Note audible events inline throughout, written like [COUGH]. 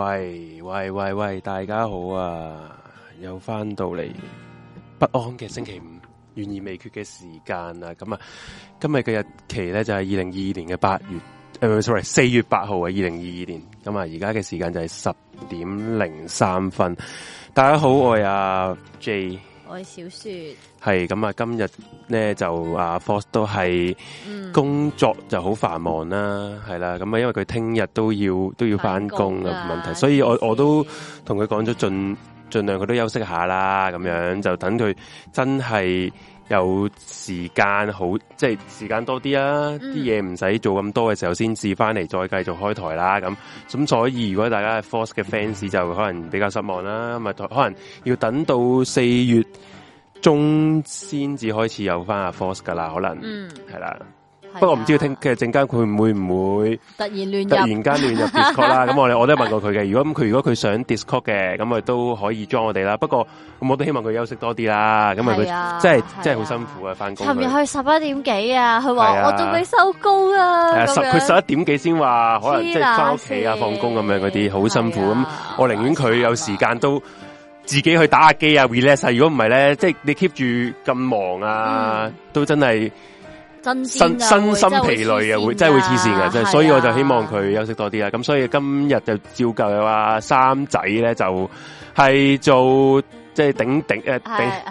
喂喂喂喂，大家好啊！又翻到嚟不安嘅星期五，懸而未決嘅時間啊！咁、嗯、啊，今日嘅日期咧就係二零二二年嘅八月誒、呃、sorry 四月八號啊，二零二二年。咁、嗯、啊，而家嘅時間就係十點零三分。大家好，我係阿 J。我小說係咁、嗯、啊，今日咧就啊 Force 都係工作就好繁忙啦，係、嗯、啦，咁啊，因為佢聽日都要都要返工嘅問題，所以我我都同佢講咗盡盡量佢都休息下啦，咁樣就等佢真係。有時間好，即係時間多啲啊！啲嘢唔使做咁多嘅時候，先至翻嚟再繼續開台啦。咁咁，所以如果大家係 Force 嘅 fans 就可能比較失望啦，咪可能要等到四月中先至開始有翻、啊、阿 Force 噶啦，可能，係、嗯、啦。啊、我不過唔知聽，其陣間佢唔會唔會，會突然亂 [LAUGHS] 突然間亂入 Discord 啦？咁 [LAUGHS] 我咧我都問過佢嘅。如果咁佢如果佢想 Discord 嘅，咁啊都可以 join 我哋啦。不過咁我都希望佢休息多啲啦。咁啊佢真係、啊、真係好辛苦啊，翻工。尋日係十一點幾啊，佢話我都未收工啊。佢、啊啊、十一點幾先話，可能即係翻屋企啊，放工咁樣嗰啲好辛苦。咁、啊、我寧願佢有時間都自己去打下機啊，relax 下。如果唔係咧，即係、就是、你 keep 住咁忙啊，嗯、都真係。真身身心疲累啊，會真係會黐線嘅，真係，所以我就希望佢休息多啲啦。咁所以今日就照舊啊，三仔咧就係、是、做即係頂頂誒，頂、就、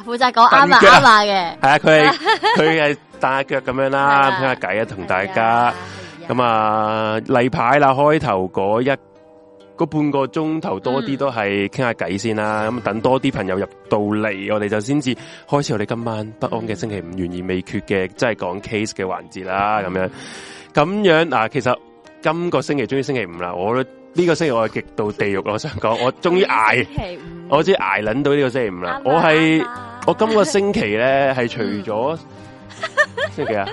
負、是呃、責講啱嘛啱嘛嘅係啊，佢係佢係打腳咁樣啦，傾 [LAUGHS] 下偈啊，同大家咁啊，例牌啦，開頭一個半個鐘頭多啲都係傾下偈先啦，咁、嗯、等多啲朋友入到嚟，我哋就先至開始我哋今晚不安嘅星期五，懸、嗯、而未決嘅，即係講 case 嘅環節啦。咁、嗯、樣咁樣嗱，其實今個星期終於星期五啦，我呢呢、呢個星期我係極度地獄，我想講我終於挨，我終於挨捻到呢個星期五啦、啊。我係、啊啊、我今個星期咧係、嗯、除咗星期幾啊？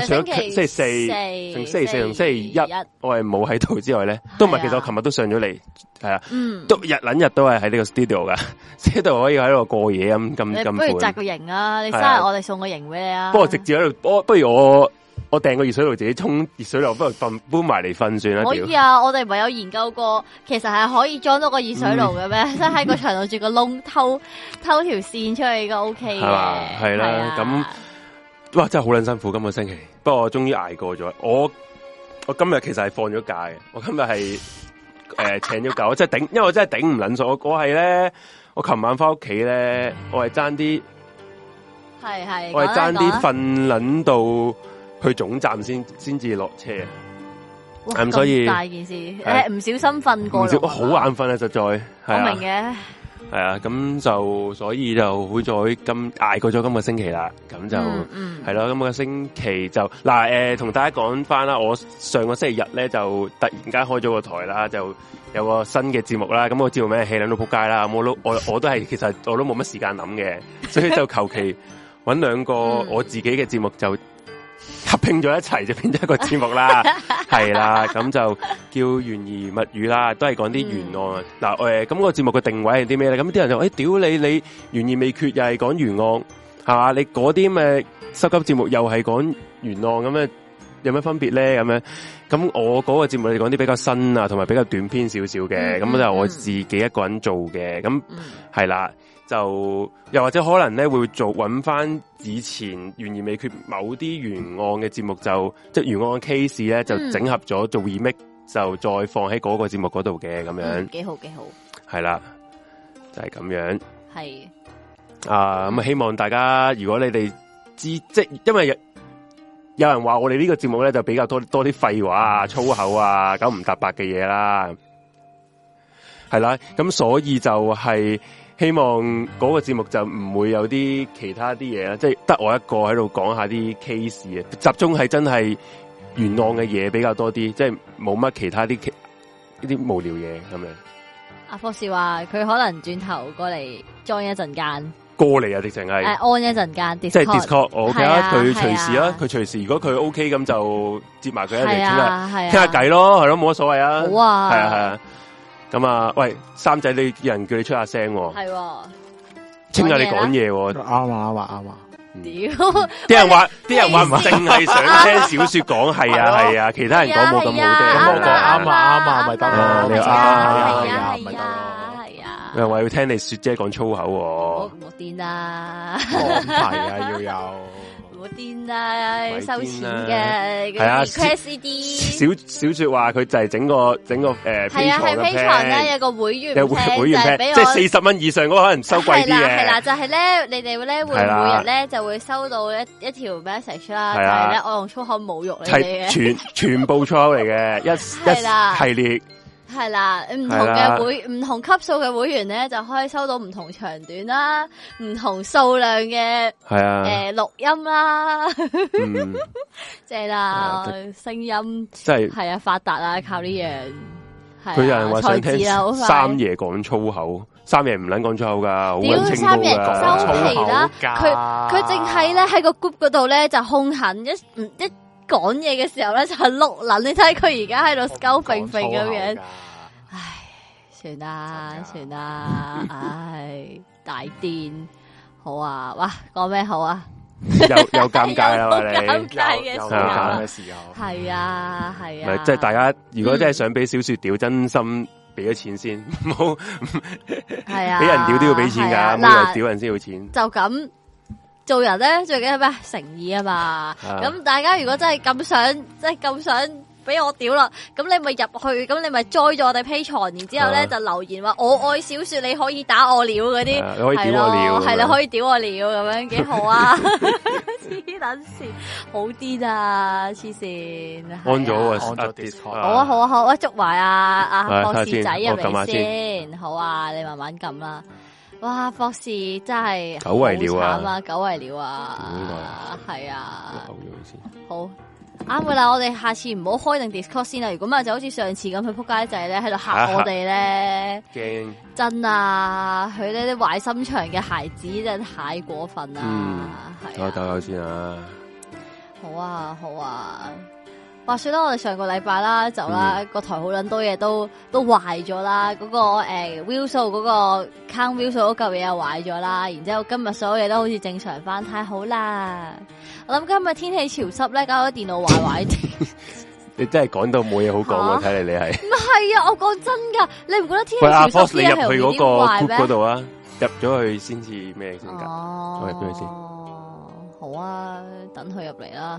上星期星期四，除咗星期四同星期一，我係冇喺度之外咧，都唔係。其實我琴、啊嗯、日，日都上咗嚟，係 [LAUGHS] 啊，都日撚日都係喺呢個 studio 噶，studio 可以喺度過夜咁咁咁。不如紮個營啊！你生日我哋送個營俾你啊！不過直接喺度，不如我我訂個熱水爐自己沖熱水爐，不如瞓搬埋嚟瞓算啦。可以啊！ [LAUGHS] 我哋唔係有研究過，其實係可以裝多個熱水爐嘅咩？即係喺個牆度住個窿， [LAUGHS] 偷偷條線出去應該，應 OK 嘅。係啦，咁。哇！真係好捻辛苦，今個星期，不過我終於挨過咗。我我今日其實係放咗假嘅。我今日係誒請咗假，即係頂，因為我真係頂唔捻數。我我係咧，我琴晚翻屋企咧，我係爭啲，係係我係爭啲瞓捻到去總站先先至落車。咁所以大件事誒，唔小心瞓過龍，我好眼瞓啊，實在、啊、我明嘅。係啊，咁就所以就會再咁捱過咗今個星期啦，咁就係咯，嗯嗯啊，今個星期就嗱同，啊呃、大家講翻啦，我上個星期日咧就突然間開咗個台啦，就有個新嘅節目啦，咁、啊、我、那個、節目咩戲氣撚到仆街啦，我都我我都係其實我都冇乜時間諗嘅，所以就求其搵兩個我自己嘅節目就。嗯就合拼咗一齊就變咗一個節目啦， [LAUGHS] 係啦，咁就叫懸疑物語啦，都係講啲懸案。嗱、嗯啊，誒，咁、那個節目嘅定位係啲咩咧？咁啲人就誒、哎，屌你你懸疑未決又係講懸案，係嘛？你嗰啲咩收金節目又係講懸案咁啊？有咩分別咧？咁樣？咁我嗰個節目你講啲比較新啊，同埋比較短篇少少嘅，咁、嗯、就我自己一個人做嘅，咁係啦。就又或者可能咧會做揾翻以前懸而未決某啲懸案嘅節目，就即係懸案 case 咧、嗯嗯，就整合咗做 remake，就再放喺嗰個節目嗰度嘅咁樣、嗯，幾好幾好，係啦，就係、是、咁樣，係啊咁啊、嗯，希望大家如果你哋知即因為有人話我哋呢個節目咧就比較多多啲廢話啊、粗口啊、九唔搭八嘅嘢啦，係啦，咁所以就係、是。希望嗰個節目就唔會有啲其他啲嘢啦，即係得我一個喺度講下啲 case 啊，集中係真係懸案嘅嘢比較多啲，即係冇乜其他啲呢啲無聊嘢咁樣。阿博士話佢可能轉頭過嚟 join 一陣間，過嚟啊，直情係安一陣間，即係 Discord。我睇下佢隨時啊，佢隨時，啊隨時，啊、隨時如果佢 OK 咁就接埋佢一嚟傾下傾下偈咯，係咯冇乜所謂啊。好啊，係啊係啊。咁啊，喂，三仔，你有人叫你出下聲，係，清下你講嘢，啱啊啱啊啱啊，屌，啲、哦嗯、 [LAUGHS] 人話啲人話唔係淨係想聽小說講，係啊係啊，其他人講冇咁好聽，咁我講啱啊啱啊，咪得咯，啱係啊係啊，咪得咯，係啊，又話要聽你雪姐講粗口，我我癲啦，係啊要有。癲啦、啊，收錢嘅係啊，cash 啲、啊、小小，小說話佢就係整個整個誒，係、呃、啊係 P 場啦，是啊、一個會員，會員就是，就係俾我即係四十蚊以上嗰可能收貴啲係啦，就係、是、咧你哋咧會每日咧就會收到一一條咩 script 啦，係啦、啊就是，我用粗口侮辱你全全部粗口嚟嘅一一系列。啊係啦，唔同嘅會唔、啊、同級數嘅會員咧，就可以收到唔同長短啦，唔同數量嘅係啊，誒、呃、錄音啦，即、嗯、 [LAUGHS] 啦、呃，聲音即係係啊，發達啦靠呢樣，佢又係話三爺講粗，粗口，三爺唔撚講粗口噶，三爺收皮啦，佢佢淨係咧喺個 group 嗰度咧就兇狠一唔一。一講嘢嘅時候咧就係、是、碌啦，你睇佢而家喺度鳩揈揈咁樣，唉，算啦算啦， [LAUGHS] 唉，大癲，好啊，哇，講咩好啊？又又尷尬咯， [LAUGHS] 你尷尬嘅時候係啊係啊，即係、啊就是、大家如果真係想俾小說屌、嗯，真心俾咗錢先，唔好係啊，俾人屌都要俾錢噶，屌、啊啊、人先要錢，就咁。做人咧最緊係咩誠意啊嘛！咁、啊、大家如果真係咁想，真係咁想俾我屌啦，咁你咪入去，咁你咪栽咗我哋 Patreon，然之後咧就留言話我愛小說，你可以打我料嗰啲，係咯，係、啊、你可以屌我料咁樣幾 [LAUGHS] 好啊！黐 [LAUGHS] 捻 [LAUGHS] [LAUGHS] 好啲咋黐線？安咗啊，啊，好啊好啊好啊，祝懷啊！阿、啊啊啊啊、博士仔啊，咪先，先好啊，你慢慢撳啦。哇！博士真係、啊、久違了啊，久違了啊，係啊，啊啊啊啊啊先好啱嘅啦！我哋下次唔好開定 Discord 先啦。如果咪就好似上次咁，佢仆街仔咧喺度吓我哋咧，驚真啊！佢呢啲壞心腸嘅孩子真係太過分啦、啊，係搞搞先啊！好啊，好啊。話算啦，我哋上個禮拜啦就啦個台好捻多嘢都都壞咗啦，嗰個誒 View 數嗰個 count View 數嗰嚿嘢又壞咗啦，然之後今日所有嘢都好似正常翻，太好啦！我諗今日天氣潮濕咧，搞到電腦壞壞啲。你真係講到冇嘢好講喎、啊，睇嚟你係唔係啊？我講真噶，你唔覺得天氣潮濕？你入去嗰個 put 嗰度啊，入、啊、咗、啊去，啊 [LAUGHS] 去，啊、去先至咩先噶？我入等佢先。好啊，等佢入嚟啦。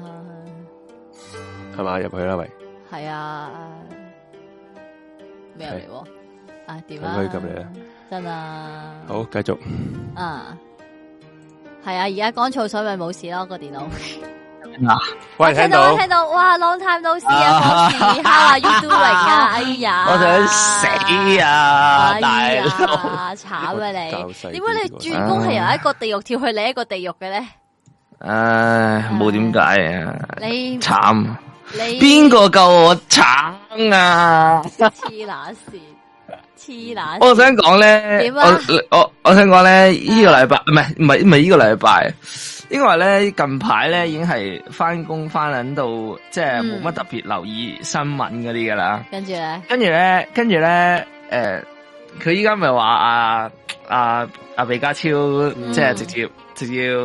嗯。係嘛？入去啦，位係啊，咩入嚟？啊點啊？可以咁嚟啊！真啊！好，繼續啊！係啊！而家乾燥所以咪冇事咯，那個電腦嗱，喂、啊啊啊，聽到聽到哇！Long time no see 啊！哈啊！YouTube 啊！哎呀、啊啊啊，我想死啊！大、啊、佬，慘啊，啊，啊，慘啊你！點解你轉工係由一個地獄、啊、跳去另一個地獄嘅咧？誒，冇點解啊？啊你慘。慘邊個夠我慘啊！黐撚線，黐撚線。我想講咧、啊，我我我想講咧，呢、這個禮拜唔係唔係唔係依個禮拜，因為咧近排咧已經係翻工翻緊到，即係冇乜特別留意新聞嗰啲噶啦。跟住咧，跟住咧，跟住咧，誒、呃，佢依家咪話阿阿阿李家超，嗯、即係直接直接，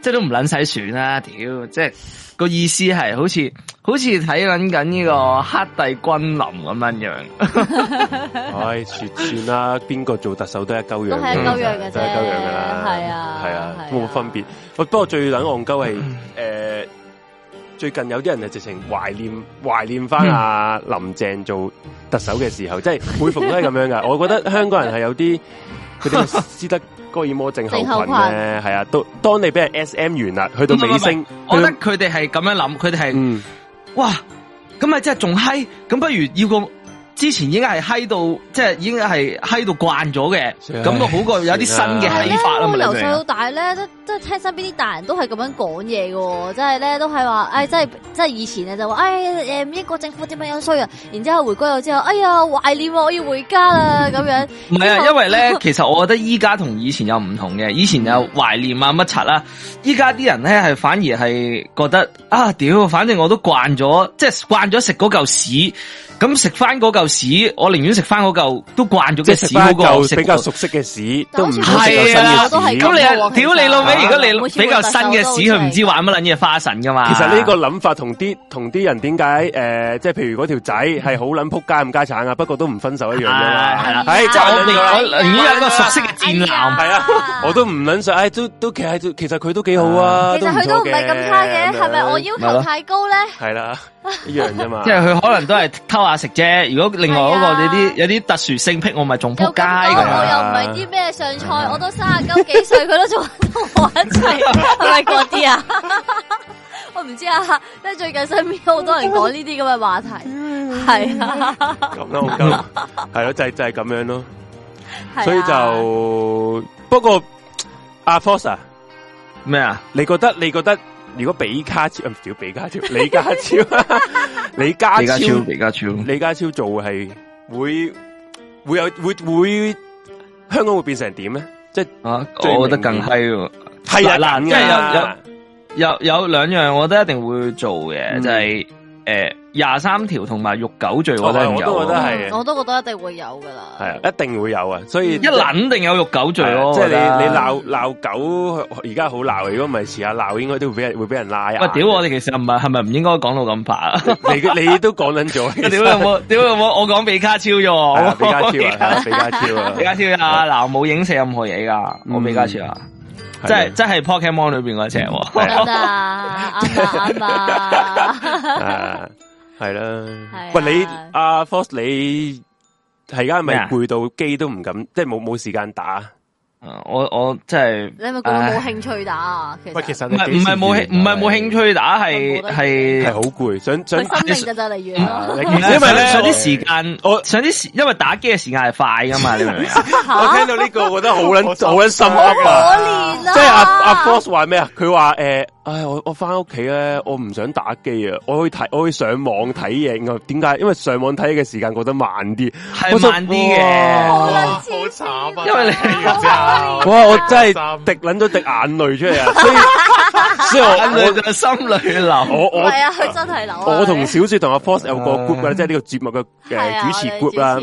即係都唔捻使選啦，屌，即係。個意思係好似好似睇，緊緊呢個黑帝君臨咁樣樣，嗯，唉、 [LAUGHS] 哎，算啦，啊，邊個做特首都係鳩樣，係鳩樣嘅都係鳩樣嘅啦，係，嗯、啊，係啊，冇，啊啊、分別。不過最捻戇鳩係誒，最近有啲人係直情懷念懷念翻阿、啊、林鄭做特首嘅時候， [LAUGHS] 即係每逢都係咁樣噶。我覺得香港人係有啲佢哋唔知得。 [LAUGHS] 哥爾摩症候群咧，係啊，都當你俾人 SM 完啦，去到尾聲，我覺得佢哋係咁樣諗，佢哋係，嗯哇，咁啊即係仲嗨，咁不如要個。之前已經係嗨到，即、就、係、是、已經係嗨到慣咗嘅，咁都、啊、好過有啲新嘅睇法啦。咁由細到大咧，都都聽身邊啲大人都係咁樣講嘢喎，即係咧都係話，誒、哎，即係即係以前啊，就、哎、話，誒，誒，英國政府點樣衰啊？然之後回歸咗之後，哎呀，懷念、啊，我要回家啦咁 [LAUGHS] 樣。唔係啊，因為咧， [LAUGHS] 其實我覺得依家同以前有唔同嘅，以前有懷念啊乜柒啦，依家啲人咧係反而係覺得啊，屌、哎，反正我都慣咗，即係慣咗食嗰嚿屎，咁食翻嗰嚿。屎，我寧願食翻嗰嚿，都慣咗嘅屎嗰嚿，比較熟悉嘅屎，都唔好食新嘅屎。咁你啊，屌你老味！如果你比較新嘅屎，佢唔知玩乜撚嘢花神㗎嘛？其實呢個諗法同啲同啲人點解誒，即係譬如嗰條仔係好撚扑街唔家產啊，不過都唔分手一樣嘅啦，係啦。誒，即係我我寧願有個熟悉嘅賤男，係啦，我都唔撚想，誒，都都其實其實佢都幾好啊，都唔錯嘅。其實佢都唔係咁差嘅，係咪我要求太高咧？係啦。一樣啫嘛，即係佢可能都係偷下食啫。如果另外嗰個你啲有啲特殊性癖，我咪仲仆街咁啊！我又唔係啲咩上菜， [LAUGHS] 我都三啊九幾歲，佢都仲同我一齊，係咪嗰啲啊？ [LAUGHS] 我唔知啊，即係最近身邊好多人講呢啲咁嘅話題，係 [LAUGHS] 啊是的笑是的，咁都好係咯，就係、就係、是、咁樣咯。所以就 [LAUGHS] 不過阿 Foss 咩啊 Foss,？你覺得？你覺得？如果比卡超唔少，比卡超李家超，李家李家超，李家超，李家超做係會會有會會香港會變成點咧？即係啊，我覺得更閪，係啊，難噶，有有兩樣，我都一定會做嘅，就係誒。廿三條同埋肉狗罪，哦、我都覺得係、嗯，我都覺得一定會有噶啦，係啊，一定會有啊，所以、嗯、一撚定有肉狗罪咯，即係、就是、你你鬧鬧狗而家好鬧，如果唔係遲下鬧，應該都會俾人會俾人拉啊。喂，屌我哋其實係咪係咪唔應該講到咁白啊？你你都講緊咗，屌，有有屌有有我屌我我講比卡超喎、啊啊！比卡超啊，比卡超啊，比卡超啊，嗱冇影射任何嘢噶，我比卡超啊，即係即係 Pokemon 裏邊嗰隻，真 [LAUGHS] 子 [LAUGHS] [LAUGHS] [LAUGHS] [LAUGHS] [LAUGHS] 係啦，喂、啊、你阿、啊、Force，你係而家係咪攰到機都唔敢，即係冇冇時間打？我我即、就、係、是、你係冇興趣打啊？喂，其實唔係唔係冇興唔係冇興趣打，係係係好攰，想想。心想，想，例如、啊，因為咧上啲時間，我上啲時因為打機嘅時間係快噶嘛，你明唔明、？ [LAUGHS] 啊。我聽到呢個我覺得好撚好撚心噏啊！即係阿阿 Force 話咩啊？佢話誒。啊。唉，我我翻屋企咧，我唔想打機啊，我可以睇，我可以上網睇嘢。點解？因為上網睇嘅時間過得慢啲，係慢啲嘅，好慘啊！因為你哇，我真係滴捻咗滴眼淚出嚟啊！ [LAUGHS] 所以，所以我，我眼淚的心裏流。我係啊，佢真係流。我同小雪同阿 Force 有個 group 啦、uh,，即係呢個節目嘅誒主持 group 啊。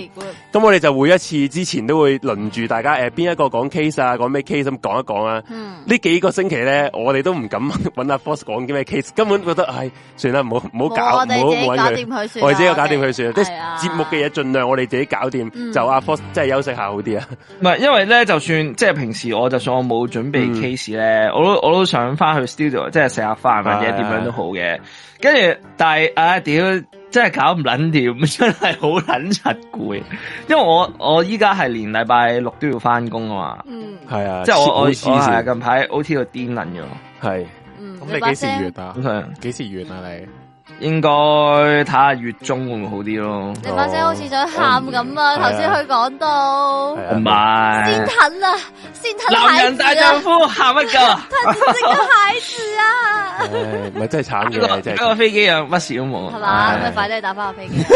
咁我哋就每一次之前都會輪住大家誒，邊、呃、一個講 case 啊，講咩 case 咁講一講啊。呢、嗯、幾個星期咧，我哋都唔敢。搵阿 Force 講啲咩 case，根本覺得係、哎、算啦，唔好唔好搞，唔好唔好。我哋搞掂佢算，我哋自己搞掂佢算。啲節目嘅嘢盡量我哋自己搞掂、啊嗯啊嗯，就阿 Force 即係休息下好啲啊。唔係，因為咧就算即係平時我就算我冇準備 case 咧、嗯，我都我都想翻去 studio 即係食下飯，嗯、或者點樣都好嘅。跟、哎、住但係啊，屌，即係搞唔捻掂，真係好捻柒攰。因為我我依家係連禮拜六都要翻工啊嘛，係嗯啊嗯，即係我我我係近排 O T 到癲捻咁，係。你幾時完啊？唔同，幾時完啊？你，你應該睇下月中會唔會好啲咯？你把聲好似想喊咁啊！頭、oh. oh, 啊啊、先佢講到唔係先疼啦、啊，心男人大丈夫，喊乜鳩啊，吞疼個孩子啊！唔係真係慘嘅，真係個飛機有乜事都冇係嘛？咪、哎、快啲打翻個飛機、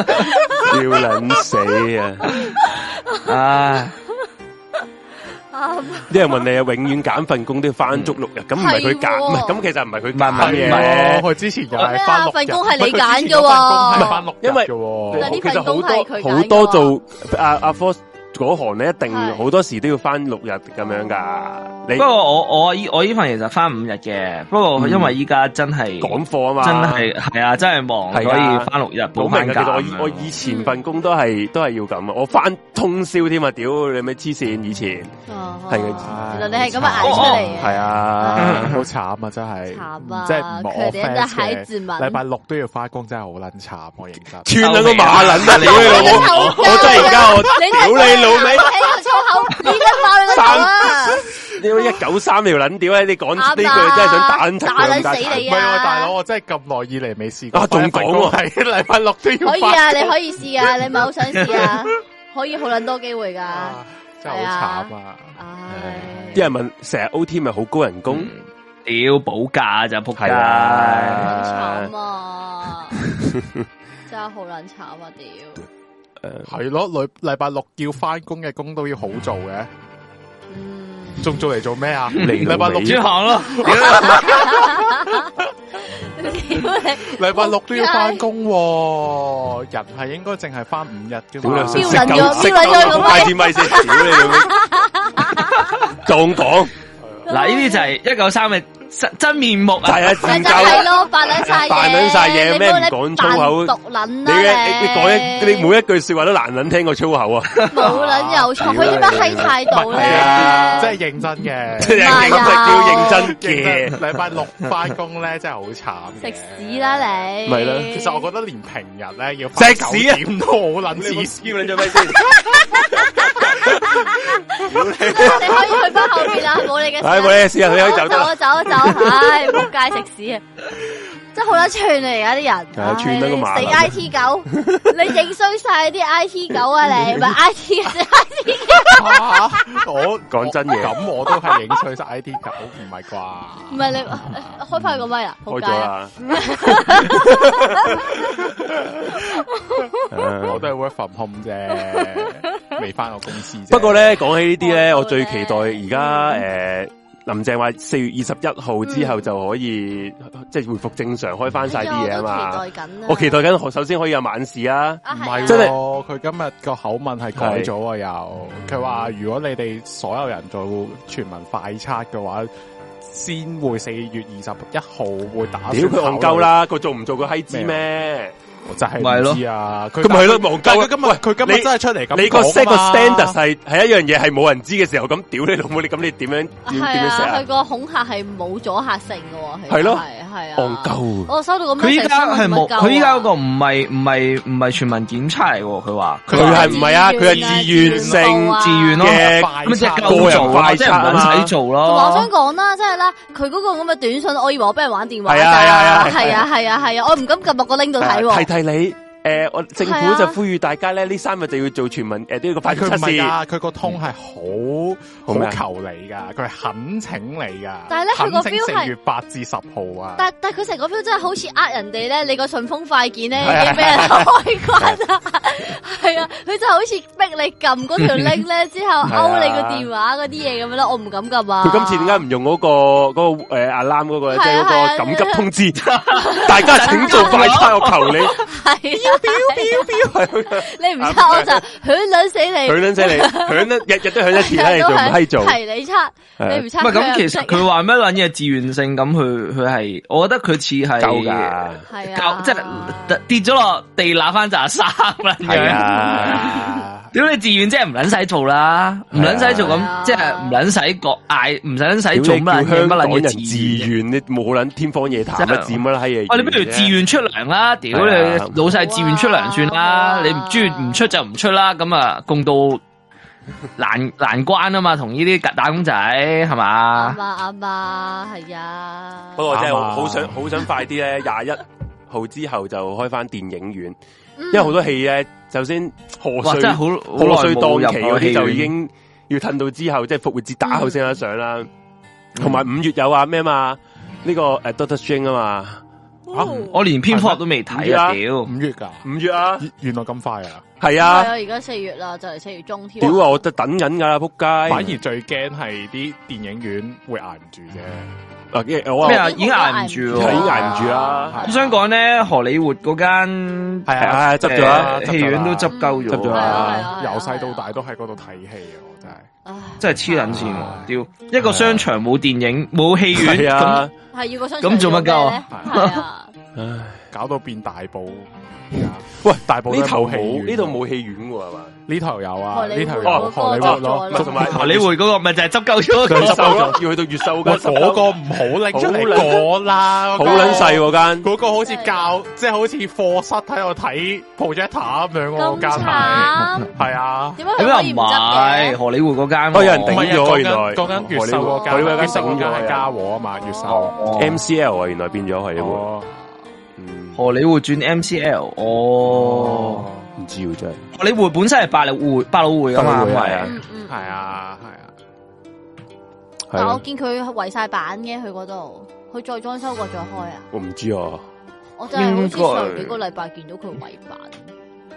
啊， [LAUGHS] [LAUGHS] 要撚死啊！唉、 [LAUGHS] 哎。啲 [LAUGHS] 人問你、嗯、啊，永遠揀份工都要翻足六日，咁唔係佢揀，唔係咁其實唔係佢揀嘅嘢。我之前就係翻六份工，係你揀噶喎，係咪翻六，因為其實好多好多做阿阿、啊啊嗰行你一定好多時都要翻六日咁樣噶，你不過我我我依份其實翻五日嘅，不過因為依家真係趕貨啊嘛，真係係啊，真係忙、啊，可以翻六日。好明、啊、其實我我以前份工都係、嗯、都係要咁啊，我翻通宵添啊，屌你咩黐線以前，係啊，原來你係咁樣捱出嚟啊，係啊，好慘啊真係，慘啊，即係禮拜六都要翻工，真係好卵慘，我認真。串兩個馬卵啊，我真係而家我老老味， [LAUGHS] 起粗口，你解爆你個頭啊？你乜一九三條撚屌啊？你講呢句真係想打人，打撚死你啊！唔，大佬，我真係咁耐以嚟未試過。仲講喎，係禮拜六都要。可以啊，你可以試啊，你咪好想試啊？可以好撚多機會噶，真係好慘啊！唉、啊，啲、哎、人問，成日 OT 咪好高人工？屌保價就仆街，好慘啊，哎、啊， [LAUGHS] 啊！真係好撚慘啊！屌。係咯，禮禮拜六要翻工嘅工都要好做嘅，仲做嚟做咩啊？禮拜六先行咯，禮拜六都要翻工，人係應該淨係翻五日嘅。好靚色咁，識到我開天咪先。仲講嗱，呢啲就係一九三日。真面目啊！係、就是、啊，係咯，扮捻曬嘢，咩講粗口？你嘅、啊、你講一，你每一句說話都難捻聽過粗口啊！冇捻又錯，佢點樣係態度啊，真係認真嘅，今日、啊啊、叫認真嘅。禮拜、啊、 [LAUGHS] 六返工咧，真係好慘食屎啦你！咪、就、啦、是啊就是啊，其實我覺得連平日咧要正九點都好捻自私，你，有有你做咩？ [LAUGHS] [LAUGHS] [LAUGHS] [LAUGHS] [LAUGHS] 你可以去翻後邊啦，冇你嘅。係冇你嘅事啊， [LAUGHS] 你可以走， [LAUGHS] 走。走走走，唉、哎，撲街食屎啊！真好得串嚟啊！啲人、哎，串得咁埋，死 I T 狗， [LAUGHS] 你影衰晒啲 I T 狗啊！你咪 I T I T，我講真嘢，咁 [LAUGHS] 我，我，我都係影衰晒 I T 狗，唔係啩？唔係你、哎、開翻個咪啊？開咗啦，我都係 work from home 啫，未翻我公司。不過咧，講起這些呢啲咧，我最期待而家誒。嗯呃林鄭話四月二十一號之後就可以即係、嗯就是、回復正常開翻晒啲嘢啊嘛。我，我期待緊，我期待緊首先可以有晚市啊，唔係、哦，佢今日個口吻係改咗又，佢話如果你哋所有人做全民快測嘅話，先會四月二十一號會打算。屌佢戇鳩啦，佢做唔做個閪知咩？就係唔知啊！佢咪係咯，忘記佢今日佢今日真係出嚟咁。你個 set 個 standard 係係一樣嘢，係冇人知嘅時候咁屌你老母！你咁你點樣？係啊，佢個恐嚇係冇阻嚇性嘅喎，係咯，係啊，戇鳩。我收到個佢依家係冇，佢依家嗰個唔係唔係唔係全民檢測嚟嘅。佢話佢係唔係啊？佢係自願性、自願嘅咁即係個人快，即係唔使做咯。我想講啦，即係啦，佢嗰個咁嘅短信，我以為我俾人玩電話㗎，係啊係啊係啊係啊係啊！我唔敢撳落個 link 度睇喎。係你。誒、呃，我政府就呼籲大家咧，呢、啊、三日就要做全民誒，都個快件出佢唔係噶，個、嗯、通係好好求你噶，佢係懇請你噶。但係咧，佢個標十月八至十號啊。但但佢成個標真係好似呃人哋咧，你個順豐快件咧要俾人開關啊，係啊，佢、啊 [LAUGHS] 啊、就好似逼你撳嗰條 link 咧，之後勾你個電話嗰啲嘢咁樣咯，我唔敢撳啊。佢今次點解唔用嗰、嗰個嗰、嗰個誒阿蘭嗰個即係嗰個緊急通知、啊？大家請做快件， [LAUGHS] 我求你。 [LAUGHS] 飄飄飄呵呵你唔差，我就響卵死，嗯死，嗯、死你，響卵死你，響得日日都響一次啦，你做批做，係你差，你唔差。咁其實佢話咩揾嘢，自願性咁，佢佢係，我覺得佢似係夠噶，夠、啊、即係跌咗落地拿翻扎沙。係啊。 [LAUGHS] 屌你自願即係唔撚使做啦，唔撚使做咁，即係唔撚使國嗌，唔撚使做乜撚嘢。點解香港人，自願？你冇撚天方夜譚啦、啊，點乜啦閪嘢！你、啊啊、不如自願出糧啦，屌、啊、你老細自願出糧算啦，你唔轉唔出就唔出啦。咁啊，共度難難關啊嘛，同呢啲吉打工仔係嘛？阿啊，啱啊，係啊。不過真係好想好想快啲咧，廿一號之後就開翻電影院。 [LAUGHS] 嗯、因為好多戲咧，首先賀歲，賀歲檔期嗰啲就已經要褪到之後，即係復活節打後先得上啦。同埋五月有啊咩嘛？呢、這個誒 Doctor Strange 啊嘛，我連篇幅都未睇啊！屌、啊、五、啊啊啊啊啊、月噶、啊？五月啊？原來咁快啊？係啊！而家四月啦，就係四月中添。屌我就等緊噶啦，扑街！反而最驚係啲電影院會捱唔住啫、嗯。嗯咩啊，啊，啊？已經捱唔住，已經捱唔住啦！咁想講咧，荷里活嗰間係啊，執咗戲院都執鳩咗，由細、啊啊啊、到大都喺嗰度睇戲啊！我真係、啊，真係黐捻線屌、啊啊啊、一個商場冇電影冇戲院啊！係、啊啊、要個商場咁做乜鳩啊？唉、啊啊啊，搞到變大埔， [LAUGHS] 啊、喂，大埔呢頭戲呢度冇戲院喎，係嘛？呢頭有啊，呢頭有，荷里活囉。同埋荷里活嗰個咪就係執夠咗，佢就要去到越秀。我個唔好拎出啦，好撚細嗰間，嗰個好似教，即係好似課室喺度睇 projector 咁樣嗰間係，啊。點解唔係？荷、那個那個那個、里活嗰間，啊間哦、有人頂咗、啊。原來講緊越秀嗰間，越秀嗰間係嘉禾啊嘛。越秀 MCL 啊，原來變咗係荷里活。荷里活轉 MCL 哦。唔知喎真係，你會本身係百老匯，百老匯㗎嘛，係啊，係啊，係啊，啊，但我見佢圍晒板嘅，佢嗰度，佢再裝修過再開啊，我唔知啊，我真係好似上幾個禮拜見到佢圍板，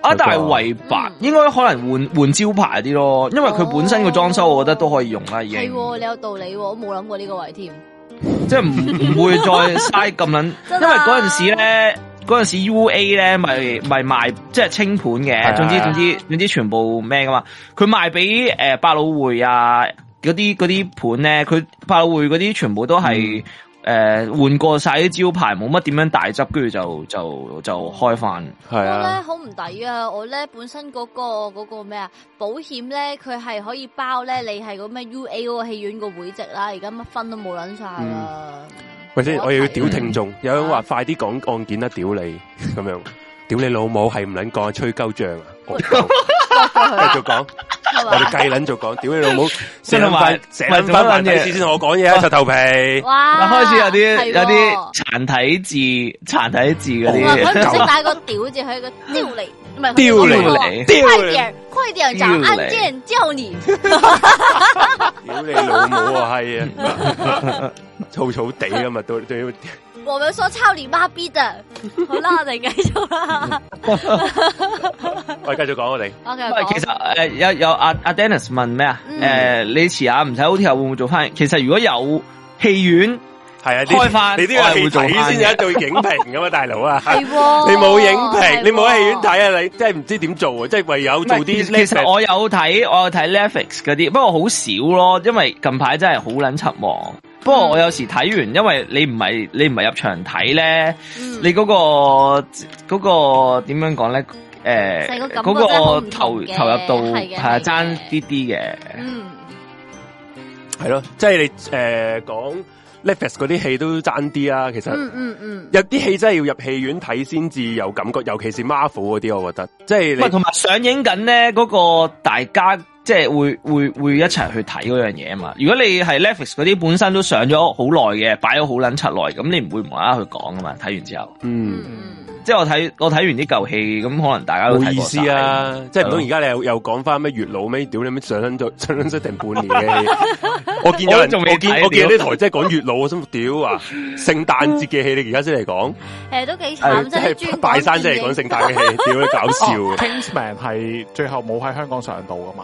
啊，但係圍板應該可能換換招牌啲咯，因為佢本身個裝修，我覺得都可以用啦，哦哦，已經，係，哦，你有道理，哦，我冇諗過呢個位添， [LAUGHS] 即係唔唔會再嘥咁捻，因為嗰陣時咧。嗰陣時 U A 咧，咪咪賣即係清盤嘅、啊，總之總之總之全部咩噶嘛？佢賣俾誒、呃、百老匯啊嗰啲嗰啲盤咧，佢百老匯嗰啲全部都係誒換過晒啲招牌，冇乜點樣大執，跟住就就就,就開翻、啊。我覺咧好唔抵啊！我咧本身嗰、嗰個、嗰個咩啊保險咧，佢係可以包咧你係嗰咩 U A 嗰個戲院個會籍啦，而家乜分都冇捻晒啦。或者我要屌聽眾、嗯，有人話快啲講案件啦、啊，屌你咁樣，屌你老母係唔捻講，吹鳩脹啊，繼 [LAUGHS] 續講，我哋繼捻續講，屌你老母，先同問，先問翻嘢，先同我講嘢一擦頭皮，哇，開始有啲、哦、有啲殘體字，殘體字嗰啲嘢，佢識打個屌字，係 [LAUGHS] 個屌嚟，唔係屌你，屌人，虧就叫你，屌你老母啊，係啊。嘈嘈地咁嘛，對對。 [LAUGHS] 我們說操你媽逼的，好啦，我哋繼續啦。 [LAUGHS] [LAUGHS] 繼續我哋繼續講我哋。喂、okay，其實誒，有有阿阿、啊、Dennis 問咩啊？誒、嗯呃，你遲下唔使 OT 後會唔會做翻？其實如果有戲院係啊、嗯，開翻你啲人會睇先有一度影評噶啊。大佬啊。係你冇影評，你冇喺戲院睇啊，你即係唔知點做啊，即係唯有做啲。其實我有睇，我有睇 Netflix 嗰啲，不過好少咯，因為近排真係好捻失望。不過我有時睇完，因為你唔係你唔係入場睇咧，嗯、你嗰、嗰個嗰、嗰個點樣講咧？誒、呃，嗰個，個投投入度係爭啲啲嘅。嗯，係咯，即係誒講 Netflix 嗰啲戲都爭啲啦。其實，嗯嗯有啲戲真係要入戲院睇先至有感覺，尤其是 Marvel 嗰啲，我覺得即係唔同埋上映緊咧嗰個大家。即係會會會一齊去睇嗰樣嘢啊嘛！如果你係 Netflix 嗰啲本身都上咗好耐嘅，擺咗好捻七耐，咁你唔會唔話去講噶嘛？睇完之後，嗯，嗯即係我睇我睇完啲舊戲，咁可能大家都冇意思啊！即係唔通而家你又又講翻咩月老咩？屌你咩上捻咗上咗成半年嘅戲 [LAUGHS] 我見有人仲未睇我見、啊、我見呢 [LAUGHS] 台即係講月老，我心屌啊！聖誕節嘅戲你而家先嚟講，誒、欸、都幾慘即係、哎、拜山即係講聖誕嘅戲，屌 [LAUGHS] 你搞笑！Kingman 係 [LAUGHS] 最後冇喺香港上到噶嘛？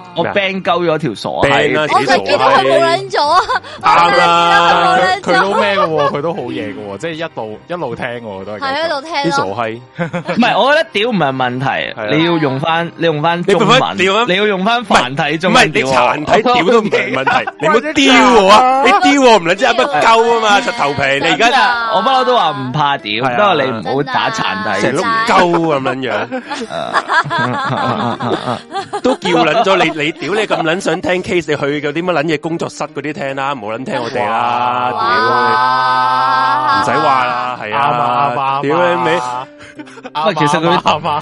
我崩鳩咗條傻閪，我就見佢冇撚咗，啱啦，佢都咩嘅喎，佢都好嘢嘅喎，即係一路一路聽，我覺得係一路聽咯。啲傻閪，唔係，我覺得屌唔係問題，你要用翻，你用翻中文，你要用翻繁體中文，屌，殘體屌都唔係問題，你冇屌啊，你屌唔撚知有乜鳩啊嘛，剎頭皮，你而家啊，我不嬲都話唔怕屌，不過你唔好打殘底，成碌鳩咁樣樣，都叫撚咗你。你屌你咁撚想聽 case，你去嗰啲乜撚嘢工作室嗰啲聽啦，冇撚聽我哋啦，屌，唔使話啦，係啊，屌你，喂，其實佢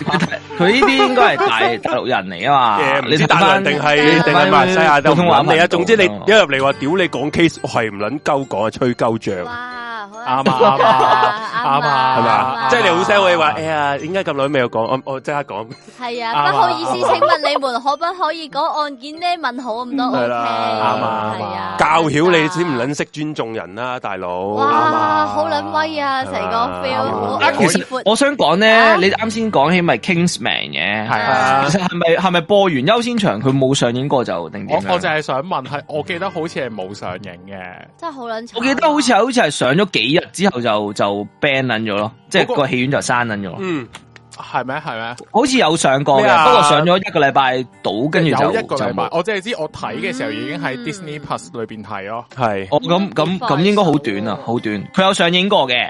佢呢啲應該係大大陸人嚟啊嘛，你大陸人定係定係馬來西亞普通話嚟啊？總之你一入嚟話屌你講 case，係唔撚鳩講啊，吹鳩脹。啱 [LAUGHS] 啊，啱 [LAUGHS] 啊，啱係咪即係你好聲，我哋話哎呀，點解咁耐未有講？我我即刻講。係啊，啊，不好意思，請問你們可 [LAUGHS] 不可以講案件呢？問好咁多，OK？係啦，啱啊，係啊。教曉你先唔卵識尊重人啊，大佬，啊。哇，好，啊，卵威啊！成個 feel 啊。啊，我想講呢，你啱先講起咪 King's Man 嘅，係啊。其實係咪係咪播完優先場佢冇上映過就定？我我就係想問，係我記得好似係冇上映嘅。真係好卵。我記得好似好似係上咗幾幾日之後就就 ban 咁咗咯，即係個戲院就閂咗咯。嗯，係咩？係咩？好似有上過嘅，不過上咗一個禮拜到跟住就一個禮拜。我即係知道我睇嘅時候已經喺 Disney Plus 裏邊睇咯。係、嗯，哦，咁咁咁應該好短啊，好短。佢有上映過嘅，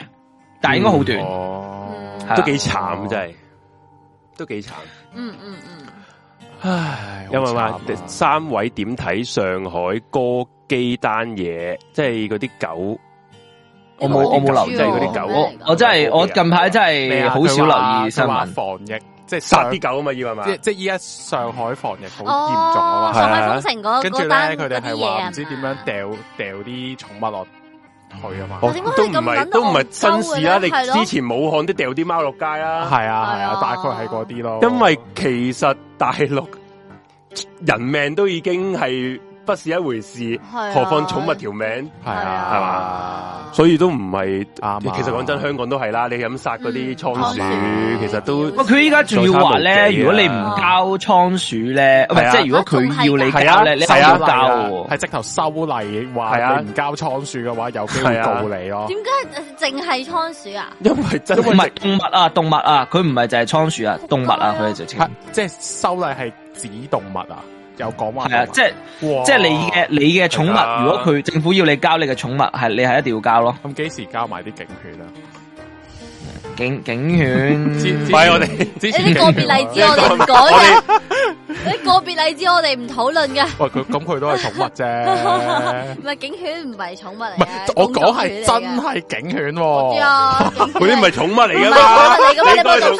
但係應該好短，都幾慘真係，都幾慘。嗯嗯嗯。唉，啊、有冇話三位點睇上海歌姬單嘢？即係嗰啲狗。我冇我冇留意嗰啲狗，我狗的我，我真係我近排真係好少留意新聞，啊、防疫即係殺啲狗啊嘛，要係嘛，即即依家上海防疫好嚴重啊嘛、oh，上海封城，啊啊、跟住咧佢哋係話唔知點樣掉掉啲寵物落去啊嘛、oh，都唔係都唔係新事啦，你之前武漢都掉啲貓落街啊，係啊係啊，大概係嗰啲咯，因為其實大陸人命都已經係。不是一回事，啊、何況寵物條命？係啊，係嘛，所以都唔係啊。其實講真，香港都係啦，你咁殺嗰啲倉鼠，其實都。佢依家仲要話咧、啊，如果你唔交倉鼠咧、啊啊啊，即係如果佢要你交啊，你係啊交，喺直頭修例話唔交倉鼠嘅話，啊、有咩道理咯？點解淨係倉鼠啊？因為真係動物啊，動物啊，佢唔係淨係倉鼠啊，動物啊，佢就即係修例係指動物啊。有講話係啊，即係即係你嘅你嘅寵物、啊，如果佢政府要你交你嘅寵物，係你係一定要交咯。咁幾時交埋啲警犬啊？警、警犬，唔 [LAUGHS] 係我哋，你個別例、嗯、 [LAUGHS] 例子我哋唔講嘅，啲個別例子我哋唔討論嘅。喂，佢咁佢都係寵物啫，唔 [LAUGHS] 係警犬唔係寵物嚟嘅。。 [LAUGHS] [LAUGHS] [LAUGHS] [LAUGHS] 我講係真係警犬，嗰啲唔係寵物嚟噶嘛？你過去同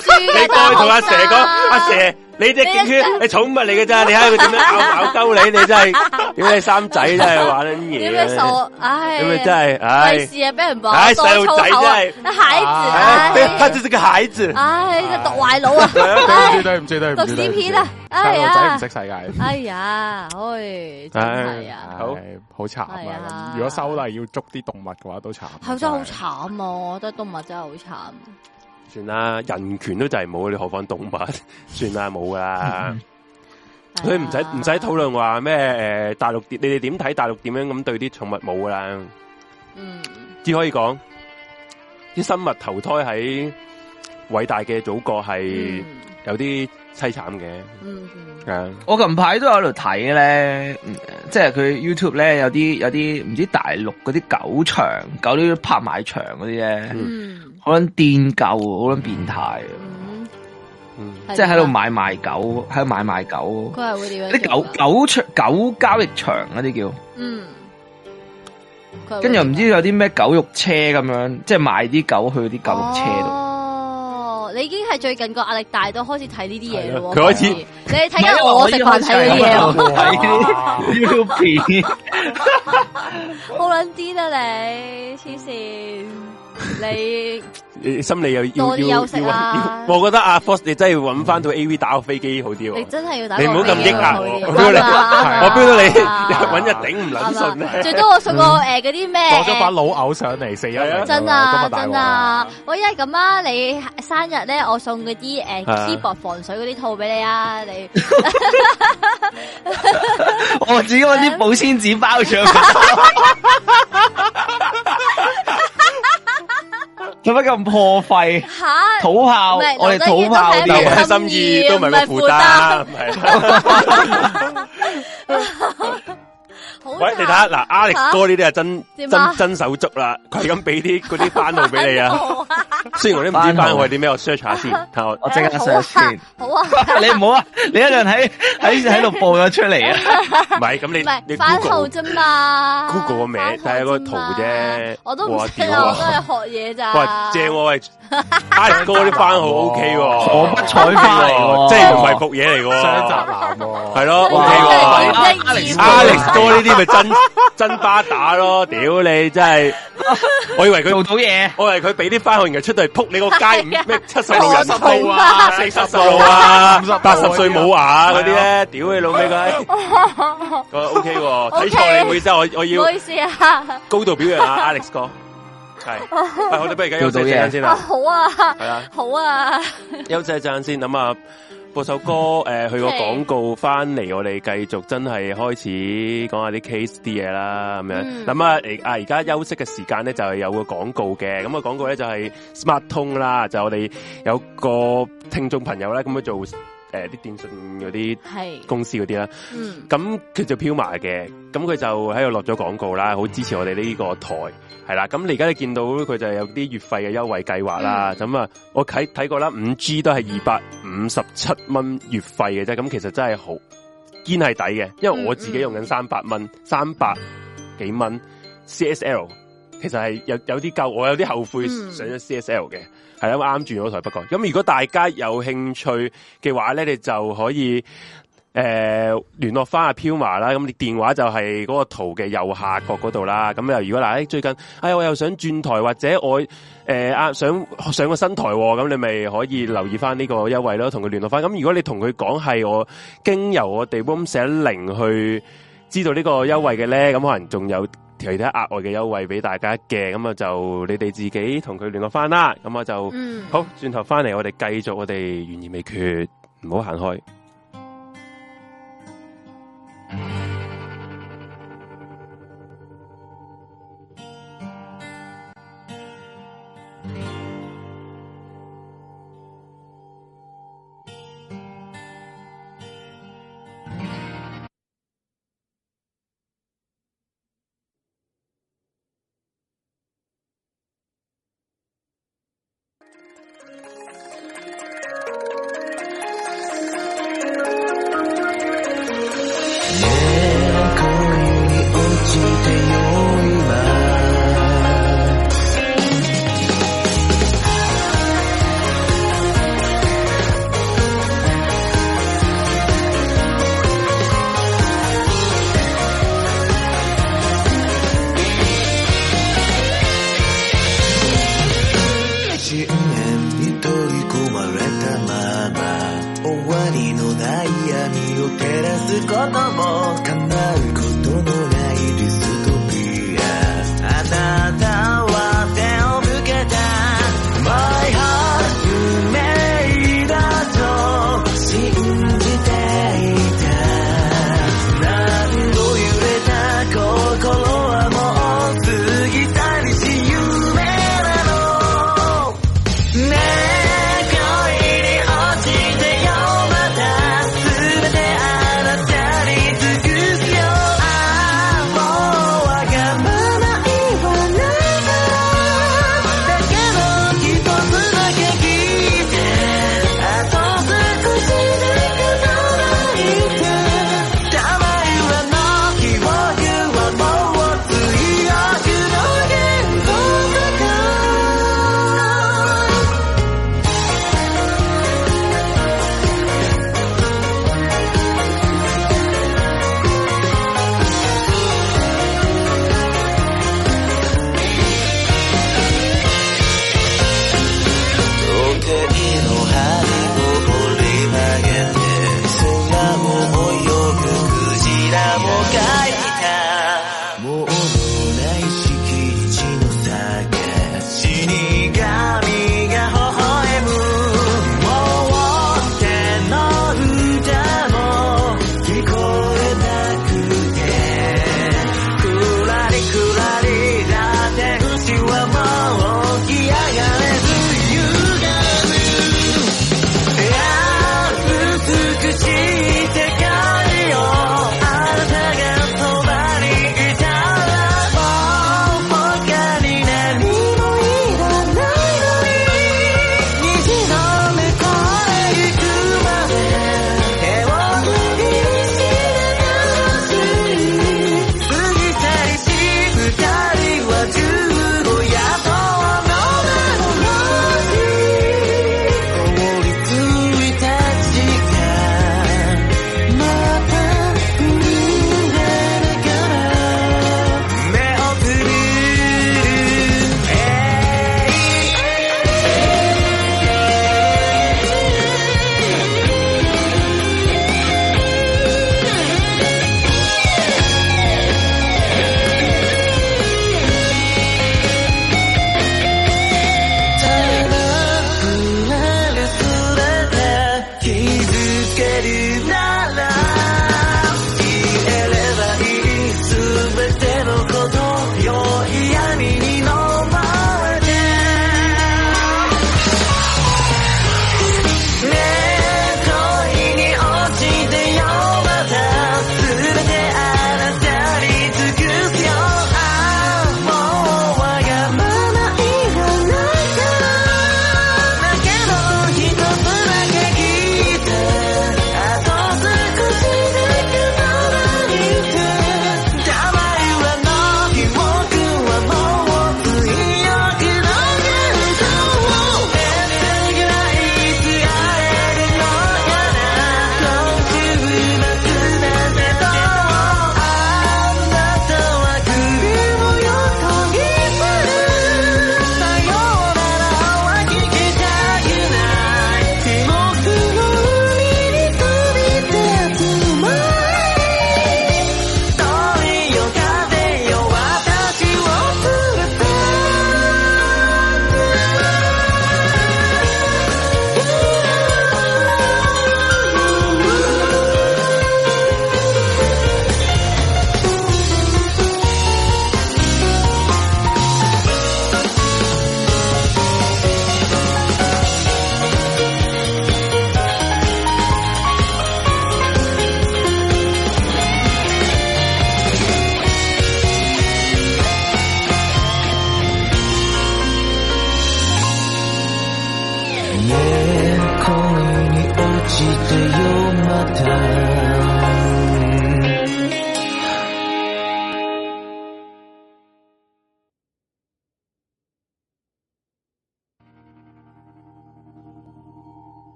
同阿蛇講阿蛇。 [LAUGHS] 阿蛇你隻警犬係寵物嚟嘅咋？你睇佢點樣咬咬鳩你？你真係啲你三仔真係玩啲嘢，咁咪傻？唉，咁咪真係唉，費、哎哎、事啊！俾人搏，唉、哎，細路仔啊，哎哎、孩子、啊，他、哎哎、個孩子，唉、哎哎哎哎哎啊， [LAUGHS] 讀壞腦啊，唔知都唔知讀偏片啦，唉細路仔唔識世界，哎呀，唉、哎哎，好，好慘啊！如果修例要捉啲動物嘅話，都慘，後生好慘，我覺得動物真係好慘。算啦，人權都就係冇，你何況動物？算啦，冇噶啦，所以唔使唔使討論話咩？誒、啊呃，大陸你哋點睇大陸點樣咁對啲寵物冇噶啦？嗯，只可以講啲生物投胎喺偉大嘅祖國係有啲。淒慘嘅，係、嗯、啊！嗯 yeah. 我近排都有喺度睇咧，即係佢 YouTube 咧有啲有啲唔知大陸嗰啲狗場，狗啲拍賣場嗰啲咧，可能癲狗，好捻變態，嗯，即係喺度買賣狗，喺、嗯、度買賣狗，佢係會點？啲狗狗狗交易場嗰啲叫，嗯，跟住唔知有啲咩狗肉車咁樣，即係賣啲狗去啲狗肉車度。哦。你已經係最近個壓力大到開始睇呢啲嘢咯喎，佢開始你睇緊我食飯睇呢啲嘢，U 好卵癲啦你黐線！你，你心理有多啲休息我覺得阿 Force 你真係要揾翻對 A V 打個飛機好啲，啊。你真係要打機，啊，你唔好咁激啊！我標到你揾日頂唔撚順最多我送個誒嗰啲咩？攞、啊、咗、呃呃、把老藕上嚟，四一啊真啊真啊！我一係咁啊，你生日咧，我送嗰啲誒 keyboard 防水嗰啲套俾你啊！你 [LAUGHS] [LAUGHS] 我自己啲保鮮紙包上。做乜咁破費？土炮，我哋土炮嘅心意都唔係咩負擔啦，唔係。 [LAUGHS] [LAUGHS] [LAUGHS] 喂，你睇下嗱，Alex 哥呢啲係真真真手足啦，佢咁俾啲嗰啲番號俾你啊。雖然我都唔知番號係點咩，我 search 下先。頭我即刻 search 先。好啊，你唔好啊，你一陣喺喺喺度播咗出嚟啊。唔係咁你。唔係番號啫嘛。Google 個名，但係個圖啫。我都唔知啊，我都係學嘢咋。喂，正喎喂，Alex 哥啲番號 OK，我不才番，即係唔係仆嘢嚟嘅。雙雜男，係咯 OK 嘅。Alex 哥呢啲。呢 [LAUGHS] 咪真真巴打咯，屌你真係，我以為佢做到嘢，我以為佢俾啲返學員嘅出到嚟扑你個街，咩七十度、六十度啊、四十度啊，啊、八十歲冇牙嗰啲咧，屌、啊啊、你老味噶，個 O K 喎，睇 [LAUGHS] 錯、 [LAUGHS] okay, okay, okay, 你會真，我我要，唔好意思啊，高度表揚啊 Alex 哥，係、啊，我哋不如繼續做嘢先啦，好啊，係啊，啊，啊，好啊，優謝讚先諗啊。播首歌，誒去個廣告翻嚟，我哋繼續真係開始講下啲 case 啲嘢啦，咁、嗯、樣。咁、嗯、啊，嚟啊而家休息嘅時間咧就係、是、有個廣告嘅，咁、那個廣告咧就係、是、Smart 通啦，就是、我哋有個聽眾朋友咧咁樣做誒啲、呃、電信嗰啲公司嗰啲啦，咁佢就飄埋嘅，咁佢就喺度落咗廣告啦，好支持我哋呢個台。係啦，咁你而家你見到佢就有啲月費嘅優惠計劃啦，咁、嗯、啊，我睇睇過啦，五 G 都係二百五十七蚊月費嘅啫，咁其實真係好堅係抵嘅，因為我自己用緊三百蚊，三百幾蚊 C S L，其實係有有啲夠，我有啲後悔上咗 C S L 嘅，係、嗯、啦我啱轉咗台不過，咁如果大家有興趣嘅話咧，你就可以。誒、呃，聯絡翻阿飄馬啦，咁你電話就係嗰個圖嘅右下角嗰度啦。咁又如果嗱、欸，最近，哎，我又想轉台或者我誒、呃、啊，想上個新台、哦，咁你咪可以留意翻呢個優惠咯，同佢聯絡翻。咁如果你同佢講係我經由我哋 room 寫零去知道個優呢個優惠嘅咧，咁可能仲有其他額外嘅優惠俾大家嘅。咁啊就你哋自己同佢聯絡翻啦。咁啊就、嗯、好，轉頭翻嚟，我哋繼續，我哋懸而未決，唔好行開。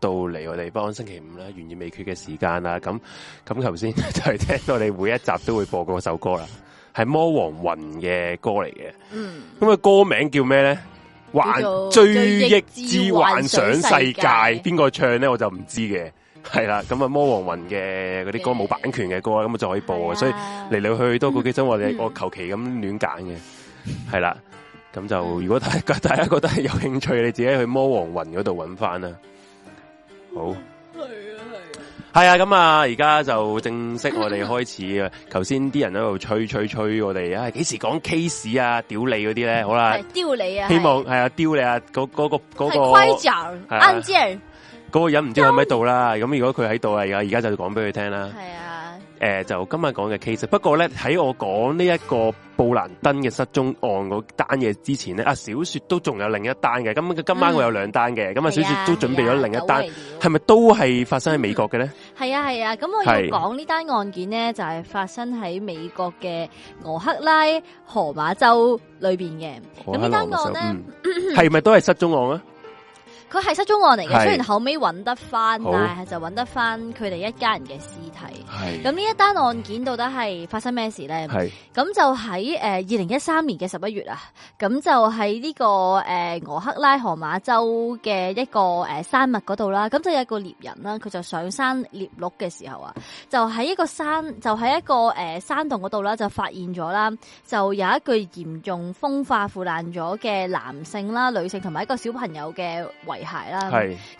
到嚟我哋不按星期五啦，懸疑未決嘅時間啦，咁咁頭先就係聽到你每一集都會播嗰首歌啦，係魔王魂嘅歌嚟嘅，嗯，咁、那、啊、個、歌名叫咩咧？幻追憶之幻想世界，邊個唱咧？我就唔知嘅，係、嗯、啦，咁啊魔王魂嘅嗰啲歌冇、嗯、版權嘅歌，咁啊就可以播、啊，所以嚟嚟去去都嗰幾真話，你、嗯、我求其咁亂揀嘅，係、嗯、啦，咁就如果大家大家覺得有興趣，你自己去魔王魂嗰度搵翻啦。好係啊係，係啊咁啊！而家、啊、就正式我哋開始 [LAUGHS] 剛才啊！頭先啲人喺度吹吹吹我哋啊，幾時講 case 啊？屌你嗰啲咧，好啦、啊，屌你啊！希望係啊，屌你啊！嗰嗰、啊啊嗰個嗰、嗰個嗰、啊嗰個人唔知喺唔喺度啦。咁如果佢喺度啊，而家就講俾佢聽啦。係啊。誒、呃，就今日講嘅 case，不過咧喺我講呢一個布蘭登嘅失蹤案嗰單嘢之前咧，啊小雪都仲有另一單嘅，咁今晚我有兩單嘅，咁、嗯、啊小雪都準備咗另一單，係、嗯、咪、啊啊、都係發生喺美國嘅咧？係啊係啊，咁、啊、我要講呢單案件咧就係、是、發生喺美國嘅俄克拉荷馬州裏邊嘅，咁、嗯、呢單、嗯、案咧係咪都係失蹤案啊？佢係失蹤案嚟嘅，雖然後尾揾得翻，但係就揾得翻佢哋一家人嘅屍體。咁呢一單案件到底係發生咩事咧？咁就喺誒二零一三年嘅十一月啊，咁就喺呢、這個誒、呃、俄克拉荷馬州嘅一個誒、呃、山脈嗰度啦，咁就有一個獵人啦，佢就上山獵鹿嘅時候啊，就喺一個山，就喺一個誒、呃、山洞嗰度啦，就發現咗啦，就有一具嚴重風化腐爛咗嘅男性啦、女性同埋一個小朋友嘅遺。啦，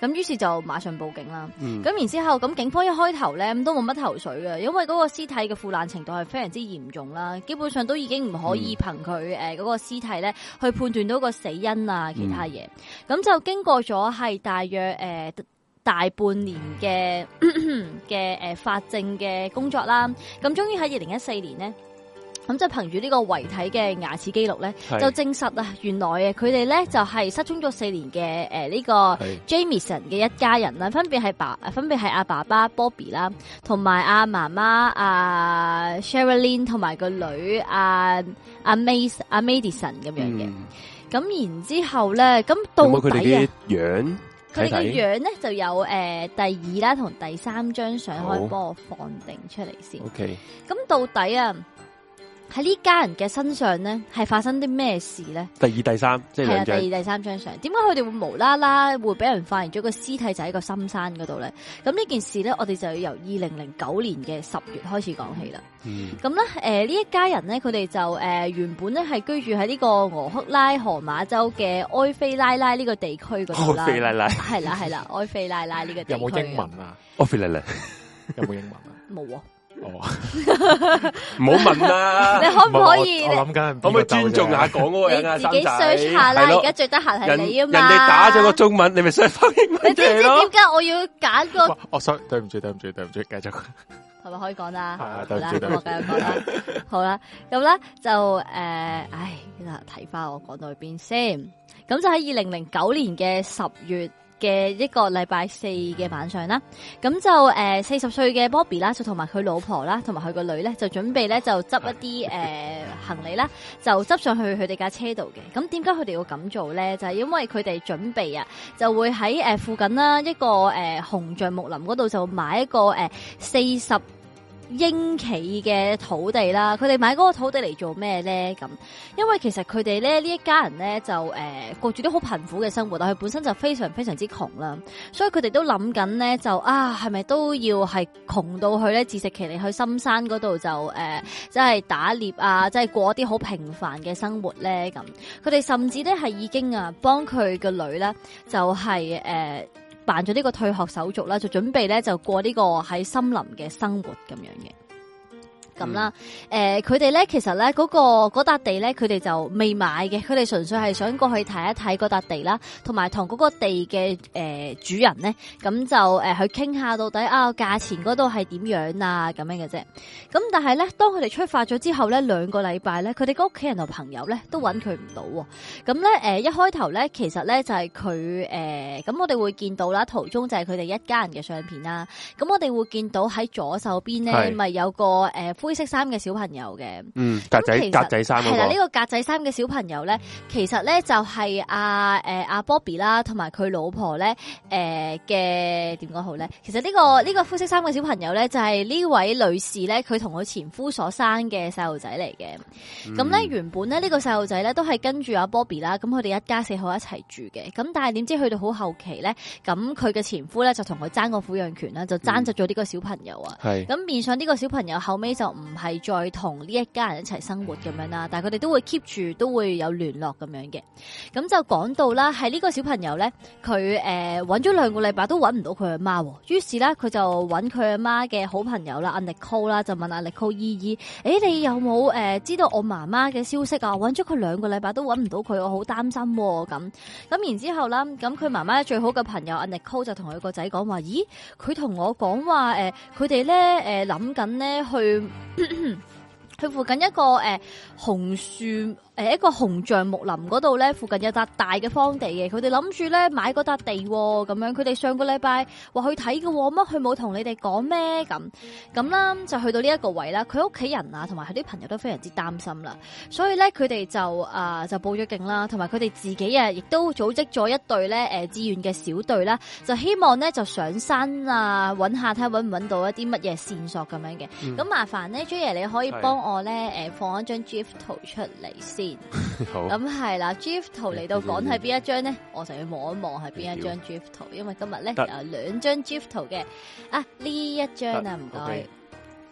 咁於是就馬上報警啦。咁、嗯、然之後，咁警方一開頭咧，都冇乜頭緒嘅，因為嗰個屍體嘅腐爛程度係非常之嚴重啦，基本上都已經唔可以憑佢誒嗰個屍體咧去判斷到個死因啊，其他嘢。咁、嗯、就經過咗係大約誒、呃、大半年嘅嘅誒法證嘅工作啦，咁終於喺二零一四年呢。咁即係憑住呢個遺體嘅牙齒記錄咧，就證實啊，原來啊佢哋咧就係、是、失蹤咗四年嘅誒呢個 Jamison 嘅一家人啦，分別係爸，分別係阿爸爸 Bobby 啦，同埋阿媽媽阿 Sherrilyn，同埋個女阿阿 Ma 阿 Madison 咁樣嘅。咁、嗯嗯、然之後咧，咁到底啊樣，佢哋嘅樣咧就有誒、呃、第二啦同第三張相，可以幫我放定出嚟先。咁、okay 嗯、到底啊？喺呢家人嘅身上咧，係發生啲咩事咧？第二、第三，即係第二、第三張相，點解佢哋會無啦啦會俾人發現咗個屍體就喺個深山嗰度咧？咁呢件事咧，我哋就要由二零零九年嘅十月開始講起啦。咁、嗯、咧，誒、呃、呢一家人咧，佢哋就誒、呃、原本咧係居住喺呢個俄克拉荷馬州嘅埃菲拉拉呢個地區嗰度啦。 [LAUGHS] 埃菲拉拉係啦係啦，埃菲拉拉呢個地區有冇英文啊？埃菲拉拉有冇英文啊？冇啊。哦，唔好問啦。你可唔可以？我諗緊，可唔可以尊重下講嗰個嘢啊？生仔，你自己 search 下啦。而家最得閒係你啊嘛。人哋打咗個中文，你咪 search 翻英文出嚟咯。你知唔知點解我要揀個？我衰，對唔住，對唔住，對唔住，繼續。係咪可以講啦？係，我繼續講啦，好啦。咁咧就誒，唉，嗱，睇翻我講到邊先。咁就喺二零零九年嘅十月。嘅一個禮拜四嘅晚上啦，咁就誒四十歲嘅 Bobby 啦，就同埋佢老婆啦，同埋佢個女咧，就準備咧就執一啲誒、呃、行李啦，就執上去佢哋架車度嘅。咁點解佢哋要咁做咧？就係、是、因為佢哋準備啊，就會喺誒、呃、附近啦、啊、一個誒、呃、紅橡木林嗰度就買一個誒四十。呃英企嘅土地啦，佢哋買嗰個土地嚟做咩咧？咁，因為其實佢哋咧呢一家人咧就誒、呃、過住啲好貧苦嘅生活，但佢本身就非常非常之窮啦，所以佢哋都諗緊咧就啊係咪都要係窮到去咧，自食其力去深山嗰度就誒即係打獵啊，即、就、係、是、過一啲好平凡嘅生活咧咁。佢哋甚至咧係已經啊幫佢個女啦、就是，就係誒。辦咗呢個退學手續啦，就準備咧，就過呢個喺森林嘅生活咁樣嘅。咁、嗯、啦，誒、嗯，佢哋咧，其實咧嗰、那個嗰笪地咧，佢哋就未買嘅，佢哋純粹係想過去睇一睇嗰笪地啦，同埋同嗰個地嘅誒、呃、主人咧，咁就誒、呃、去傾下到底啊價錢嗰度係點樣啊咁樣嘅啫。咁但係咧，當佢哋出發咗之後咧，兩個禮拜咧，佢哋個屋企人同朋友咧都搵佢唔到。咁咧，誒、呃、一開頭咧，其實咧就係佢誒，咁、呃、我哋會見到啦，途中就係佢哋一家人嘅相片啦。咁我哋會見到喺左手邊咧，咪有個誒。呃灰色衫嘅小朋友嘅，嗯，格仔格仔衫嗰個係啦。呢、這個格仔衫嘅小朋友咧，其實咧就係阿誒阿 Bobby 啦，同埋佢老婆咧誒嘅點講好咧？其實呢個呢、這個灰色衫嘅小朋友咧，就係、是、呢位女士咧，佢同佢前夫所生嘅細路仔嚟嘅。咁、嗯、咧原本咧呢、這個細路仔咧都係跟住阿、啊、Bobby 啦，咁佢哋一家四口一齊住嘅。咁但係點知去到好後期咧，咁佢嘅前夫咧就同佢爭個撫養權啦，就爭執咗呢個小朋友啊。咁、嗯、面上呢個小朋友後尾就。唔係再同呢一家人一齊生活咁樣啦，但係佢哋都會 keep 住都會有聯絡咁樣嘅。咁就講到啦，係呢個小朋友咧，佢誒揾咗兩個禮拜都揾唔到佢阿媽，於是咧佢就揾佢阿媽嘅好朋友啦，Aniko 啦，Nicole, 就問 Aniko 姨姨，誒、欸、你有冇誒、呃、知道我媽媽嘅消息啊？揾咗佢兩個禮拜都揾唔到佢，我好擔心咁。咁然之後啦，咁佢媽媽最好嘅朋友 Aniko 就同佢個仔講話，咦佢同我講話誒，佢哋咧誒諗緊咧去。佢咳咳附近一個誒、呃、紅樹。誒，一個紅橡木林嗰度咧，附近有笪大嘅荒地嘅，佢哋諗住咧買嗰笪地咁樣，佢哋上個禮拜話去睇嘅，乜佢冇同你哋講咩咁咁啦，就去到呢一個位啦，佢屋企人啊，同埋佢啲朋友都非常之擔心啦，所以咧佢哋就誒、呃、就報咗警啦，同埋佢哋自己啊，亦都組織咗一隊咧誒志願嘅小隊啦，就希望咧就上山啊，揾下睇下揾唔揾到一啲乜嘢線索咁樣嘅，咁、嗯、麻煩呢 j a 你可以幫我咧誒放一張 GIF 圖出嚟先。好，咁係啦，GIF 圖嚟到講係邊一張呢？嗯？我就要望一望係邊一張 GIF 圖，因為今日咧有兩張 GIF 圖嘅。啊，呢一張啊，唔該。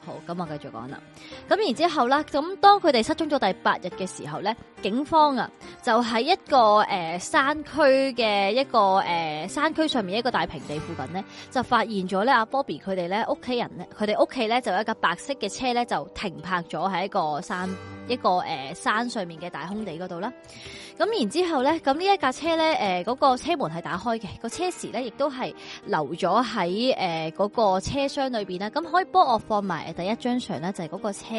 好，咁我繼續講啦。咁然之後啦，咁當佢哋失蹤咗第八日嘅時候咧，警方啊就喺一個誒、呃、山區嘅一個誒、呃、山區上面一個大平地附近咧，就發現咗咧阿 Bobby 佢哋咧屋企人咧，佢哋屋企咧就有一架白色嘅車咧就停泊咗喺一個山。一個誒山上面嘅大空地嗰度啦，咁然之後咧，咁呢一架車咧，誒、那、嗰個車門係打開嘅，嗰個車匙咧亦都係留咗喺誒嗰個車廂裏邊啦，咁可以幫我放埋第一張相咧，就係、係、嗰個車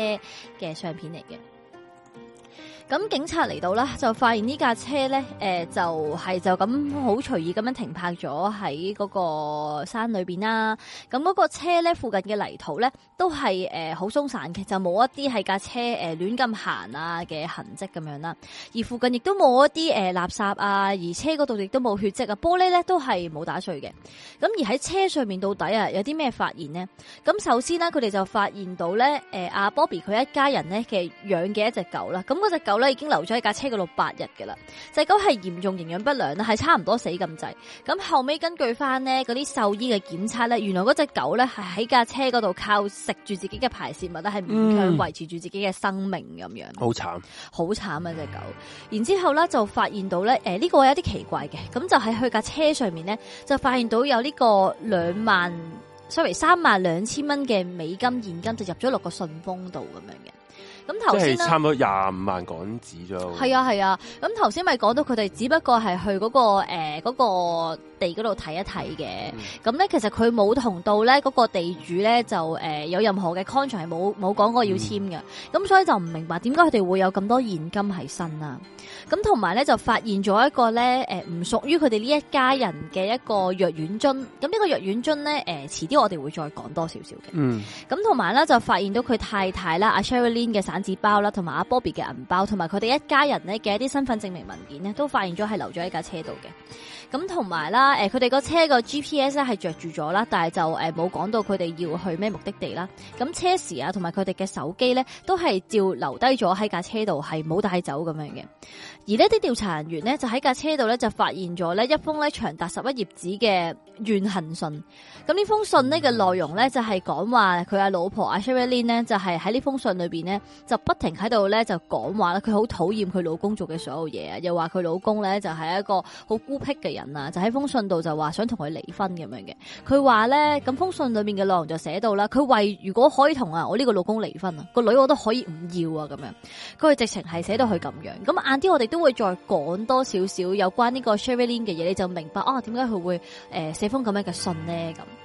嘅相片嚟嘅。咁警察嚟到啦，就發現呢架車咧，誒、呃、就係、是、就咁好隨意咁樣停泊咗喺嗰個山裏邊啦。咁、那、嗰個車咧，附近嘅泥土咧都係誒好鬆散嘅，就冇一啲係架車誒亂咁行啊嘅痕跡咁樣啦。而附近亦都冇一啲誒、呃、垃圾啊，而車嗰度亦都冇血迹啊，玻璃咧都係冇打碎嘅。咁而喺車上面到底啊有啲咩發現咧？咁首先啦，佢哋就發現到咧，誒、呃、阿 Bobby 佢一家人咧嘅養養嘅一隻狗啦。咁嗰隻狗。咧已經留咗喺架車嗰度八日嘅啦，隻狗係嚴重營養不良啦，係差唔多死咁滯。咁後尾根據翻呢嗰啲獸醫嘅檢測呢，原來嗰隻狗呢係喺架車嗰度靠食住自己嘅排泄物，都係勉強維持住自己嘅生命咁、嗯、樣。好慘，好慘啊隻狗！然之後咧就發現到咧，誒、呃、呢、這個有啲奇怪嘅，咁就喺佢架車上面呢，就發現到有呢個兩萬，sorry 三萬兩千蚊嘅美金現金，就入咗六個信封度咁樣嘅。咁頭先咧，即係差唔多廿五萬港紙啫。係啊係啊，咁頭先咪講到佢哋，只不過係去嗰、那個嗰、呃那個地嗰度睇一睇嘅。咁、嗯、咧其實佢冇同到咧嗰個地主咧就、呃、有任何嘅 contract 係冇冇講過要簽嘅。咁、嗯、所以就唔明白點解佢哋會有咁多現金喺身啊？咁同埋咧就發現咗一個咧唔、呃、屬於佢哋呢一家人嘅一個藥丸樽。咁呢個藥丸樽咧、呃、遲啲我哋會再講多少少嘅。咁同埋咧就發現到佢太太啦阿 Sherlyn 嘅錢包啦，同埋阿 Bobby 嘅銀包，同埋佢哋一家人咧嘅一啲身份證明文件咧，都發現咗係留咗喺架車度嘅。咁同埋啦，誒，佢哋個車個 GPS 咧係着住咗啦，但係就誒冇講到佢哋要去咩目的地啦。咁車匙啊，同埋佢哋嘅手機咧，都係照留低咗喺架車度，係冇帶走咁樣嘅。而呢啲調查人員咧，就喺架車度咧就發現咗咧一封咧長達十一頁紙嘅怨恨信。咁呢封信咧嘅內容咧就係講話佢阿老婆阿 Cherilyn 咧就係喺呢封信裏邊咧就不停喺度咧就講話啦，佢好討厭佢老公做嘅所有嘢，啊，又話佢老公咧就係一個好孤僻嘅人。就喺封信度就話想同佢離婚咁樣嘅，佢話咧咁封信裏面嘅內容就寫到啦，佢為如果可以同啊我呢個老公離婚啊，個女我都可以唔要啊咁樣，佢直情係寫到佢咁樣，咁晏啲我哋都會再講多少少有關呢個 Shirley Ling 嘅嘢，你就明白啊點解佢會誒寫封咁樣嘅信呢？咁。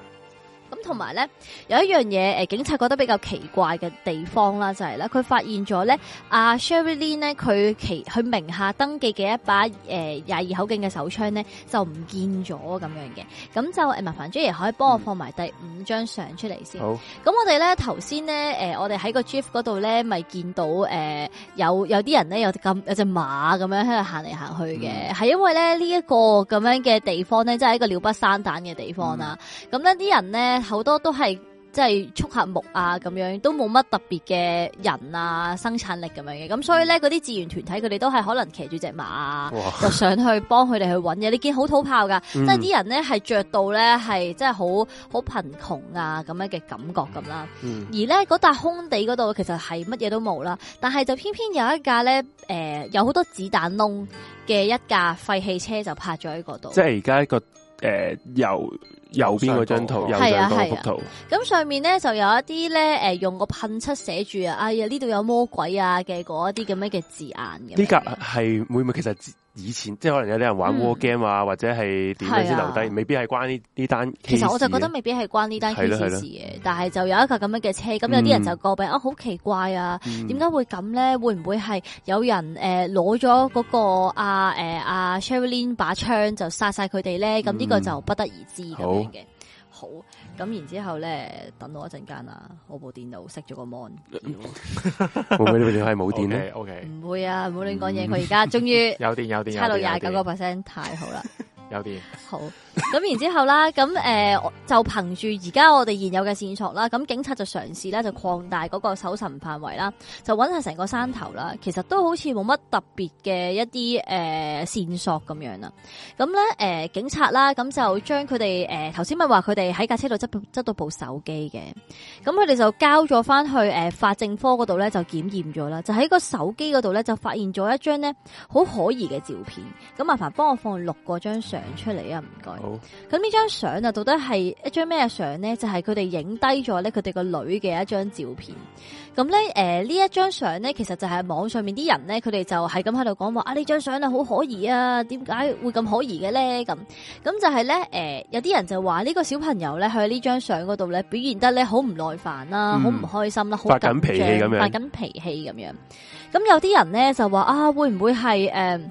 同埋咧，有一樣嘢，誒，警察覺得比較奇怪嘅地方啦，就係咧，佢發現咗咧，阿 Shirley Lee 咧，佢其佢名下登記嘅一把誒廿二口徑嘅手槍咧，就唔見咗咁樣嘅，咁就誒，麻煩係，樊專員可以幫我放埋、mm. 第五張相出嚟先。好，咁我哋咧頭先咧，誒、呃，我哋喺個 GIF 嗰度咧，咪見到誒、呃，有有啲人咧，有咁有隻馬咁樣喺度行嚟行去嘅，係、mm. 因為咧呢,、這個這呢就是、一個咁樣嘅地方咧、啊，即係一個鳥不生蛋嘅地方啦。咁呢啲人咧。好多都係即係速合木啊，咁樣都冇乜特別嘅人啊，生產力咁樣嘅，咁所以咧嗰啲自然團體佢哋都係可能騎住隻馬，啊，就上去幫佢哋去揾嘢。你見好土炮噶。嗯、即係啲人咧係着到咧係即係好好貧窮啊咁樣嘅感覺咁啦。嗯、而咧嗰笪空地嗰度其實係乜嘢都冇啦，但係就偏偏有一架咧誒、呃、有好多子彈窿嘅一架廢汽車就拍咗喺嗰度。即係而家一個誒由。呃右邊嗰張圖圖，係啊係幅圖，咁、啊嗯、上面咧就有一啲咧誒用個噴漆寫住啊，哎呀呢度有魔鬼啊嘅嗰一啲咁樣嘅字眼，呢格係會唔會其實以前即係可能有啲人玩 War Game 啊，嗯、或者係點樣先留低，啊，未必係關呢呢單。其實我就覺得未必係關呢單件事嘅，但係就有一架咁樣嘅車，咁、嗯、有啲人就個病啊，好奇怪啊，點、嗯、解會咁咧？會唔會係有人誒攞咗嗰個阿誒阿 Charline 把槍就殺晒佢哋咧？咁、嗯、呢個就不得而知咁樣嘅。好。好咁然之後咧，等我一陣間啦。我部電腦熄咗個 mon，我部電腦係冇電咧。OK，唔會啊，唔好亂講嘢。佢而家終於有電，有電，差到廿九個 percent，太好啦， [LAUGHS] 有電，好。咁 [LAUGHS] 然之後啦，咁誒、呃、就憑住而家我哋現有嘅線索啦，咁警察就嘗試啦，就擴大嗰個搜尋範圍啦，就搵下成個山頭啦，其實都好似冇乜特別嘅一啲誒、呃、線索咁樣啦。咁咧誒警察啦，咁就將佢哋誒頭先咪話佢哋喺架車度執到執到部手機嘅，咁佢哋就交咗翻去誒、呃、法政科嗰度咧就檢驗咗啦，就喺個手機嗰度咧就發現咗一張呢好可疑嘅照片，咁麻煩幫我放六個張相出嚟啊，唔該。咁呢張相啊，到底係一張咩相咧？就係佢哋影低咗咧，佢哋個女嘅一張照片。咁咧，誒、呃，一張呢一張相咧，其實就係網上面啲人咧，佢哋就係咁喺度講話啊，呢張相啊好可疑啊，點解會咁可疑嘅咧？咁咁就係咧，誒、呃，有啲人就話呢個小朋友咧佢喺呢張相嗰度咧，表現得咧好唔耐煩啦、啊，好、嗯、唔開心啦、啊，發緊脾氣咁樣，發緊脾氣咁樣。咁有啲人咧就話啊，會唔會係誒？呃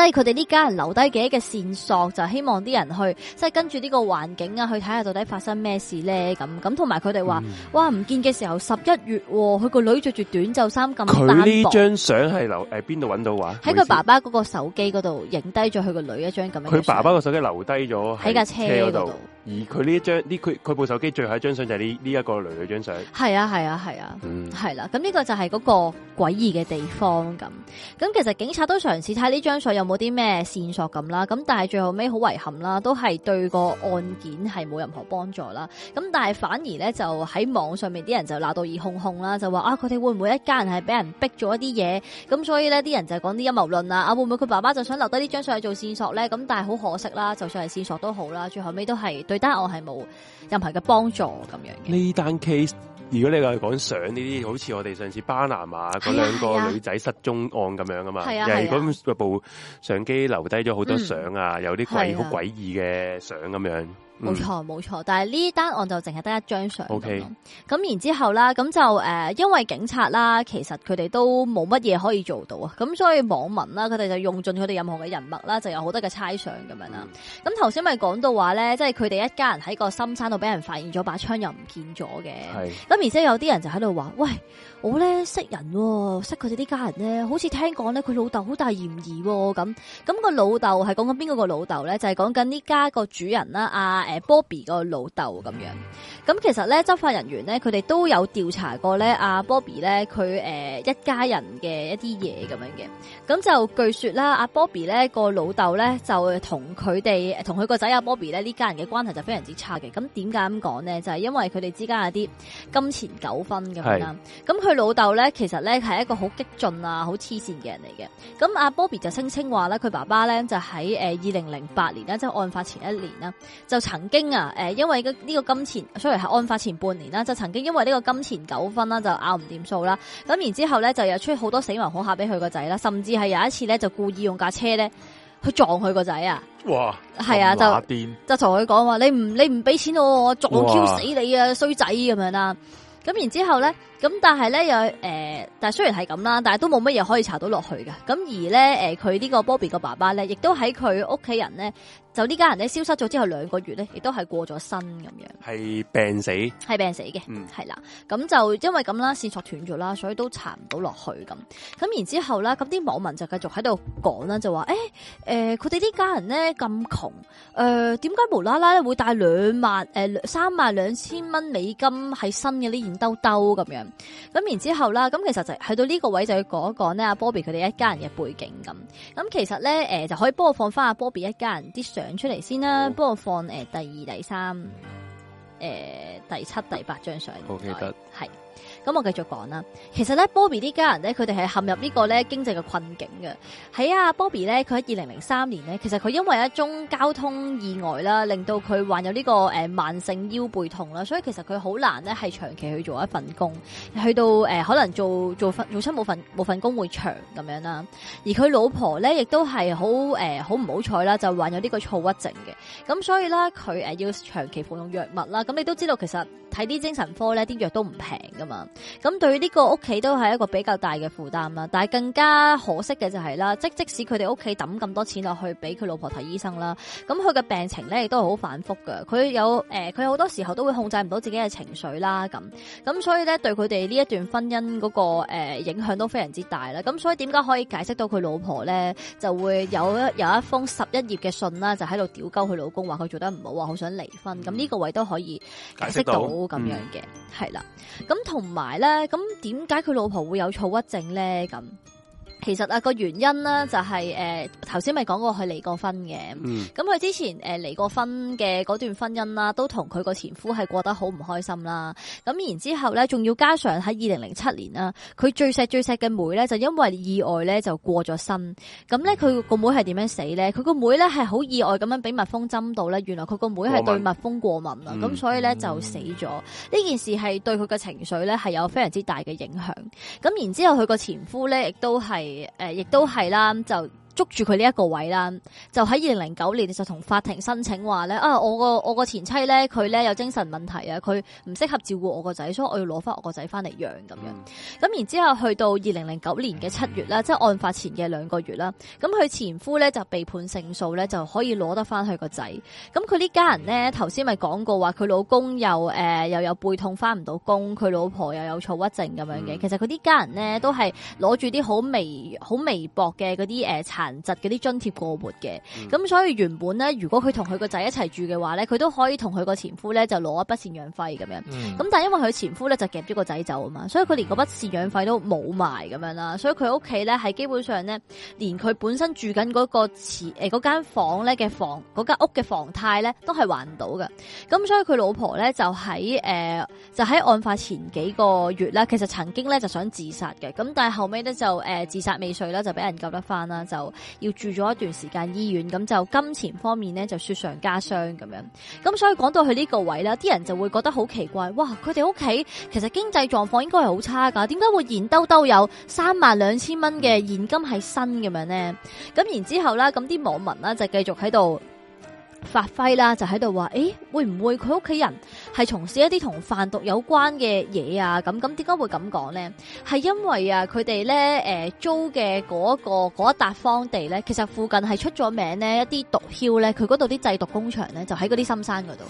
即係佢哋呢家人留低幾嘅線索，就是、希望啲人去，即、就、係、是、跟住呢個環境啊，去睇下到底發生咩事咧。咁咁同埋佢哋話，哇唔見嘅時候十一月、哦，佢個女着住短袖衫咁單薄。呢張相係留誒邊度揾到話、啊？喺佢爸爸嗰個手機嗰度影低咗佢個女一張咁樣。佢爸爸個手機留低咗喺架車嗰度。而佢呢一張，呢佢佢部手機最後一張相就係呢呢一個女女張相，係啊係啊係啊，嗯，係啦、啊，咁呢個就係嗰個詭異嘅地方咁，咁其實警察都嘗試睇呢張相有冇啲咩線索咁啦，咁但係最後尾好遺憾啦，都係對個案件係冇任何幫助啦，咁但係反而咧就喺網上面啲人就鬧到熱烘烘啦，就話啊佢哋會唔會一家人係俾人逼咗一啲嘢，咁所以呢啲人就講啲陰謀論啦，啊會唔會佢爸爸就想留低呢張相去做線索咧，咁但係好可惜啦，就算係線索都好啦，最後尾都係對。但係我係冇任何嘅幫助咁樣。呢單 case，如果你係講相呢啲，嗯、好似我哋上次巴拿馬嗰兩個女仔失蹤案咁樣係啊嘛，又係嗰、啊、部相機留低咗好多相啊、嗯，有啲鬼好詭異嘅相咁樣。冇錯，冇錯，但係呢單案就淨係得一張相。咁然之後啦，咁就誒、呃，因為警察啦，其實佢哋都冇乜嘢可以做到啊。咁所以網民啦，佢哋就用盡佢哋任何嘅人脈啦，就有好多嘅猜想咁樣啦。咁頭先咪講到話咧，即係佢哋一家人喺個深山度俾人發現咗把槍，又唔見咗嘅。咁而且有啲人就喺度話，喂。我咧識人、哦，識佢哋呢家人咧，好似聽講咧佢老豆好大嫌疑咁、哦。咁、個老豆係講緊邊個個老豆咧，就係講緊呢家個主人啦、啊，阿、啊、誒、欸、Bobby 個老豆咁樣。咁其實咧，執法人員咧，佢哋都有調查過咧，阿、啊、Bobby 咧佢誒一家人嘅一啲嘢咁樣嘅。咁就據說啦，阿、啊、Bobby 咧、個老豆咧就同佢哋，同佢個仔阿 Bobby 咧呢家人嘅關係就非常之差嘅。咁點解咁講咧？就係、是、因為佢哋之間有啲金錢糾紛咁樣、啊。咁佢老豆咧，其實咧係一個好激進啊、好黐線嘅人嚟嘅。咁阿、啊、Bobby 就聲稱話咧，佢爸爸咧就喺誒二零零八年啦、啊，即係案發前一年啦、啊，就曾經啊誒，因為呢個金錢，sorry，係案發前半年啦、啊，就曾經因為呢個金錢糾紛啦，就拗唔掂數啦。咁然之後咧，就又出好多死亡恐嚇俾佢個仔啦，甚至係有一次咧，就故意用架車咧去撞佢個仔啊！哇！係啊，就就同佢講話，你唔你唔俾錢我，我撞 Q 死你啊，衰仔咁樣啦、啊。咁然之後咧。咁但係咧又誒，但係、呃、雖然係咁啦，但係都冇乜嘢可以查到落去嘅。咁而咧誒，佢、呃、呢個 Bobby 個爸爸咧，亦都喺佢屋企人咧，就呢家人咧消失咗之後兩個月咧，亦都係過咗身咁樣。係病死，係病死嘅，係、嗯、啦。咁、嗯嗯、就因為咁啦，綫索斷咗啦，所以都查唔到落去咁。咁然之後咧，咁啲網民就繼續喺度講啦，就話誒，誒、欸，佢哋呢家人咧咁窮，誒，點解無啦啦咧會帶兩萬誒、呃、三萬兩千蚊美金喺新嘅呢件兜兜咁樣？咁然之後啦，咁其實就去到呢個位就要講一講咧，阿 Bobbi 佢哋一家人嘅背景咁。咁其實咧，誒、呃、就可以幫我放翻阿 Bobbi 一家人啲相出嚟先啦。幫我放誒、呃、第二、第三、誒、呃、第七、第八張相。我記得係。咁我繼續講啦，其實咧 Bobby 啲家人咧，佢哋係陷入呢個咧經濟嘅困境嘅。喺阿、啊、Bobby 咧，佢喺二零零三年咧，其實佢因為一宗交通意外啦，令到佢患有呢個誒慢性腰背痛啦，所以其實佢好難咧係長期去做一份工，去到誒、呃、可能做做份做，做出冇份冇份工會長咁樣啦。而佢老婆咧亦都係好誒好唔好彩啦，就患有呢個躁鬱症嘅，咁所以咧佢誒要長期服用藥物啦。咁你都知道，其實睇啲精神科咧啲藥都唔平㗎嘛。咁對呢個屋企都係一個比較大嘅負擔啦，但係更加可惜嘅就係、是、啦，即即使佢哋屋企抌咁多錢落去俾佢老婆睇醫生啦，咁佢嘅病情咧亦都係好反覆噶，佢有誒佢好多時候都會控制唔到自己嘅情緒啦，咁咁所以咧對佢哋呢一段婚姻嗰、那個誒、呃、影響都非常之大啦，咁所以點解可以解釋到佢老婆咧就會有一有一封十一頁嘅信啦，就喺度屌鳩佢老公，話佢做得唔好，話好想離婚，咁呢個位都可以解釋到咁、嗯、樣嘅，係啦，咁同。埋咧，咁點解佢老婆會有躁鬱症咧？咁。其實啊個原因呢，就是，就係誒頭先咪講過佢離過婚嘅。咁、嗯、佢之前誒、呃、離過婚嘅嗰段婚姻啦，都同佢個前夫係過得好唔開心啦。咁然之後呢仲要加上喺二零零七年啦，佢最錫最錫嘅妹呢，就因為意外呢，就過咗身。咁呢，佢個妹係點樣死呢？佢個妹呢，係好意外咁樣俾蜜蜂針到呢。原來佢個妹係對蜜蜂過敏啊，咁所以呢，就死咗。呢、嗯、件事係對佢嘅情緒呢，係有非常之大嘅影響。咁然之後佢個前夫呢，亦都係。誒、呃，亦都係啦，就。捉住佢呢一個位啦，就喺二零零九年就同法庭申請話咧，啊我個我個前妻咧佢咧有精神問題啊，佢唔適合照顧我個仔，所以我要攞翻我個仔翻嚟養咁樣。咁然之後去到二零零九年嘅七月啦，即係案發前嘅兩個月啦，咁佢前夫咧就被判勝訴咧，就可以攞得翻佢個仔。咁佢呢家人呢，頭先咪講過話，佢老公又誒、呃、又有背痛翻唔到工，佢老婆又有躁鬱症咁樣嘅。其實佢呢家人呢，都係攞住啲好微好微薄嘅嗰啲誒殘疾嗰啲津貼過活嘅，咁所以原本咧，如果佢同佢個仔一齊住嘅話咧，佢都可以同佢個前夫咧就攞一筆贍養費咁樣，咁、嗯、但係因為佢前夫咧就夾咗個仔走啊嘛，所以佢連嗰筆贍養費都冇埋咁樣啦，所以佢屋企咧係基本上咧，連佢本身住緊嗰、嗰個誒間、呃、房咧嘅房嗰間屋嘅房貸咧都係還唔到嘅，咁所以佢老婆咧就喺誒、呃、就喺案發前幾個月啦，其實曾經咧就想自殺嘅，咁但係後尾咧就誒自殺未遂啦，就俾、呃、人救得翻啦就。要住咗一段時間醫院，咁就金錢方面咧就雪上加霜咁樣，咁所以講到佢呢個位啦，啲人就會覺得好奇怪，哇！佢哋屋企其實經濟狀況應該係好差噶，點解會現兜兜有三萬兩千蚊嘅現金喺身咁樣呢？咁然之後啦，咁啲網民呢就繼續喺度。發揮啦，就喺度話，誒、欸，會唔會佢屋企人係從事一啲同販毒有關嘅嘢啊？咁咁，點解會咁講咧？係因為啊，佢哋咧誒租嘅嗰、嗰個嗰一笪荒地咧，其實附近係出咗名咧，一啲毒梟咧，佢嗰度啲製毒工場咧，就喺嗰啲深山嗰度。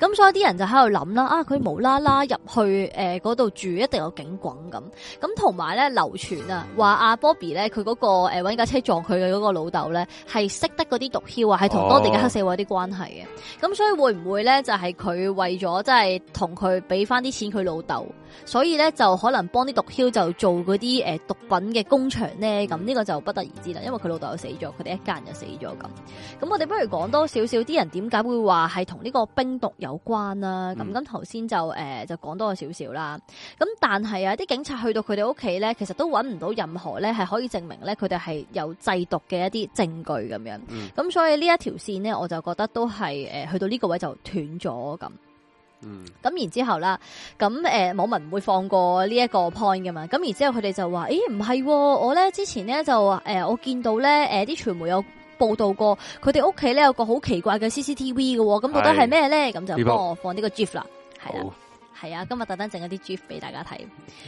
咁所以啲人就喺度諗啦，啊佢無啦啦入去誒嗰度住一定有景轟咁咁同埋咧流傳啊，話阿 Bobby 咧佢嗰個誒搵架車撞佢嘅嗰個老豆咧係識得嗰啲毒梟啊，係同當地嘅黑社會啲關係嘅，咁、oh. 所以會唔會咧就係、是、佢為咗即係同佢俾翻啲錢佢老豆？所以咧就可能幫啲毒梟就做嗰啲誒毒品嘅工場咧，咁、嗯、呢個就不得而知啦。因為佢老豆又死咗，佢哋一家人就死咗咁。咁我哋不如講多少少啲人點解會話係同呢個冰毒有關、啊嗯呃、啦。咁咁頭先就誒就講多少少啦。咁但係啊啲警察去到佢哋屋企咧，其實都揾唔到任何咧係可以證明咧佢哋係有製毒嘅一啲證據咁樣。咁、嗯、所以呢一條線呢，我就覺得都係誒、呃、去到呢個位就斷咗咁。嗯，咁然之後啦，咁、呃、誒網民唔會放過呢一個 point 噶嘛，咁然之後佢哋就話，誒唔係，我咧之前咧就話誒、呃、我見到咧誒啲傳媒有報道過，佢哋屋企咧有個好奇怪嘅 CCTV 嘅、哦，咁覺得係咩咧？咁就幫我放呢個 GIF 啦，係啦。係啊，今日特登整咗啲 GIF 俾大家睇，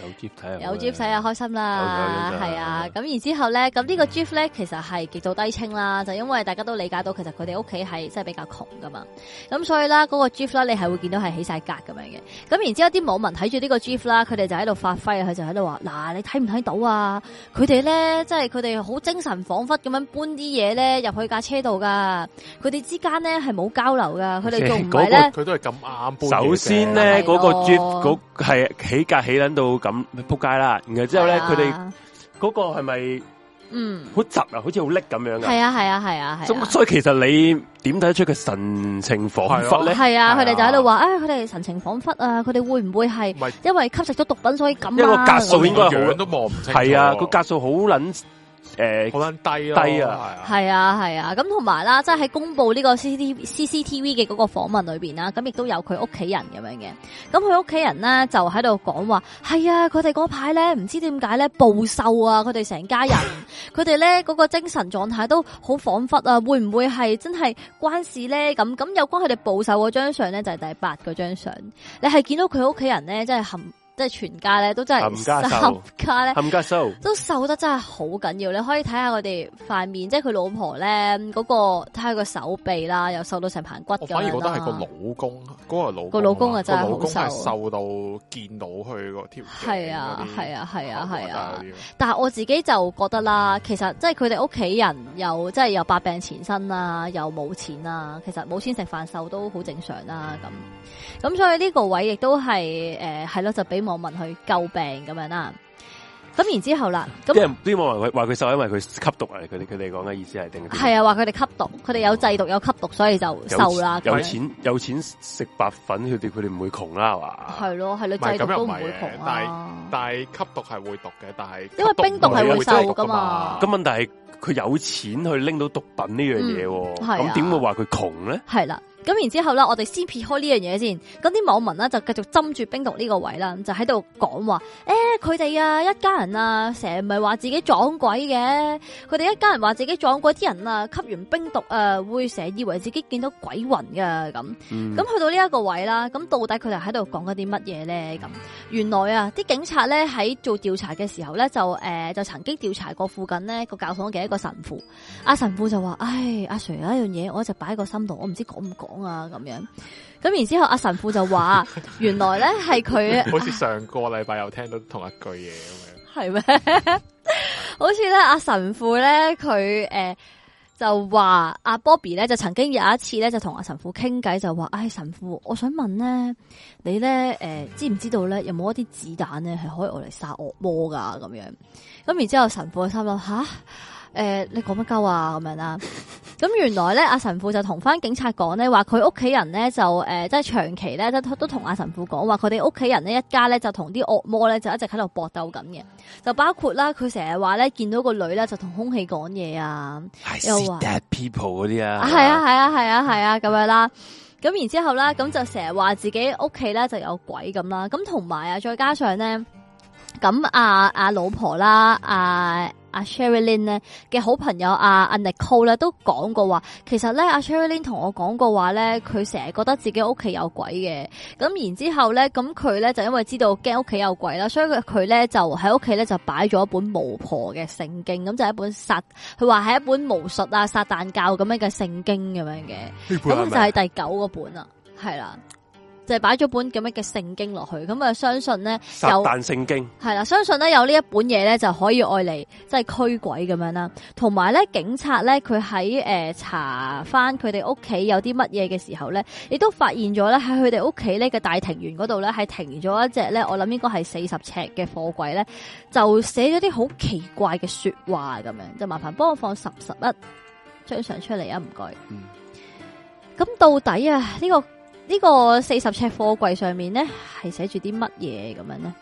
有 GIF 睇啊，有 GIF 睇啊，開心啦，係啊，咁、啊啊啊、然之後咧，咁呢個 GIF 咧，嗯、其實係極度低清啦，就因為大家都理解到，其實佢哋屋企係真係比較窮噶嘛，咁所以啦，嗰、那個 GIF 你係會見到係起晒格咁樣嘅，咁然之後啲網民睇住呢個 GIF 啦，佢哋就喺度發揮，佢就喺度話，嗱、啊，你睇唔睇到啊？佢哋咧，即係佢哋好精神恍惚咁樣搬啲嘢咧入去架車度噶，佢哋之間咧係冇交流噶，佢哋仲唔係咧？佢 [LAUGHS] 都係咁啱搬。首先咧，啊那個。住嗰係起格起捻到咁撲街啦，然後之後咧佢哋嗰個係咪嗯，好雜啊，好似好叻咁樣嘅？係啊係啊係啊係啊！所以其實你點睇得出佢神情恍惚咧？係啊，佢哋就喺度話，誒，佢哋神情恍惚啊！佢哋會唔會係因為吸食咗毒品所以咁啊？個格數應該永遠都望唔清，係啊，個格數好撚。誒、呃，嗰低低係啊，係啊係啊，咁同埋啦，即係喺公布呢個 CCTV 嘅嗰個訪問裏邊啦，咁亦都有佢屋企人咁樣嘅。咁佢屋企人呢，就喺度講話，係啊，佢哋嗰排咧唔知點解咧暴瘦啊，佢哋成家人，佢哋咧嗰個精神狀態都好恍惚啊，會唔會係真係關事咧？咁咁有關佢哋暴瘦嗰張相咧，就係、係、第八嗰張相，你係見到佢屋企人咧，真係含。即係全家咧，都真係，家收。都瘦得真係好緊要，你可以睇下佢哋塊面，即係佢老婆咧、那個，嗰個睇下個手臂啦，又瘦到成排骨。我反而覺得係個老公，嗰、那個那個老公、那個老公啊，那個、老公真係好瘦，瘦到見到佢個 T 恤。係啊，係啊，係啊，係啊。啊但係我自己就覺得啦，其實即係佢哋屋企人又即係又百病纏身啦，又冇錢啦，其實冇錢食飯瘦都好正常啦。咁咁，所以呢個位亦都係誒係咯，就俾網民去救病咁樣啦，咁然後之後啦，啲人啲網民話佢瘦，因為佢吸毒嚟。佢哋佢哋講嘅意思係定係啊，話佢哋吸毒，佢哋有製毒、嗯、有製毒有吸毒，所以就瘦啦。有錢有錢食白粉，佢哋佢哋唔會窮啦，係嘛？係咯，係咯，製毒都唔會窮。但係吸毒係會毒嘅，但係因為冰毒係會瘦噶嘛。咁問題係佢有錢去拎到毒品、嗯、呢樣嘢，咁點會話佢窮咧？係啦。咁然之後咧，我哋先撇開呢樣嘢先。咁啲網民咧就繼續針住冰毒呢個位啦，就喺度講話，誒、哎，佢哋啊，一家人啊，成日咪話自己撞鬼嘅。佢哋一家人話自己撞鬼啲人啊，吸完冰毒啊，會成日以為自己見到鬼魂噶咁。咁去、嗯、到呢一個位啦，咁到底佢哋喺度講緊啲乜嘢咧？咁原來啊，啲警察咧喺做調查嘅時候咧，就誒、呃、就曾經調查過附近呢個教堂嘅一個神父。阿神父就話，唉，阿、啊、Sir，有一樣嘢我一直擺喺個心度，我唔知講唔講。講啊咁樣，咁然之後阿神父就話， [LAUGHS] 原來咧係佢，好似上個禮拜又聽到同一句嘢咁樣，係咩？好似咧阿神父咧佢誒就話阿、啊、Bobby 咧就曾經有一次咧就同阿神父傾偈就話，唉、哎、神父，我想問咧你咧誒、啊、知唔知道咧有冇一啲子彈咧係可以我嚟殺惡魔噶咁樣，咁然之後神父就心諗吓。啊誒、呃，你講乜鳩啊？咁樣啦，咁原來咧，阿神父就同翻警察講咧，話佢屋企人咧就誒，即係長期咧都同阿神父講話，佢哋屋企人呢，呃、呢家人一家咧就同啲惡魔咧就一直喺度搏鬥緊嘅，就包括啦，佢成日話咧見到個女咧就同空氣講嘢啊，又 people 啲啊，係啊係啊係啊係啊咁、啊啊啊啊、樣啦，咁然之後咧，咁就成日話自己屋企咧就有鬼咁啦，咁同埋啊，再加上咧，咁阿阿老婆啦，阿、啊。阿 Sherry Lin 咧嘅好朋友阿 Nicole 咧都講過話，其實咧阿 Sherry Lin 同我講過話咧，佢成日覺得自己屋企有鬼嘅。咁然之後咧，咁佢咧就因為知道驚屋企有鬼啦，所以佢佢咧就喺屋企咧就擺咗一本巫婆嘅聖經，咁就係、一本撒，佢話係一本巫術啊、撒旦教咁樣嘅聖經咁樣嘅。呢本係咪？咁就係第九個本啊，係啦。就係擺咗本咁樣嘅聖經落去，咁啊，相信咧有但聖經係啦，相信咧有呢一本嘢咧就可以愛嚟即係驅鬼咁樣啦。同埋咧，警察咧佢喺誒查翻佢哋屋企有啲乜嘢嘅時候咧，亦都發現咗咧喺佢哋屋企呢個大庭園嗰度咧係停咗一隻咧，我諗應該係四十尺嘅貨櫃咧，就寫咗啲好奇怪嘅說話咁樣。就麻煩幫我放十十一張相出嚟啊！唔該。咁、嗯、到底啊呢、呢個？呢、這個四十尺貨櫃上面咧係寫住啲乜嘢咁樣咧？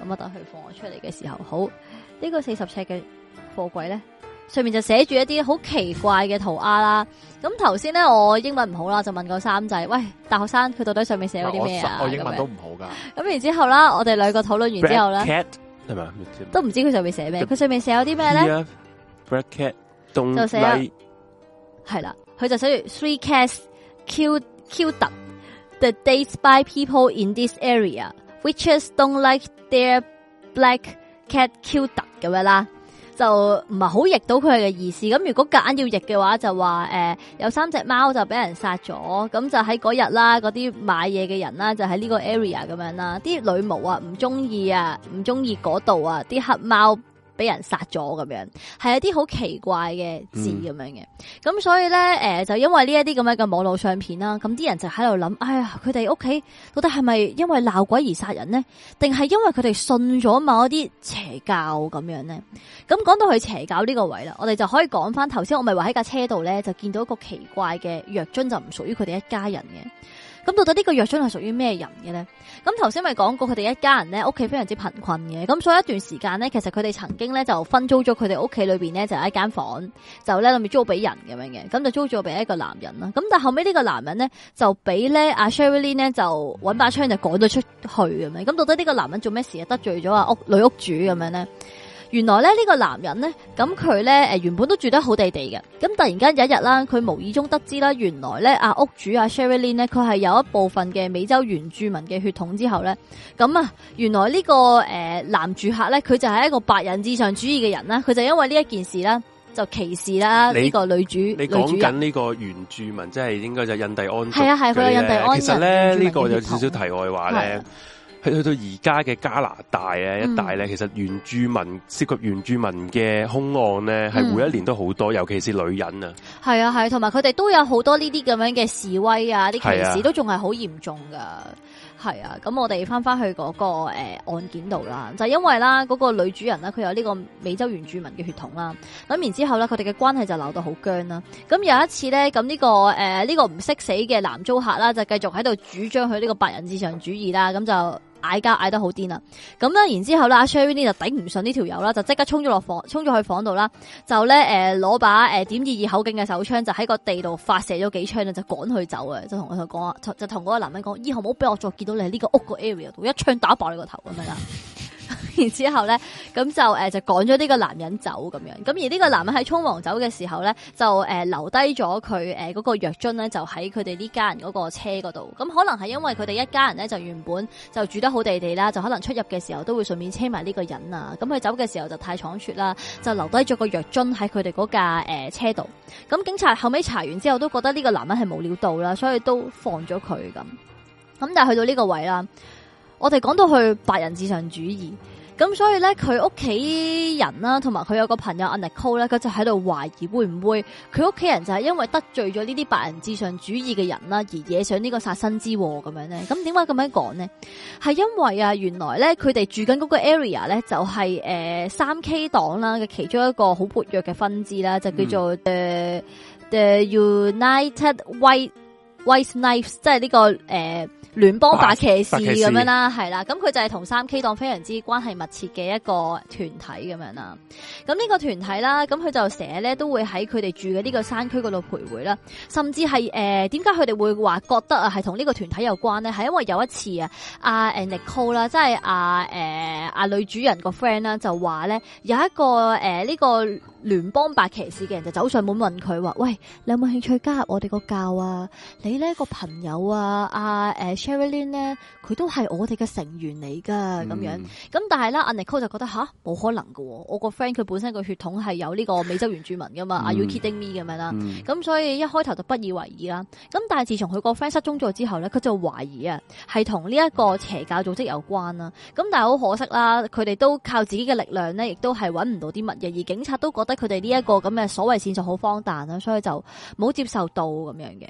咁我等佢放我出嚟嘅時候，好、這個、呢個四十尺嘅貨櫃咧，上面就寫住一啲好奇怪嘅塗鴉啦。咁頭先咧，我英文唔好啦，就問個生仔，喂，大學生，佢到底上面寫咗啲咩啊我？我英文都唔好噶。咁然之後啦，我哋兩個討論完之後咧，都唔知佢上面寫咩？佢上面寫咗啲咩咧 b r a c k 係啦，佢就寫住 three c a s q Q 突。The days by people in this area, Witches don't like their black cat killed, 咁樣啦，就唔係好譯到佢嘅意思。咁如果夾硬要譯嘅話，就話誒、呃，有三隻貓就俾人殺咗，咁就喺嗰日啦。嗰啲買嘢嘅人啦，就喺呢個 area 咁樣啦。啲女巫啊，唔中意啊，唔中意嗰度啊，啲黑貓。俾人殺咗咁樣，係一啲好奇怪嘅字咁樣嘅，咁、嗯、所以咧，誒、呃，就因為呢一啲咁樣嘅網絡相片啦，咁啲人就喺度諗，「哎呀，佢哋屋企到底係咪因為鬧鬼而殺人呢？定係因為佢哋信咗某一啲邪教咁樣呢？」咁講到去邪教呢個位啦，我哋就可以講翻頭先，我咪話喺架車度咧，就見到一個奇怪嘅藥樽，就唔屬於佢哋一家人嘅。咁到底呢個藥箱係屬於咩人嘅咧？咁頭先咪講過佢哋一家人咧，屋企非常之貧困嘅，咁所以一段時間咧，其實佢哋曾經咧就分租咗佢哋屋企裏邊咧就係一間房，就咧諗住租俾人咁樣嘅，咁就租咗俾一個男人啦。咁但後尾呢個男人咧就俾咧阿 Shirley 咧就搵把槍就趕咗出去咁樣。咁到底呢個男人做咩事啊？得罪咗啊屋女屋主咁樣咧？原來咧呢、呢個男人咧，咁佢咧誒原本都住得好地地嘅，咁、嗯、突然間有一日啦，佢無意中得知啦，原來咧、啊、屋主阿、啊、Sherry Lynn 咧，佢係有一部分嘅美洲原住民嘅血統之後咧，咁、嗯、啊原來呢、呢個誒、呃、男住客咧，佢就係一個白人至上主義嘅人啦，佢就因為呢一件事咧就歧視啦呢個女主，你講緊呢個原住民，即係應該就是印第安，係啊係，佢有、啊、印第安人。其實咧呢呢個有少少題外話咧。啊去到而家嘅加拿大啊一帶咧，其實原住民涉及、嗯、原住民嘅兇案咧，係每一年都好多、嗯，尤其是女人是啊。係啊係，同埋佢哋都有好多呢啲咁樣嘅示威啊，啲歧視都仲係好嚴重噶。係啊，咁、啊、我哋翻翻去嗰個誒、呃、案件度啦，就係、因為啦，嗰、嗰個女主人呢，佢有呢個美洲原住民嘅血統啦。咁然之後咧，佢哋嘅關係就鬧到好僵啦。咁有一次咧，咁呢、呢個誒呢、呃呢個唔識死嘅男租客啦，就繼續喺度主張佢呢個白人至上主義啦，咁就。嗌交嗌得好癲啦，咁咧，然之後咧，阿 Sherry 呢就頂唔順呢條友啦，就即刻衝咗落房，衝咗去房度啦，就咧，誒攞把誒、呃、點二二口徑嘅手槍，就喺個地度發射咗幾槍啦，就趕佢走啊，就同佢講啊，就就同嗰個男人講，以後唔好俾我再見到你喺呢個屋個 area 度，一槍打爆你個頭咁樣。 [MUSIC] 然 [LAUGHS] 之後咧，咁就誒、呃、就趕咗呢個男人走咁樣，咁而呢個男人喺匆忙走嘅時候咧，就誒、呃、留低咗佢誒嗰個藥樽咧，就喺佢哋呢家人嗰個車嗰度。咁可能係因為佢哋一家人咧就原本就住得好地地啦，就可能出入嘅時候都會順便車埋呢個人啊。咁佢走嘅時候就太倉促啦，就留低咗個藥樽喺佢哋嗰架誒車度。咁警察後尾查完之後都覺得呢個男人係冇料到啦，所以都放咗佢咁。咁但係去到呢個位啦，我哋講到去白人至上主義。咁所以咧，佢屋企人啦、啊，同埋佢有，有個朋友 Uncle 咧、啊，佢就喺度懷疑會唔會佢屋企人就係因為得罪咗呢啲白人至上主義嘅人啦、啊，而惹上個殺生呢個殺身之禍咁樣咧？咁點解咁樣講咧？係因為啊，原來咧佢哋住緊嗰個 area 咧，就係誒三 K 黨啦嘅其中一個好活躍嘅分支啦，就叫做誒、嗯、誒 United White White Knights，即係呢、這個誒。呃聯邦白騎士咁樣啦，係啦，咁佢就係同三 K 黨非常之關係密切嘅一個團體咁樣啦。咁呢個團體啦，咁佢就成日咧都會喺佢哋住嘅呢個山區嗰度徘徊啦，甚至係誒，點解佢哋會話覺得啊係同呢個團體有關咧？係因為有一次啊，阿、啊、誒、啊、Nicole 啦、啊，即係阿誒阿女主人個 friend 啦，就話咧有一個誒呢、啊呢個。聯邦白騎士嘅人就走上門問佢話，喂，你有冇興趣加入我哋個教啊？你呢、那個朋友啊，阿、啊、誒、呃、Cherilyn 咧，佢都係我哋嘅成員嚟㗎，咁、嗯、樣。咁但係咧 Aniko 就覺得吓，冇可能㗎喎、哦，我個 friend 佢本身個血統係有呢個美洲原住民㗎嘛，阿、嗯、you kidding me 咁樣啦。咁、嗯、所以一開頭就不以為意啦。咁但係自從佢個 friend 失蹤咗之後呢，佢就懷疑啊，係同呢一個邪教組織有關啦。咁但係好可惜啦，佢哋都靠自己嘅力量呢，亦都係揾唔到啲乜嘢，而警察都覺得。佢哋呢一個咁嘅所謂線索好荒誕啦，所以就冇接受到咁樣嘅。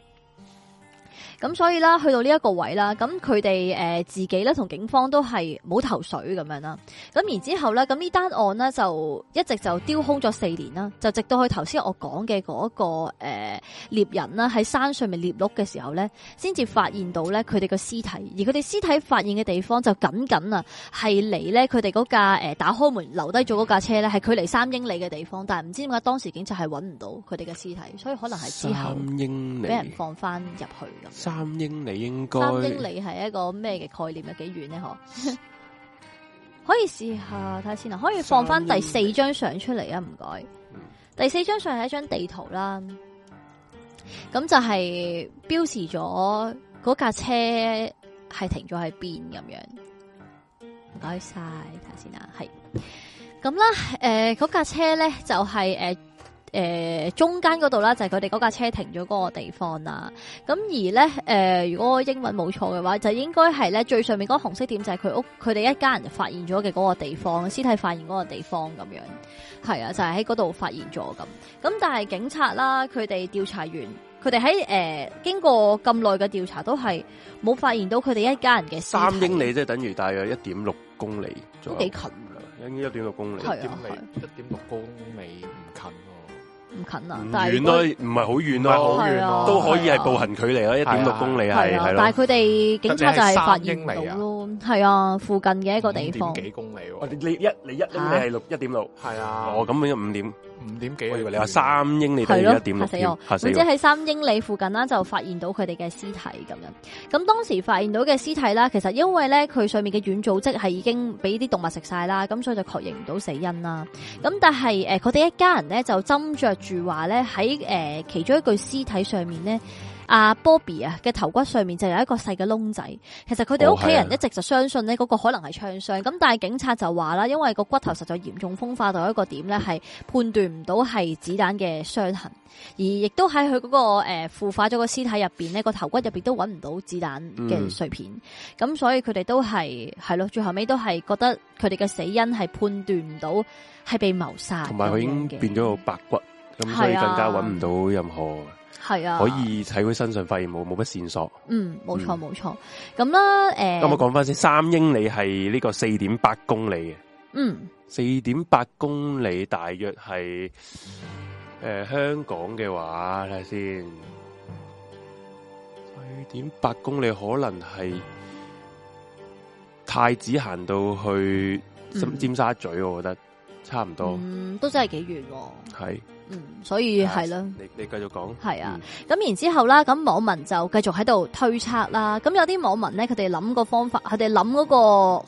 咁所以啦，去到呢一個位啦，咁佢哋誒自己咧同警方都係冇頭緒咁樣啦。咁然之後咧，咁呢單案咧就一直就丟空咗四年啦，就直到去頭先我講嘅嗰個誒獵、呃、人啦喺山上面獵鹿嘅時候咧，先至發現到咧佢哋個屍體。而佢哋屍體發現嘅地方就僅僅啊係嚟咧佢哋嗰架誒、呃、打開門留低咗嗰架車咧係距離三英里嘅地方，但係唔知點解當時警察係揾唔到佢哋嘅屍體，所以可能係之後俾人放翻入去咁。三英里應該，三英里係一個咩嘅概念有幾遠呢？嗬， [LAUGHS] 可以試下睇下先啊！可以放翻第四張相出嚟啊！唔該、嗯，第四張相係一張地圖啦，咁就係標示咗嗰架車係停咗喺邊咁樣。唔該晒，睇下先啊。係咁啦，誒，嗰、呃、架車咧就係、係、誒。呃誒、呃，中間嗰度啦，就係佢哋嗰架車停咗嗰個地方啦。咁而咧，誒、呃，如果英文冇錯嘅話，就應該係咧最上面嗰紅色點就係佢屋佢哋一家人發現咗嘅嗰個地方，屍體發現嗰個地方咁樣。係啊，就係喺嗰度發現咗咁。咁但係警察啦，佢哋調查完，佢哋喺誒經過咁耐嘅調查，都係冇發現到佢哋一家人嘅三英里，即係等於大約一點六公里，都幾近㗎。已經一點六公里，一點六公里。唔近啊！唔遠咯，唔係好遠咯，都可以係步行距離咯，一點六公里係。但係佢哋警察就係發現到咯，係啊，附近嘅一個地方。幾公里喎？你一你一你係六一點六，係啊。我，咁樣五點。五點幾，我以為你話三英里，你一點六，或者喺三英里附近啦，就發現到佢哋嘅屍體咁樣。咁當時發現到嘅屍體啦，其實因為咧佢上面嘅軟組織係已經俾啲動物食晒啦，咁所以就確認唔到死因啦。咁但係誒，佢、呃、哋一家人咧就斟酌住話咧喺誒其中一具屍體上面咧。阿、uh, Bobby 啊嘅頭骨上面就有一個細嘅窿仔，其實佢哋屋企人一直就相信呢嗰個可能係槍傷。咁、oh, yeah. 但係警察就話啦，因為個骨頭實在嚴重風化到一個點咧，係判斷唔到係子彈嘅傷痕，而亦都喺佢嗰個誒腐化咗個屍體入邊呢個頭骨入邊都揾唔到子彈嘅碎片。咁、mm. 所以佢哋都係係咯，最後尾都係覺得佢哋嘅死因係判斷唔到係被謀殺，同埋佢已經變咗個白骨，咁所以更加揾唔到任何、yeah.。係啊，可以喺佢身上發現冇冇乜線索。嗯，冇錯冇錯。咁啦，誒，咁我講翻先，三英里係呢個四點八公里嘅。嗯，四點八公里大約係誒、呃、香港嘅話，睇下先，四點八公里可能係太子行到去深尖沙咀、嗯，我覺得差唔多。嗯，都真係幾遠。係。嗯，所以係啦，你你繼續講，係啊，咁、啊嗯、然之後啦，咁網民就繼續喺度推測啦，咁有啲網民咧，佢哋諗個方法，佢哋諗嗰個，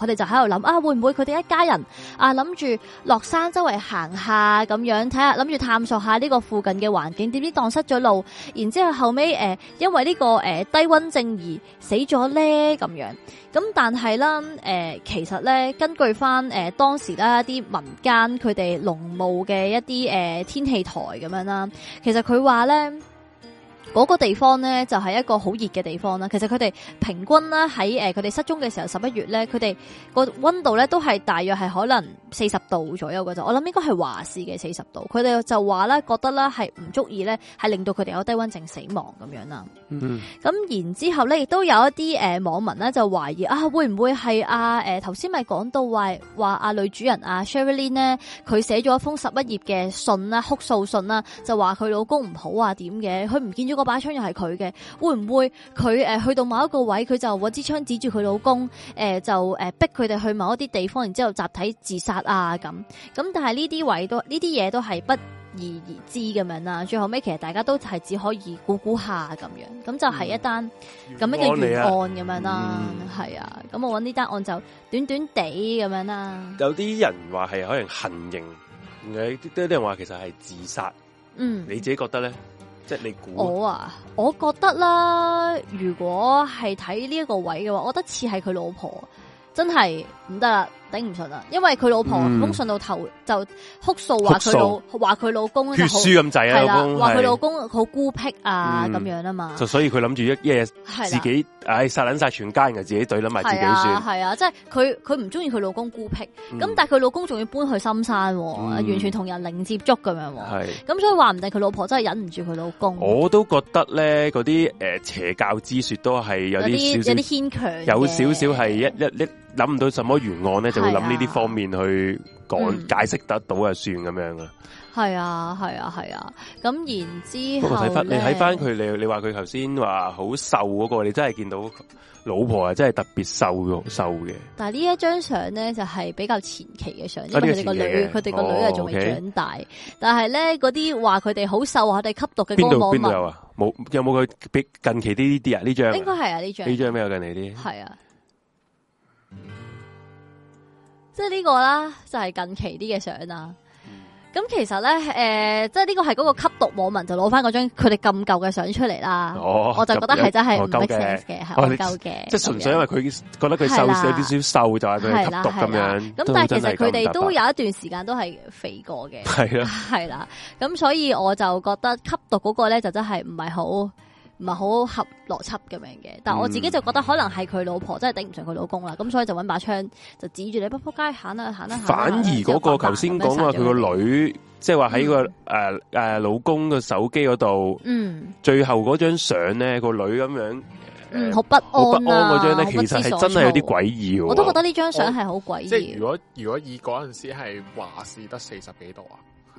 佢哋就喺度諗啊，會唔會佢哋一家人啊諗住落山周圍行下咁樣，睇下諗住探索下呢個附近嘅環境，點知蕩失咗路，然之後後尾誒、呃，因為呢、這個誒、呃、低溫症而死咗咧，咁樣。咁但係啦，誒、呃，其實咧，根據翻誒、呃、當時咧，啲民間佢哋農務嘅一啲誒、呃、天氣台咁樣啦，其實佢話咧。嗰、那個地方咧就係一個好熱嘅地方啦。其實佢哋平均啦喺誒佢哋失蹤嘅時候十一月咧，佢哋個溫度咧都係大約係可能四十度左右嘅就，我諗應該係華氏嘅四十度。佢哋就話咧覺得咧係唔足以咧係令到佢哋有低溫症死亡咁樣啦。嗯、mm-hmm. 嗯。咁然之後咧亦都有一啲誒網民咧就懷疑啊會唔會係啊誒頭先咪講到話話阿女主人阿 Shirley 咧佢寫咗一封十一頁嘅信啦哭訴信啦就話佢老公唔好啊點嘅佢唔見咗。個把槍又係佢嘅，會唔會佢誒、呃、去到某一個位，佢就揾支槍指住佢老公，誒、呃、就誒逼佢哋去某一啲地方，然之後集體自殺啊咁咁，但係呢啲位都呢啲嘢都係不而而知咁樣啦。最後尾，其實大家都係只可以估估下咁樣，咁就係一單咁、嗯、樣嘅懸案咁樣啦，係、嗯、啊。咁我揾呢單案就短短地咁樣啦。有啲人話係可能行刑，有啲人話其實係自殺，嗯，你自己覺得咧？即係你估我啊，我覺得啦，如果係睇呢一個位嘅話，我覺得似係佢老婆，真係唔得啦。頂唔順啊，因為佢老婆唔通順到頭就哭訴話佢老話佢、嗯、老公血書咁滯啊，話佢老公好孤僻啊咁、嗯、樣啊嘛，所以佢諗住一嘢，自己唉殺捻晒全家人，自己懟捻埋自己算係啊，即係佢佢唔中意佢老公孤僻，咁、嗯、但係佢老公仲要搬去深山、啊嗯，完全同人零接觸咁樣、啊，咁所以話唔定佢老婆真係忍唔住佢老公。我都覺得咧嗰啲誒邪教之說都係有啲有啲牽強，有少少係一一一。一一諗唔到什麼原案咧，就會諗呢啲方面去講解釋得到啊，算咁樣啊。係啊，係啊，係啊。咁然之後，不過睇翻你睇翻佢，你你話佢頭先話好瘦嗰個，你真係見到老婆啊，真係特別瘦瘦嘅。但係呢一張相咧就係比較前期嘅相，因為佢哋個女，佢哋個女啊仲未長大。但係咧嗰啲話佢哋好瘦，話佢哋吸毒嘅。邊度邊度啊？冇有冇佢比近期啲呢啲啊？呢張應該係啊，呢張呢張咩啊？近嚟啲係啊。即係呢個啦，就係、是、近期啲嘅相啦。咁其實咧，誒、呃，即係呢個係嗰個吸毒網民就攞翻嗰張佢哋咁舊嘅相出嚟啦、哦。我就覺得係真係唔 make sense 嘅，係、哦。夠嘅。即純粹因為佢覺得佢瘦少少瘦，就係、是、佢吸毒咁樣。咁但係其實佢哋都有一段時間都係肥過嘅。係啊係啦。咁所以我就覺得吸毒嗰個咧就真係唔係好唔係好合邏輯咁樣嘅，但係我自己就覺得可能係佢老婆、嗯、真係頂唔上佢老公啦，咁所以就搵把槍就指住你扑扑街行啦行啦。反而嗰個頭先講話佢個女，即係話喺個誒誒老公嘅手機嗰度，嗯，最後嗰張相咧個女咁樣，好、呃嗯、不安啊，嗰張咧其實係真係有啲詭異。我都覺得呢張相係好詭異。如果如果以嗰陣時係華氏得四十幾度啊。話、啊、四十幾度，話，話是，是，佢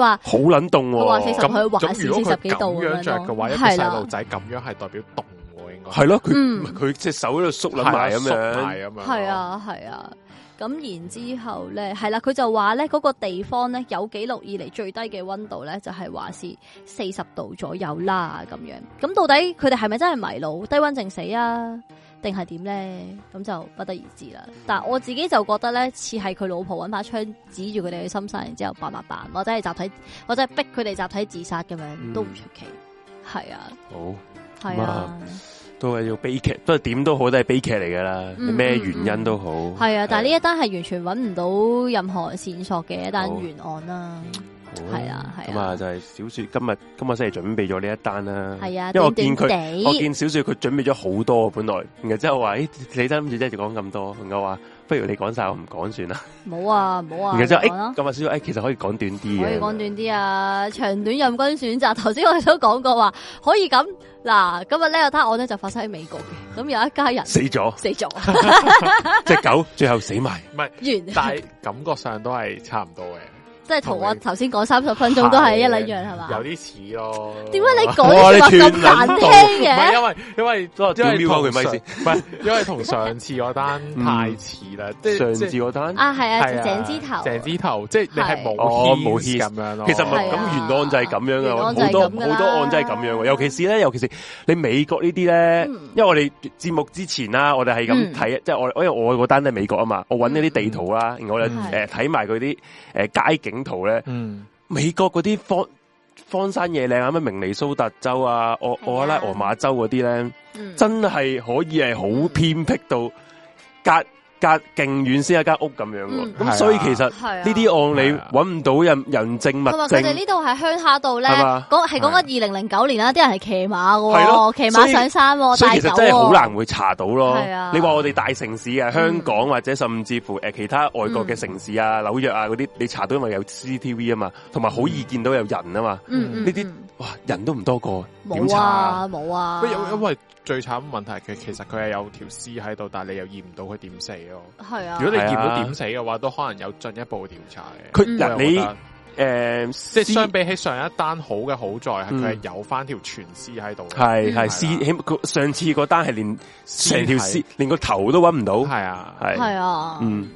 話話好冷凍喎。咁咁如果佢咁樣着嘅話，一個細路仔咁樣係代表凍喎，應該係咯。佢佢隻手喺度縮埋咁樣，係啊係啊。咁然之後咧，係啦，佢就話咧嗰個地方咧有紀錄以嚟最低嘅溫度咧，就係、是、話是四十度左右啦咁樣。咁到底佢哋係咪真係迷路低溫症死啊？定係點咧？咁就不得而知啦。但係我自己就覺得咧，似係佢老婆搵把槍指住佢哋嘅心塞，然之後辦辦辦，或者係集體，或者係逼佢哋集體自殺咁樣，都唔出奇。係啊，好係啊，都係要悲劇，都係點都好都係悲劇嚟噶啦。咩原因都好，係、嗯嗯嗯、啊。但係呢一單係完全搵唔到任何線索嘅一單懸案啦。係啊，係啊，咁啊就係小說今日今日先係準備咗呢一單啦、啊。係啊，因為我見佢，我見小說佢準備咗好多、啊、本來，然後之後話，誒、欸，你真諗住真係講咁多，然後我話，不如你講晒，我唔講算啦。冇啊，冇啊，然後之後，誒，今日小說，誒、欸欸，其實可以講短啲，可以講短啲啊，長短任君選擇。頭先我哋都講過話，可以咁嗱，今日咧，我睇我咧就發生喺美國嘅，咁有一家人死咗，死咗隻 [LAUGHS] [LAUGHS] 狗最後死埋，係，但係感覺上都係差唔多嘅。即係同我頭先講三十分鐘都係一兩樣係嘛？有啲似咯。點解你講話咁難聽嘅？ [LAUGHS] 因係因，因為因為，佢咪先？唔係因為同上次嗰單太似啦、嗯。上次嗰單啊，係啊，鄭支、啊啊、頭，鄭支頭，、啊、頭，即係你係冇 h e a 冇咁樣咯。Hins, 其實咁、啊，原案就係咁樣噶，好多好、啊、多案真係咁樣的，尤其是咧、啊，尤其是你美國這些呢啲咧、嗯，因為我哋節目之前啦、啊，我哋係咁睇，即、嗯、係、就是、我因為我嗰單都係美國啊嘛，嗯、我搵呢啲地圖啦、啊嗯，然後咧誒睇埋佢啲誒街景。地圖咧，美國嗰啲荒荒山野嶺啊，咩明尼蘇達州啊，我我拉俄馬州嗰啲咧，真係可以係好偏僻到隔隔勁遠先一間屋咁樣喎、嗯，咁所以其實呢啲、啊、案，你揾唔到人人證物證，同埋佢哋呢度係鄉下度咧，係講緊二零零九年啦，啲人係騎馬喎、啊，騎馬上山、啊、帶走、啊。所以其實真係好難會查到咯。啊、你話我哋大城市啊，嗯、香港或者甚至乎其他外國嘅城市啊，嗯、紐約啊嗰啲，你查到因為有 CCTV 啊嘛，同埋好易見到有人啊嘛，呢、嗯、啲。嗯哇！人都唔多過，冇、啊、查冇啊,啊。因因為最慘問題，佢其實佢係有條屍喺度，但係你又驗唔到佢點死咯。係啊，如果你驗到點死嘅話，都可能有進一步調查嘅。佢人你誒，呃、C, 即係相比起上一單好嘅好在係佢係有翻條全屍喺度，係係屍起。上次個單係連成條屍連個頭都揾唔到，係啊，係啊，嗯。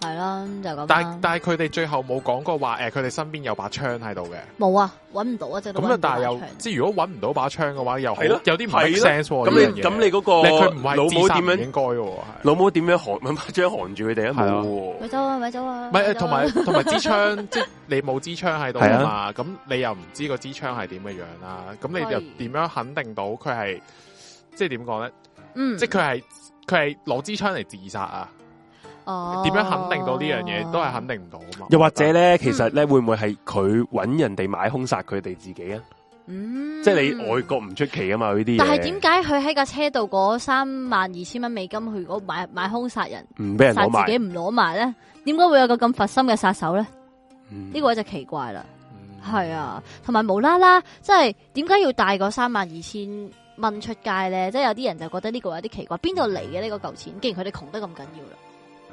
係啦，就咁，是，但係但係佢哋最後冇講過話，誒，欸，佢哋身邊有把槍喺度嘅。冇啊，搵唔到啊，即係，咁但係又即係如果搵唔到把槍嘅話，又係咯，有啲唔 make sense 喎。咁你咁你嗰個老母，佢唔係自殺點樣應該？老母點樣掹把槍，掹住佢哋啊？係咯，咪走啊咪走啊！咪同埋同埋支槍，即係、啊、 [LAUGHS] 你冇支槍喺度啊嘛？咁你又唔知個支槍係點嘅樣啦？咁你又點樣肯定到佢係即係點講咧？即係佢係佢係攞支槍嚟自殺啊！哦、點樣肯定到呢樣嘢都係肯定唔到啊嘛！又或者咧，其實咧、嗯、會唔會係佢搵人哋買兇殺佢哋自己啊？嗯、即係你外國唔出奇啊嘛！呢啲，但係點解佢喺架車度嗰三萬二千蚊美金去嗰買買凶殺人，唔俾人攞埋，自己唔攞埋咧？點解會有個咁佛心嘅殺手咧？呢、嗯、個位就奇怪啦，係、嗯、啊，同埋無啦啦，即係點解要帶個三萬二千蚊出街咧？即係有啲人就覺得呢個有啲奇怪，邊度嚟嘅呢個嚿錢？既然佢哋窮得咁緊要啦。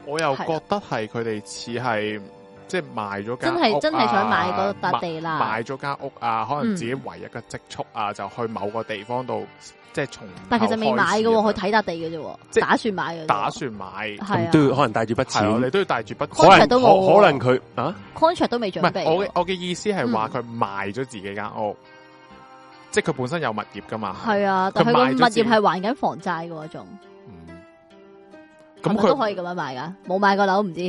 我又覺得係佢哋似係即係賣咗間、啊，真係真係想買嗰笪地啦。買咗間屋啊，可能自己唯一嘅積蓄啊，就去某個地方度，即係從。但其實未買嘅，佢睇笪地嘅啫，即打算買嘅。打算買，係、啊、都要可能帶住筆錢、啊，你都要帶住筆。contract 都冇可能佢啊？contract 都未準備。我嘅我嘅意思係話佢賣咗自己間屋、嗯，即係佢本身有物業㗎嘛。係啊，但佢個物業係還緊房債嘅喎，嗰種。咁佢都可以咁樣賣噶？冇買過樓唔知。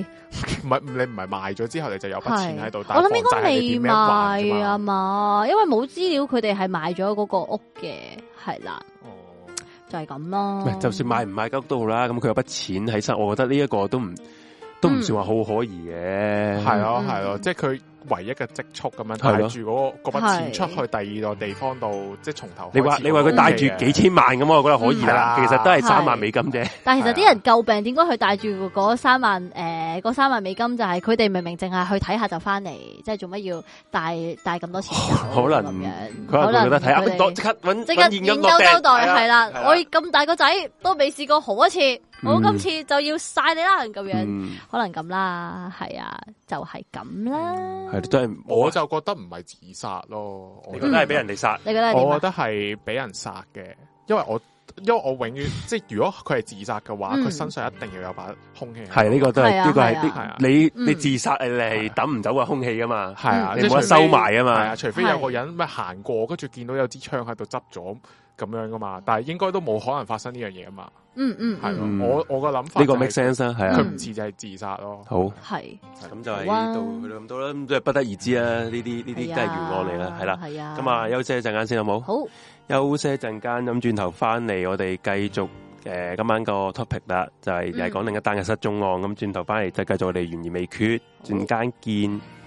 唔 [LAUGHS] 係你唔係賣咗之後，你就有筆錢喺度。但我諗應該未賣啊嘛，因為冇資料，佢哋係買咗嗰個屋嘅。係啦、哦，就係咁咯。就算買唔買屋都好啦，咁佢有筆錢喺身，我覺得呢一個都唔都唔算話好可疑嘅。係、嗯、囉，係囉！即係佢。唯一嘅積蓄咁樣帶住嗰嗰筆錢出去第二個地方度，即係從頭係。你話你話佢帶住幾千萬咁、嗯，我覺得可以啦。其實都係三萬美金啫。但係其實啲人詬病點解佢帶住嗰三萬？誒、呃，三萬美金就係佢哋明明淨係去睇下就翻嚟，即係做乜要帶帶咁多錢？可能，可能覺得睇啱攞即刻研究金攞掟。係啦，我咁大個仔都未試過好一次。我、哦、今次就要晒你啦，咁樣、嗯、可能咁啦，係啊，就係、是、咁啦。係真係，我，我就覺得唔係自殺咯我、嗯，你人殺，你覺得係俾人哋殺？你覺得點啊？我覺得係俾人殺嘅，因為我因為我永遠 [LAUGHS] 即係如果佢係自殺嘅話，佢、嗯、身上一定要有把空氣。係呢、這個都係呢、這個係必你你自殺你係抌唔走嘅空氣㗎嘛，係啊，你冇得收埋㗎嘛，除非有個人咩行過，跟住見到有支槍喺度執咗。咁樣噶嘛但係應該都冇可能發生呢樣嘢啊嘛。嗯嗯，係、嗯、我我個諗法呢、就是這個 make sense 係啊，佢唔似就係自殺咯、嗯。好，係，咁就喺度諗到啦，即係、啊、不得而知啦。呢啲呢啲真係懸案嚟啦，係啦。係啊，咁啊，休息一陣間先好冇？好，休息一陣間，咁轉頭翻嚟，我哋繼續誒、呃、今晚個 topic 啦，就係嚟講另一單嘅失蹤案。咁、嗯、轉頭翻嚟，就係繼續我哋懸而未決，陣間見。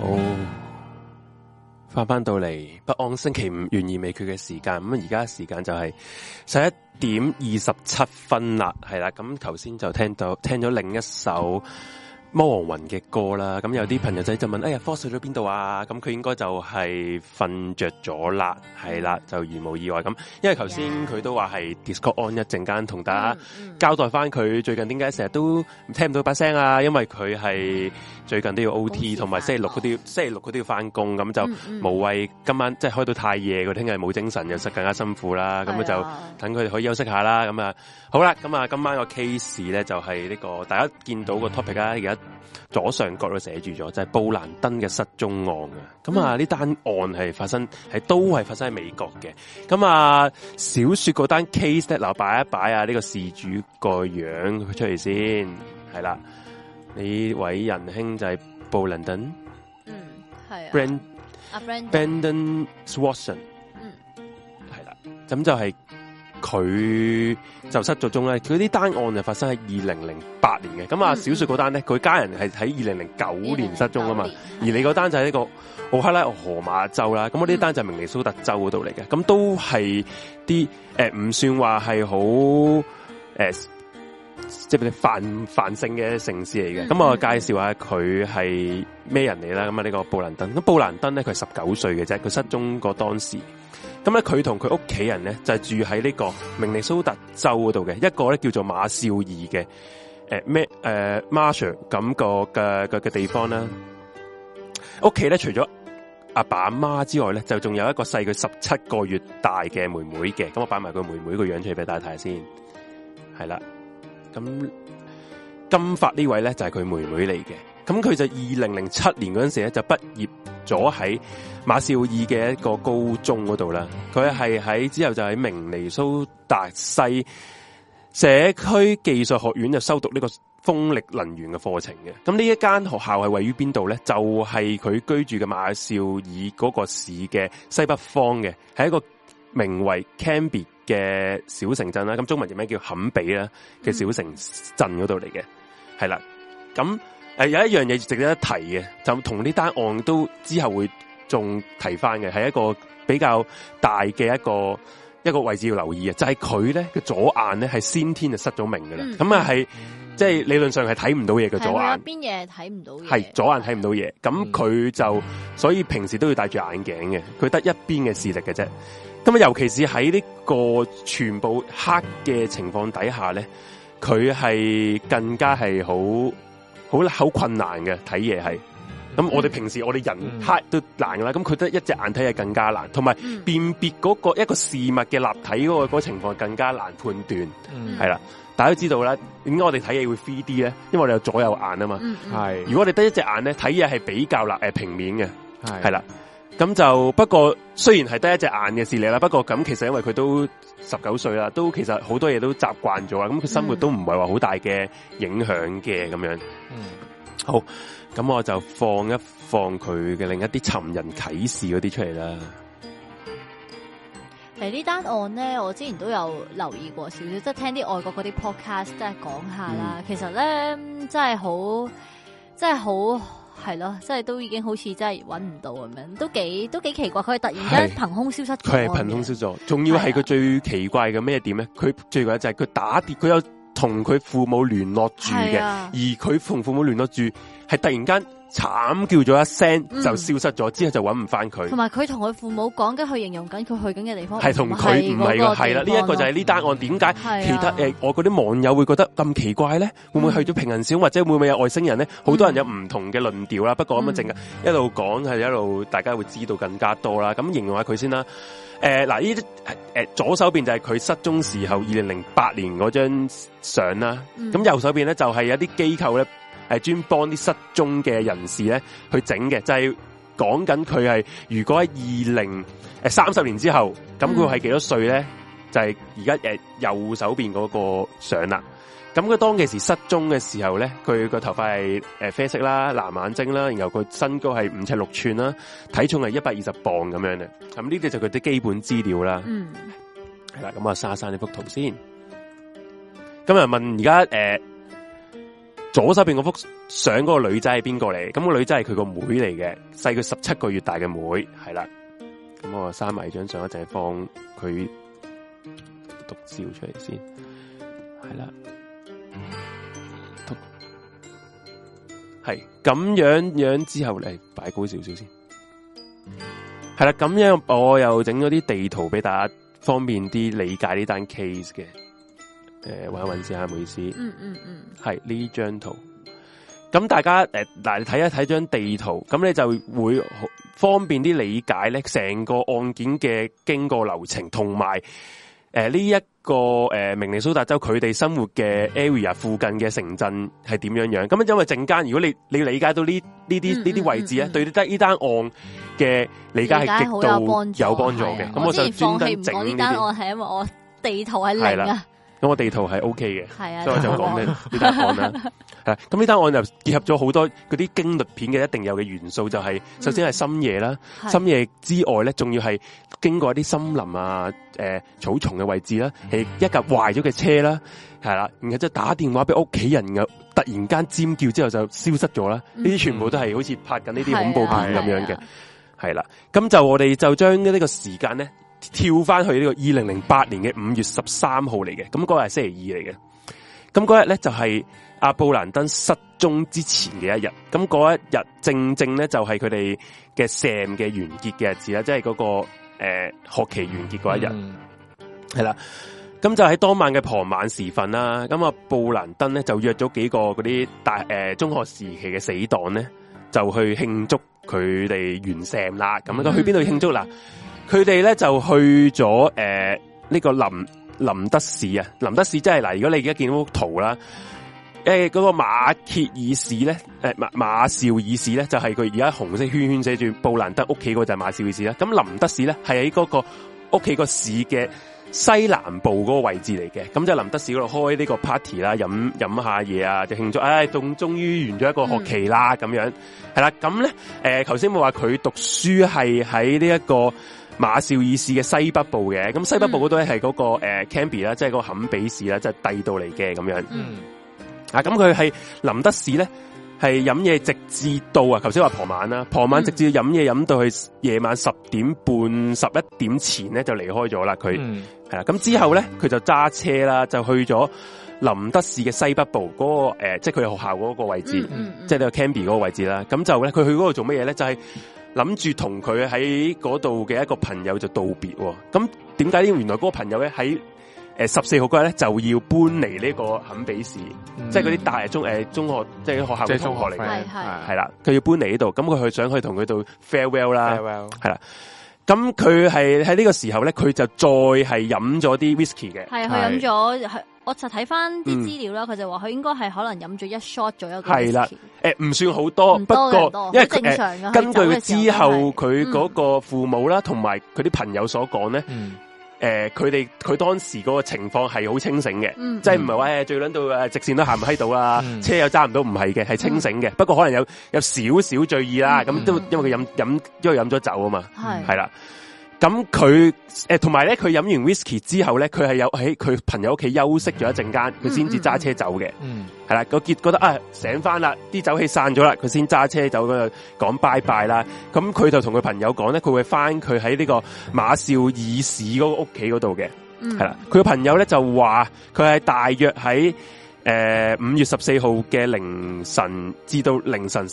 好翻翻到嚟，不安星期五懸而未決嘅時間，咁而家時間就係十一點二十七分啦，係啦。咁頭先就聽到聽咗另一首魔王魂嘅歌啦，咁有啲朋友仔就問：哎呀，科睡咗邊度啊？咁佢應該就係瞓着咗啦，係啦，就如無意外咁。因為頭先佢都話係 disco on 一陣間，同大家交代翻佢最近點解成日都聽唔到把聲啊，因為佢係。最近都要 OT，同埋星期六嗰啲星期六嗰都要翻工，咁、嗯、就無謂今晚、嗯、即係開到太夜，佢聽日冇精神又實更加辛苦啦。咁、嗯、就等佢可以休息一下啦。咁啊、嗯嗯，好啦，咁啊，今晚個 case 呢、就是這個 case 咧就係呢個大家見到個 topic 啊、嗯，而家左上角都寫住咗，就係、是、布蘭登嘅失蹤案那、嗯、啊。咁啊，呢單案係發生係都係發生喺美國嘅。咁啊，小說嗰單 case 咧，我擺一擺啊，呢個事主個樣佢出嚟先，係、嗯、啦。你位仁兄就係布林登。嗯係啊，Brand a n Brandon Swanson，嗯係啦，咁就係佢就失咗蹤啦。佢啲單案就發生喺二零零八年嘅。咁、嗯、啊，小說嗰單咧，佢、嗯、家人係喺二零零九年失蹤啊嘛。而你嗰單就係一個奧克拉荷馬州啦。咁我呢單就係明尼蘇特州嗰度嚟嘅。咁都係啲誒唔算話係好誒。呃即係繁繁盛嘅城市嚟嘅。咁、嗯嗯、我介紹下佢係咩人嚟啦。咁啊，呢個布蘭登，咁布蘭登咧，佢係十九歲嘅啫。佢失蹤過當時咁咧，佢同佢屋企人咧就係、是、住喺呢個明尼蘇達州嗰度嘅一個咧叫做馬少爾嘅誒咩誒 Marshall 咁個嘅嘅嘅地方啦。屋企咧除咗阿爸阿媽之外咧，就仲有一個細佢十七個月大嘅妹妹嘅。咁我擺埋佢妹妹個樣子出嚟俾大家睇下先，係啦。咁金髮呢位咧就係、是、佢妹妹嚟嘅，咁佢就二零零七年嗰陣時咧就畢業咗喺馬紹爾嘅一個高中嗰度啦，佢係喺之後就喺明尼蘇達西社區技術學院就修讀呢個風力能源嘅課程嘅，咁呢一間學校係位於邊度咧？就係、是、佢居住嘅馬紹爾嗰個市嘅西北方嘅，係一個名為 Canby。嘅小城鎮啦，咁中文叫咩？叫坎比啦，嘅小城鎮嗰度嚟嘅，係啦，咁誒、呃、有一樣嘢值得一提嘅，就同呢單案都之後會仲提翻嘅，係一個比較大嘅一個一個位置要留意嘅，就係佢咧個左眼咧係先天就失咗明噶啦，咁啊係即係理論上係睇唔到嘢嘅左眼，邊嘢睇唔到嘢，係左眼睇唔到嘢，咁佢就、嗯、所以平時都要戴住眼鏡嘅，佢得一邊嘅視力嘅啫。咁、嗯、啊，尤其是喺呢個全部黑嘅情況底下咧，佢係更加係好好好困難嘅睇嘢係。咁、嗯嗯、我哋平時我哋人黑都難噶啦，咁佢得一隻眼睇嘢更加難，同埋辨別嗰個一個事物嘅立體嗰、嗰個嗰個情況更加難判斷。係、嗯、啦，大家都知道啦，為什麼們看東西點解我哋睇嘢會 three D 咧？因為我哋有左右眼啊嘛。係、嗯，如果我哋得一隻眼咧，睇嘢係比較立誒平面嘅。係、嗯，係啦。咁就不過雖然係得一隻眼嘅視力啦，不過咁其實因為佢都十九歲啦，都其實好多嘢都習慣咗啊，咁佢生活都唔係話好大嘅影響嘅咁樣。嗯，好，咁我就放一放佢嘅另一啲尋人啟示嗰啲出嚟啦、欸。誒，呢單案咧，我之前都有留意過少少，即係聽啲外國嗰啲 podcast 即係講下啦。嗯、其實咧、嗯，真係好，真係好。係咯，即係都已經好似真係揾唔到咁樣，都幾都幾奇怪。佢係突然間憑空消失，佢係憑空消失。仲要係佢最奇怪嘅咩點咧？佢、啊、最怪就係佢打跌，佢有同佢父母聯絡住嘅，啊、而佢同父母聯絡住係突然間。慘叫咗一聲就消失咗、嗯，之後就揾唔返佢。同埋佢同佢父母講緊，去形容緊佢去緊嘅地方係同佢唔係噶，係啦，呢一個，啊，這個就係呢單案。點、嗯、解其他誒、啊呃，我嗰啲網友會覺得咁奇怪咧？會唔會去咗平行小，或者會唔會有外星人咧？好、嗯、多人有唔同嘅論調啦。不過咁樣淨係一路講係一路，大家會知道更加多啦。咁形容下佢先啦。誒、呃，嗱，呢啲誒左手邊就係佢失蹤時候二零零八年嗰張相啦。咁、嗯、右手邊咧就係有啲機構咧。誒、呃，專幫啲失蹤嘅人士咧去整嘅，就係講緊佢係如果喺二零誒三十年之後，咁佢係幾多歲咧、嗯？就係而家誒右手邊嗰個相啦。咁佢當其時失蹤嘅時候咧，佢個頭髮係誒啡色啦，藍眼睛啦，然後佢身高係五尺六寸啦，體重係一百二十磅咁樣嘅。咁呢啲就佢啲基本資料啦。嗯，係啦。咁啊，沙沙呢幅圖先。今日問而家誒。呃左手邊嗰幅相嗰個女仔係邊個嚟？咁個女仔係佢個妹嚟嘅，細佢十七個月大嘅妹、妹，係啦。咁我閂埋張相一齊放佢獨照出嚟先，係啦。係咁樣樣之後嚟擺、欸、高少少先，係啦。咁樣我又整咗啲地圖俾大家，方便啲理解呢單 case 嘅。誒，玩玩試下唔好意思。嗯嗯嗯，係呢張圖咁大家誒，嗱、呃，你睇一睇張地圖，咁你就會好方便啲理解咧，成個案件嘅經過流程，同埋誒呢一個誒、呃、明尼蘇達州佢哋生活嘅 area 附近嘅城鎮係點樣樣。咁因為陣間如果你你理解到呢呢啲呢啲位置咧、嗯嗯嗯，對得呢單案嘅理解係極度有幫助嘅。咁、嗯嗯嗯嗯啊、我就專登整呢單案，係因為我地圖係靚啊咁、那、我、個、地圖係 O K 嘅，所以我就講呢呢單案啦。係咁呢單案就結合咗好多嗰啲驚栗片嘅一定有嘅元素，就是，就係首先係深夜啦、嗯，深夜之外咧，仲要係經過一啲森林啊、誒、呃、草叢嘅位置啦、係、嗯、一架壞咗嘅車啦、係啦、啊，然後即係打電話俾屋企人嘅，然突然間尖叫之後就消失咗啦。呢、嗯、啲全部都係好似拍緊呢啲恐怖片咁，啊啊、樣嘅，係啦、啊。咁就我哋就將呢個時間咧，跳翻去呢個二零零八年嘅五月十三號嚟嘅，咁嗰日係星期二嚟嘅，咁嗰日咧就係、是、阿、啊、布蘭登失蹤之前嘅一日，咁嗰一日正正咧就係佢哋嘅 Sam 嘅完結嘅日子啦，即係嗰個誒、呃、學期完結嗰一日，係、嗯、啦，咁就喺當晚嘅傍晚時分啦，咁啊布蘭登咧就約咗幾個嗰啲大誒、呃、中學時期嘅死黨咧，就去慶祝佢哋完 Sam 啦，咁、嗯、啊去邊度慶祝啦？佢哋咧就去咗誒呢個林林德市啊，林德市真係嗱，如果你而家見到幅圖啦，誒嗰個馬歇爾市咧，誒馬馬紹爾市咧就係佢而家紅色圈圈寫住布蘭德屋企嗰就馬紹爾市啦。咁林德市咧係喺嗰個屋企個市嘅西南部嗰個位置嚟嘅。咁就林德市嗰度開呢個 party 啦，飲飲下嘢啊，就慶祝。唉，終終於完咗一個學期啦，嗯。咁樣係啦。咁咧誒，頭先我話佢讀書係喺呢一個。馬少爾市嘅西北部嘅，咁西北部嗰度咧係嗰個誒 Cambie 啦，即係嗰個坎比市啦，即係第二度嚟嘅咁樣。嗯，啊，咁佢係林德市咧，係飲嘢直至到啊，頭先話傍晚啦，傍晚直至飲嘢飲到去夜晚十點半十一點前咧就離開咗啦佢，係啦，咁、嗯、之後咧佢就揸車啦，就去咗林德市嘅西北部嗰、嗰個誒，即係佢學校嗰個位置，即係咧 Cambie 嗰個位置啦，咁就咧佢去嗰度做乜嘢咧？就係、係。諗住同佢喺嗰度嘅一個朋友就道別、哦，咁點解？呢？原來嗰個朋友咧喺誒十四號日咧就要搬嚟呢個肯比士，即係嗰啲大中誒中學，即係學校，即係中學嚟嘅係係啦，佢要搬嚟呢度，咁佢去想去同佢度 farewell 啦，係啦，咁佢係喺呢個時候咧，佢就再係飲咗啲 whisky 嘅，係佢飲咗。我看資料、嗯、他就睇翻啲資料啦，佢就話佢應該係可能飲咗一 shot 左右咁多錢，誒、呃、唔算好多，不過因為誒根據佢之後佢嗰個父母啦，同埋佢啲朋友所講咧，誒佢哋佢當時嗰個情況係好清醒嘅，即係唔係話誒醉撚到誒直線都行唔喺度啦，車又揸唔到，唔係嘅係清醒嘅、嗯，不過可能有有少少醉意啦、咁、嗯、都因為佢飲飲因為飲咗酒啊嘛，係、嗯、啦。咁佢誒，同埋咧，佢飲完 whisky 之後咧，佢係有喺佢朋友屋企休息咗一陣間，佢先至揸車走嘅。嗯，係啦，個結覺得啊醒翻啦，啲酒氣散咗啦，佢先揸車走，佢就講拜拜啦。咁、嗯、佢、嗯嗯嗯嗯、就同佢朋友講咧，佢會翻佢喺呢個馬少爾市嗰個屋企嗰度嘅。係啦，佢個朋友咧就話佢係大約喺誒五月十四號嘅凌晨至到凌晨，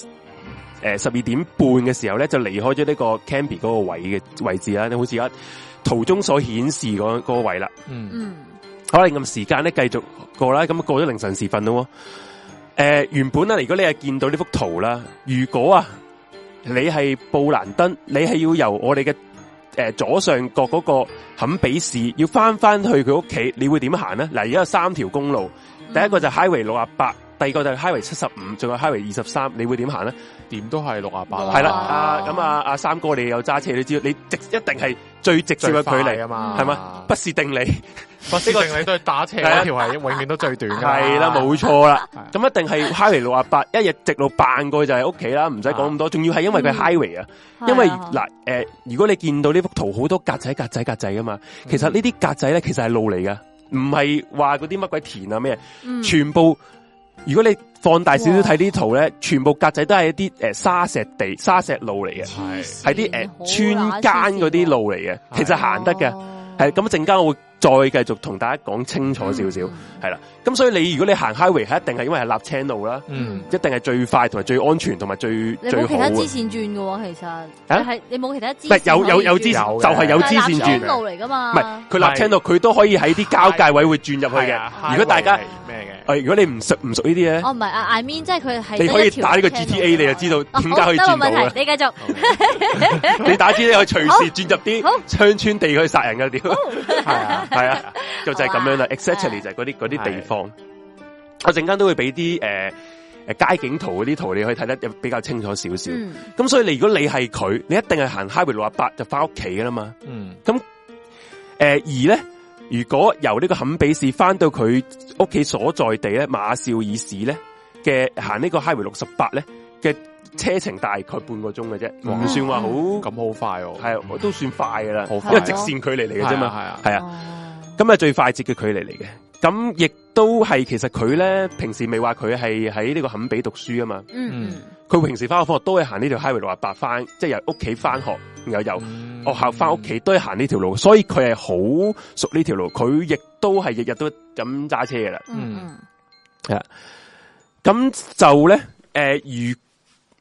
誒、呃，十二點半嘅時候咧，就離開咗呢個 Campy 嗰個位嘅位置啦，你好似而家圖中所顯示嗰嗰個位啦。嗯，好啦，咁時間咧繼續過啦，咁過咗凌晨時分咯。誒、呃，原本咧，如果你係見到呢幅圖啦，如果啊，你係布蘭登，你係要由我哋嘅誒左上角嗰個肯比士，要翻翻去佢屋企，你會點行咧？嗱，而家有三條公路，第一個就係 Highway 六十八，第二個就係 Highway 七十五，仲有 Highway 二十三，你會點行咧？點都係六廿八啦，係、啊、啦，阿咁啊阿三哥，你又揸車，你知道你直一定係最直接嘅距離啊嘛，係嘛？不是定理、嗯，不過定理都 [LAUGHS] 係、這個、打斜條係永遠都最短㗎、啊。係啦，冇錯啦，咁一定係 Highway 六廿八，一日直，直路半過就係屋企啦，唔使講咁多，仲要係因為佢係 Highway 啊、嗯嗯，因為嗱，誒、呃，如果你見到呢幅圖好多格仔格仔格仔噶嘛，其實呢啲格仔咧其實係路嚟噶，唔係話嗰啲乜鬼田啊咩，嗯、全部。如果你放大少少睇呢啲圖咧，全部格仔都係一啲誒、呃、沙石地、沙石路嚟嘅，係啲誒村間嗰啲路嚟嘅，其實行得嘅，係咁陣間我會。再繼續同大家講清楚少少、嗯，係啦。咁所以你如果你行 highway 係一定係因為係立車路啦，嗯，一定係最快同埋最安全同埋最最好你冇其他支線轉嘅喎，其實係、啊、你冇其他支。唔係有有有就係有支線轉,的支線轉的立路嚟㗎嘛，唔係佢立車路，佢都可以喺啲交界位會轉入去嘅。如果大家咩嘅，如果你唔熟唔熟,熟這些呢啲咧，哦，唔係啊，I mean 即係佢係你可以打呢個 G T A，你就知道點解可以轉到嘅、哦。好問題你繼續， [LAUGHS] 你打 GTA 可以隨時轉入啲鄉村地去殺人嘅點係啊。係 [LAUGHS] 啊，就就係、咁樣啦、啊。Exactly 係、啊、就係嗰啲啲地方。啊、我陣間都會俾啲誒誒街景圖嗰啲圖，你可以睇得比較清楚少少。咁、嗯、所以你如果你係佢，你一定係行 Highway 六十八就翻屋企噶啦嘛。咁誒而咧，如果由呢個肯比士翻到佢屋企所在地咧，馬紹爾市咧嘅行呢的這個 Highway 六十八咧嘅車程大概半個鐘嘅啫，唔、嗯、算話好咁好快哦、啊。係、啊，都算快噶啦、啊，因為直線距離嚟嘅啫嘛。係啊，係啊。咁係最快捷嘅距離嚟嘅，咁亦都係其實佢咧平時未話佢係喺呢個肯比讀書啊嘛，嗯，佢平時翻學放學都係行呢條 Highway 六十八翻，即係由屋企翻學，然後由學校翻屋企都係行呢條路，嗯、所以佢係好熟呢條路，佢亦都係日日都咁揸車噶啦，嗯，嗯，係啦，咁就咧，誒、呃，如，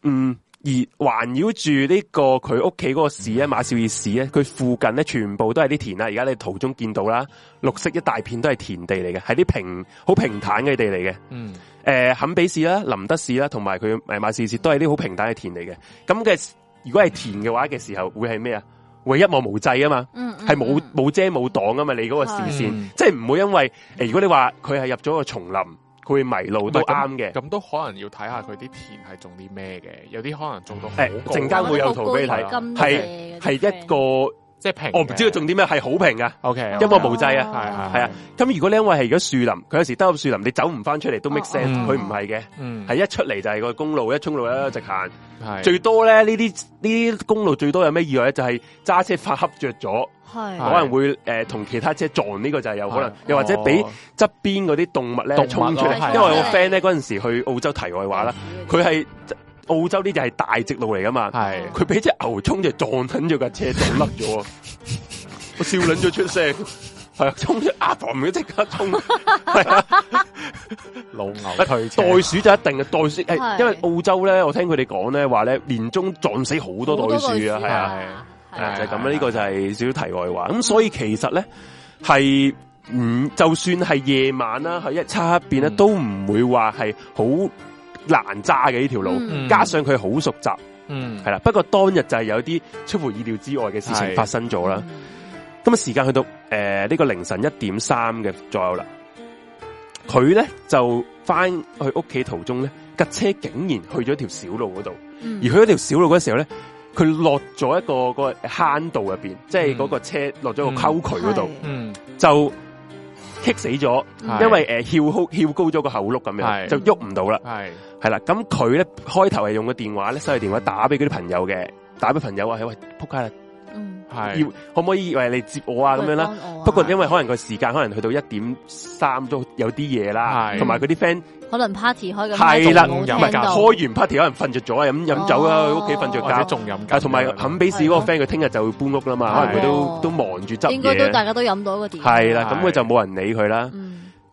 嗯。而環繞住呢個佢屋企嗰個市咧，馬紹爾市咧，佢附近咧全部都係啲田啦。而家你途中見到啦，綠色一大片都係田地嚟嘅，係啲平好平坦嘅地嚟嘅。嗯、呃，誒坎比市啦、林德市啦，同埋佢誒馬紹爾市都係啲好平坦嘅田嚟嘅。咁嘅如果係田嘅話嘅時候，會係咩啊？會一望無際啊嘛，係冇冇遮冇擋啊嘛，你嗰個視線、嗯、即係唔會因為誒、呃，如果你話佢係入咗個叢林。佢迷路都啱嘅，咁都可能要睇下佢啲田係種啲咩嘅，有啲可能種到好誒，陣間會，會有圖俾你睇，係、嗯、係一個。即係平、哦，我唔知道重點咩，係好平㗎，O K，一望無際啊，係係係啊。咁如果呢，因為係如果樹林，佢有時兜入樹林，你走唔翻出嚟都 make sense。佢唔係嘅，係、嗯、一出嚟就係個公路，一衝路一直行。最多咧呢啲呢啲公路最多有咩意外咧？就係、是、揸車發恰著咗，可能會誒同、呃、其他車撞呢個就係有可能，哦、又或者俾側邊嗰啲動物咧衝出嚟。因為我 friend 咧嗰陣時去澳洲，題外話啦，佢係。嗯澳洲呢就係大直路嚟噶嘛隻，係佢俾隻牛衝就撞緊咗架車，撞甩咗，我笑捻咗出聲，係 [LAUGHS] 啊，衝阿婆咪即刻衝，係啊，老牛，袋鼠就一定係，袋鼠誒，是的是的，因為澳洲咧，我聽佢哋講咧話咧，年中撞死好多袋鼠啊，係啊，係就咁啊，呢個就係少少題外話，咁所以其實咧係唔就算係夜晚啦，係一差一變咧、嗯、都唔會話係好。難揸嘅呢條路、嗯，加上佢好熟習，係、嗯、啦。不過當日就係有啲出乎意料之外嘅事情發生咗啦。咁啊，嗯、時間去到誒呢、呃這個凌晨一點三嘅左右啦，佢咧就翻去屋企途中咧，架車竟然去咗條小路嗰度、嗯，而去一條小路嗰時候咧，佢落咗一個個坑道入邊，即係嗰個車落咗個溝渠嗰度、嗯嗯，就。.踢死咗，因為誒翹、呃、高翹高咗個喉碌咁樣，就喐唔到啦。係係啦，咁佢咧開頭係用個電話咧，收住電話打俾嗰啲朋友嘅，打俾朋友話：友「喺喂，撲街啦，係要可唔可以喂你接我啊？咁、啊、樣啦、啊。不過因為可能個時間可能去到1點 3, 一點三都有啲嘢啦，同埋嗰啲 friend。可能 party 開嘅係啦，唔係開完 party 可能瞓着咗，飲飲酒啊，喺屋企瞓着或者仲飲。但係同埋肯比士嗰個 friend，佢聽日就會搬屋啦嘛，可能佢都都忙住執嘢。應該都大家都飲到個電。係啦，咁佢就冇人理佢啦。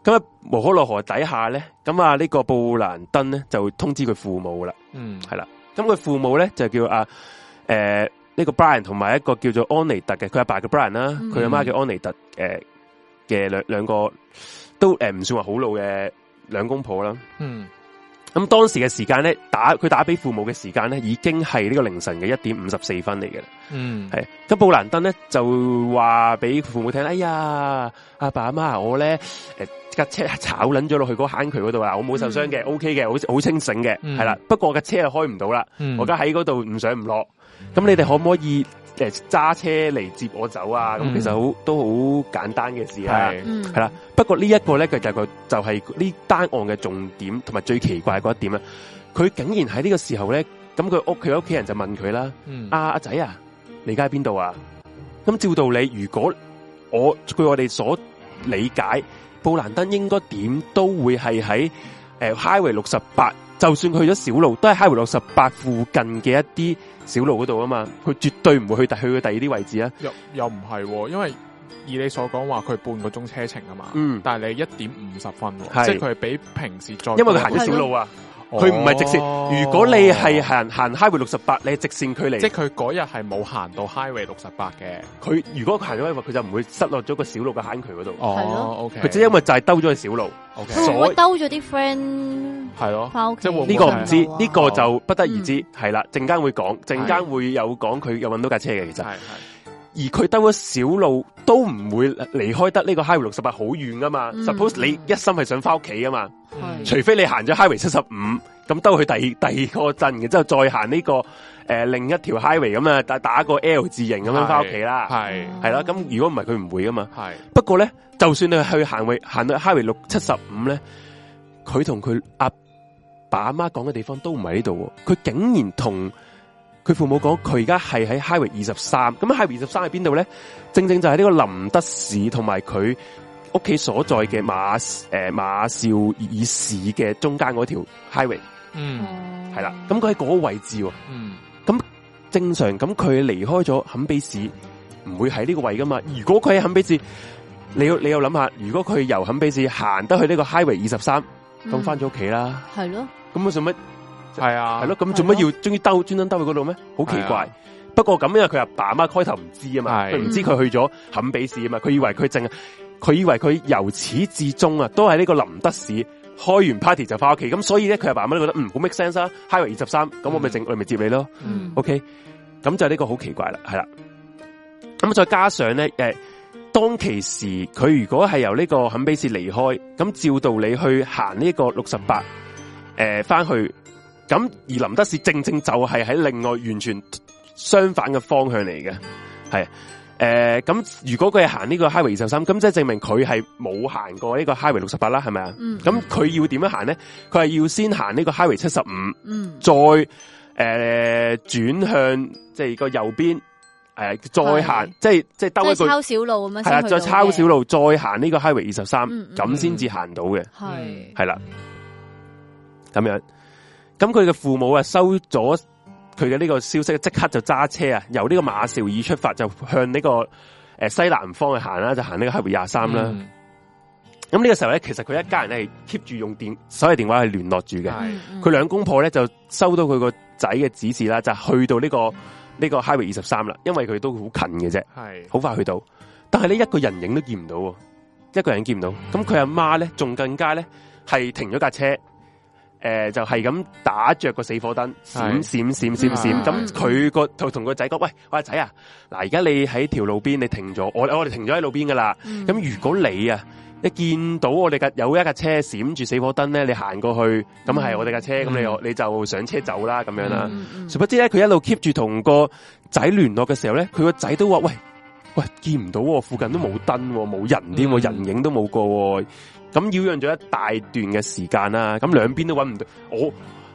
咁無可奈何底下咧，咁啊呢個布蘭登咧就通知佢父母噶啦。嗯，係啦。咁佢父母咧就叫啊，誒、呃、呢、這個 Brian 同埋一個叫做安妮特嘅，佢阿爸叫 Brian 啦、嗯，佢阿媽叫安妮特。誒、呃、嘅兩兩個都誒唔、呃、算話好老嘅。兩公婆啦、嗯，嗯，咁當時嘅時間咧，打佢打俾父母嘅時間咧，已經係呢個凌晨嘅一點五十四分嚟嘅，嗯，係，咁布蘭登咧就話俾父母聽，哎呀，阿爸阿媽，我咧，誒、呃、架車炒捻咗落去嗰個坑渠嗰度啊，我冇受傷嘅，O K 嘅，好、嗯、好、OK、清醒嘅，係、嗯、啦，不過架車係開唔到啦，嗯、我而家喺嗰度唔上唔落，咁、嗯、你哋可唔可以？誒，揸車嚟接我走啊！咁其實好、嗯、都好簡單嘅事啊，係、嗯、啦。不過呢一個咧，其實佢就係呢單案嘅重點，同埋最奇怪嗰一點啦。佢竟然喺呢個時候咧，咁佢屋企屋企人就問佢啦：「阿阿仔啊，你而家喺邊度啊？」咁照道理，如果我據我哋所理解，布蘭登應該點都會係喺誒 Highway 六十八，就算去咗小路，都係 Highway 六十八附近嘅一啲。小路嗰度啊嘛，佢絕對唔會去第去佢第二啲位置啊！又又唔係喎，因為以你所講話，佢半個鐘車程啊嘛，嗯，但係你一點五十分喎、哦，即係佢係比平時再因為佢行咗小路啊。佢唔係直線，哦、如果你係行行 Highway 六十八，你係直線距離。即係佢嗰日係冇行到 Highway 六十八嘅。佢如果行咗，佢就唔會失落咗個小路嘅坑渠嗰度。哦、啊、OK。佢即係因為就係兜咗個小路。佢、okay 啊、會唔會兜咗啲 friend？係咯，翻屋企呢個唔知，呢、啊呢個就不得而知。係、嗯、啦，陣間會講，陣間會有講，佢有揾到架車嘅其實。係係係。而佢兜咗小路，都唔會離開得呢個 Highway 六十八好遠噶嘛？Suppose、嗯、你一心係想翻屋企噶嘛、嗯？除非你行咗 Highway 七十五，咁兜去第二第二個鎮，然之後再行呢、這個誒、呃、另一條 Highway 咁啊，打打個 L 字形咁樣翻屋企啦。係係啦，咁如果唔係佢唔會㗎嘛。係不過咧，就算你去行去行到 Highway 六七十五咧，佢同佢阿爸阿媽講嘅地方都唔喺呢度。佢竟然同。佢父母講，佢而家係喺 Highway 二十三，咁 Highway 二十三喺邊度咧？正正就係呢個林德市同埋佢屋企所在嘅馬誒馬紹爾市嘅中間嗰條 Highway。嗯、mm.，係啦，咁佢喺嗰個位置喎。嗯，咁正常咁佢離開咗坎比市，唔會喺呢個位噶嘛？如果佢喺坎比士，你要你又諗下，如果佢由坎比士行得去呢個 Highway 二十三，咁翻咗屋企啦。係咯，咁我做乜？係啊，係咯、啊，咁做乜要終於兜專登兜去嗰度咩？好奇怪。不過咁因為佢阿爸阿媽開頭唔知啊嘛，佢唔、啊、知佢去咗肯比士啊嘛，佢、啊、以為佢正，佢、嗯、以為佢由始至終啊、嗯、都係呢個林德士開完 party 就翻屋企，咁所以咧佢阿爸媽媽都覺得嗯好 make sense 啊，下月二十三，咁、嗯嗯、我咪正我咪接你咯。嗯、OK，咁就呢個好奇怪啦，係啦、啊。咁再加上咧，誒、呃，當其時佢如果係由呢個肯比士離開，咁照道理去行呢個六十八誒翻去。咁而林德士正正就係喺另外完全相反嘅方向嚟嘅，係誒，咁如果佢係行呢個 Highway 二十三，咁即係證明佢係冇行過呢個 Highway 六十八啦，係咪啊？咁、嗯、佢要點樣行咧？佢係要先行呢個 Highway 七十五，嗯、呃，再誒轉向即係個右邊，誒再行，即係即係兜一個抄小路咁樣，係啊，再抄小路再行呢個 Highway 二十三，咁先至行到嘅，係係啦，咁樣。咁佢嘅父母啊，收咗佢嘅呢個消息，即刻就揸車啊，由呢個馬紹爾出發，就向呢、這個誒、呃、西南方去行啦，就行呢個 Highway 廿三啦。咁呢個時候咧，其實佢一家人咧係 keep 住用電手提電話去聯絡住嘅。佢、嗯、兩公婆咧就收到佢個仔嘅指示啦，就去到呢、這個呢、嗯這個 Highway 二十三啦，因為佢都好近嘅啫，係好快去到。但係咧一個人影都見唔到，一個人影見唔到。咁佢阿媽咧仲更加咧係停咗架車。誒、呃，就係咁打着個死火燈，閃閃閃閃閃。咁、嗯、佢、嗯、個就同個仔講：，喂，喂，仔啊，嗱，而家你喺條路邊，你停咗，我我哋停咗喺路邊噶啦。咁、嗯、如果你啊，一見到我哋有一架車閃住死火燈咧，你行過去，咁係我哋架車，咁、嗯、你你就上車走啦，咁樣啦、嗯嗯。殊不知咧，佢一路 keep 住同個仔聯絡嘅時候咧，佢個仔都話：，喂，喂，見唔到、啊，附近都冇燈、啊，冇人添、啊嗯，人影都冇個、啊。咁擾攘咗一大段嘅時間啦、啊，咁兩邊都揾唔到。我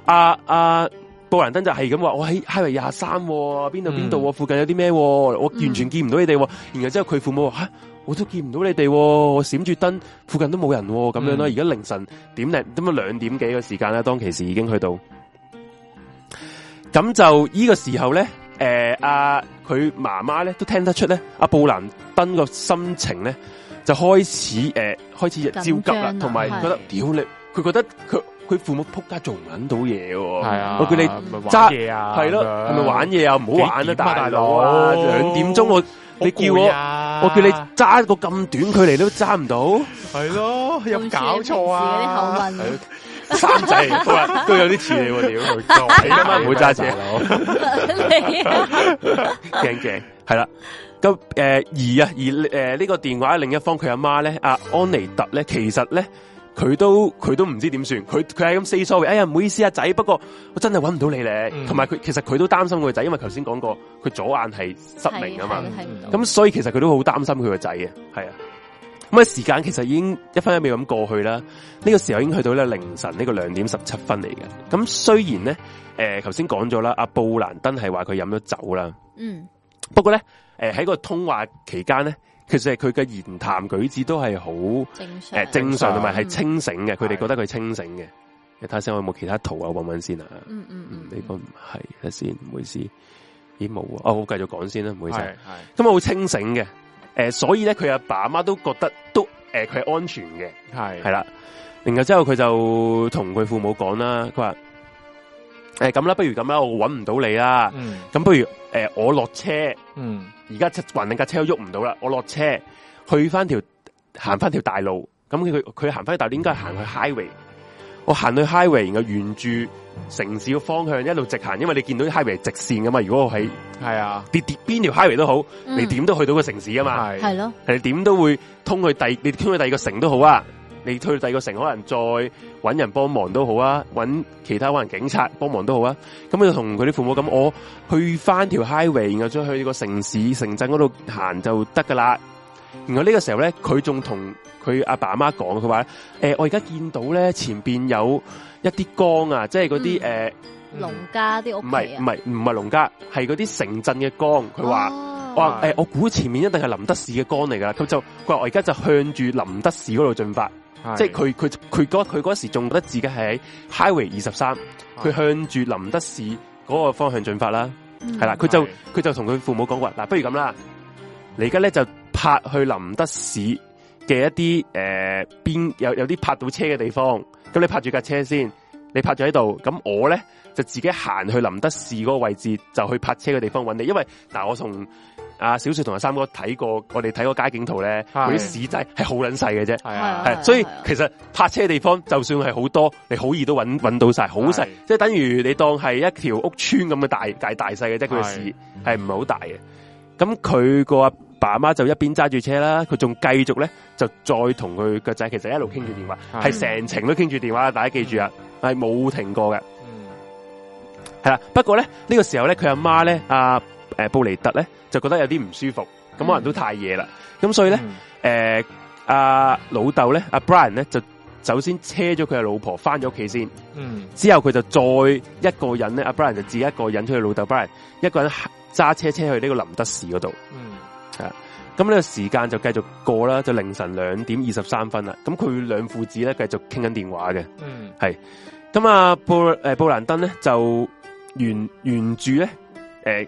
阿阿、啊啊、布蘭登就係咁話：，我喺喺度廿三，邊度邊度？附近有啲咩？我完全見唔到你哋、哦。然後之後佢父母話、啊：，我都見唔到你哋、哦，我閃住燈，附近都冇人咁、哦、樣咯、啊。而、嗯、家凌晨點零，咁啊兩點幾嘅時間呢、啊？當其時已經去到。咁就依個時候咧，誒阿佢媽媽咧都聽得出咧、啊，阿布蘭登個心情咧。就開始誒、呃，開始就焦急啦，同埋覺得屌你，佢覺得佢佢父母仆街仲揾到嘢喎。係啊，我叫你揸嘢、嗯、啊，係咯，係咪玩嘢啊？唔好玩啊，啊大大佬、啊，兩點鐘我、啊、你叫我，我叫你揸個咁短距離都揸唔到，係咯，有搞錯啊？三仔 [LAUGHS] 都有啲遲料，屌 [LAUGHS] 你今晚唔會揸車啦，驚驚，係 [LAUGHS] 啦大哥。 [LAUGHS] 你啊 [LAUGHS] 鏡鏡誒、呃，而啊，而誒，呢、呃，這個電話另一方佢阿媽咧，阿、啊、安妮特咧，其實咧，佢都佢都唔知點算，佢佢係咁 say sorry，哎呀，唔好意思、啊，阿仔，不過我真係搵唔到你咧，同埋佢其實佢都擔心佢個仔，因為頭先講過佢左眼係失明啊嘛，咁所以其實佢都好擔心佢個仔嘅，係啊。咁啊，時間其實已經一分一秒咁過去啦，呢、這個時候已經去到咧凌晨呢、這個兩點十七分嚟嘅。咁雖然咧，誒、呃，頭先講咗啦，阿、啊、布蘭登係話佢飲咗酒啦，嗯，不過咧。誒、呃，喺個通話期間咧，其實係佢嘅言談舉止都係好誒正常，同埋係清醒嘅。佢、嗯、哋覺得佢清醒嘅。你睇下先，我有冇其他圖啊？搵搵先啊。嗯嗯嗯，呢個唔係，睇先，唔好意思。咦，冇啊！哦、我繼續講先啦、啊，唔好意思。係，咁我好清醒嘅。誒、呃，所以咧，佢阿爸阿媽都覺得都誒，佢、呃、係安全嘅。係係啦。然後之後佢就同佢父母講啦，佢話。誒、欸，咁啦，不如咁啦，我搵唔到你啦。咁、嗯、不如誒、呃，我落車。而家橫掂架車都喐唔到啦。我落車去翻條行翻條大路。咁佢佢行翻大路，應該行去 highway。我行去 highway，然後沿住城市嘅方向一路直行，因為你見到啲 highway 係直線噶嘛。如果我喺係啊，跌跌邊條 highway 都好，你點都去到個城市噶嘛。係、嗯、咯，你點都會通去第，你通去第二個城都好啊。你去到第二個城，可能再揾人幫忙都好啊，揾其他可能警察幫忙都好啊。咁佢就同佢啲父母咁，那我去翻條 highway，然後再去個城市、城鎮嗰度行就得噶啦。然後呢個時候咧，佢仲同佢阿爸阿媽講，佢話：誒、欸，我而家見到咧前邊有一啲江、嗯呃、啊，即係嗰啲誒，農家啲屋，唔係唔係唔係農家，係嗰啲城鎮嘅江。佢話、哦：我話誒、欸，我估前面一定係林德士嘅江嚟噶。佢就佢話：我而家就向住林德士嗰度進發。即係佢佢佢嗰佢時仲覺得自己係喺 Highway 二十三，佢向住林德市嗰個方向進發啦，係、嗯、啦，佢就佢就同佢父母講過，嗱、啊，不如咁啦，你而家咧就拍去林德市嘅一啲誒、呃、邊有有啲拍到車嘅地方，咁你拍住架車先，你拍咗喺度，咁我咧就自己行去林德市嗰個位置，就去拍車嘅地方搵你，因為嗱、啊、我同……」啊！小雪同阿三哥睇過，我哋睇嗰街景圖咧，嗰啲市仔係好撚細嘅啫，係係所以其實泊車地方就算係好多，你好易都搵、嗯、到晒，好細，即係等於你當係一條屋村咁嘅大大大細嘅啫，佢嘅市係唔係好大嘅。咁佢個阿爸阿媽就一邊揸住車啦，佢仲繼續咧就再同佢個仔其實一路傾住電話，係成程都傾住電話，大家記住啊，係、嗯、冇停過嘅。係、嗯、啦，不過咧呢、這個時候咧，佢阿媽咧誒、呃，布尼特咧，就覺得有啲唔舒服，咁、mm. 可能都太夜啦。咁所以咧，誒、mm. 呃，阿、啊、老豆咧，阿、啊、Brian 咧就首先車咗佢嘅老婆翻咗屋企先，嗯、mm.，之後佢就再一個人咧，阿、mm. 啊、Brian 就自己一個人出去老豆 Brian 一個人揸車車去呢個林德士嗰度，嗯、mm.，啊。咁呢個時間就繼續過啦，就凌晨兩點二十三分啦。咁佢兩父子咧繼續傾緊電話嘅，嗯、mm.，係。咁啊，布誒、呃、布蘭登咧就沿沿呢。咧，誒。呃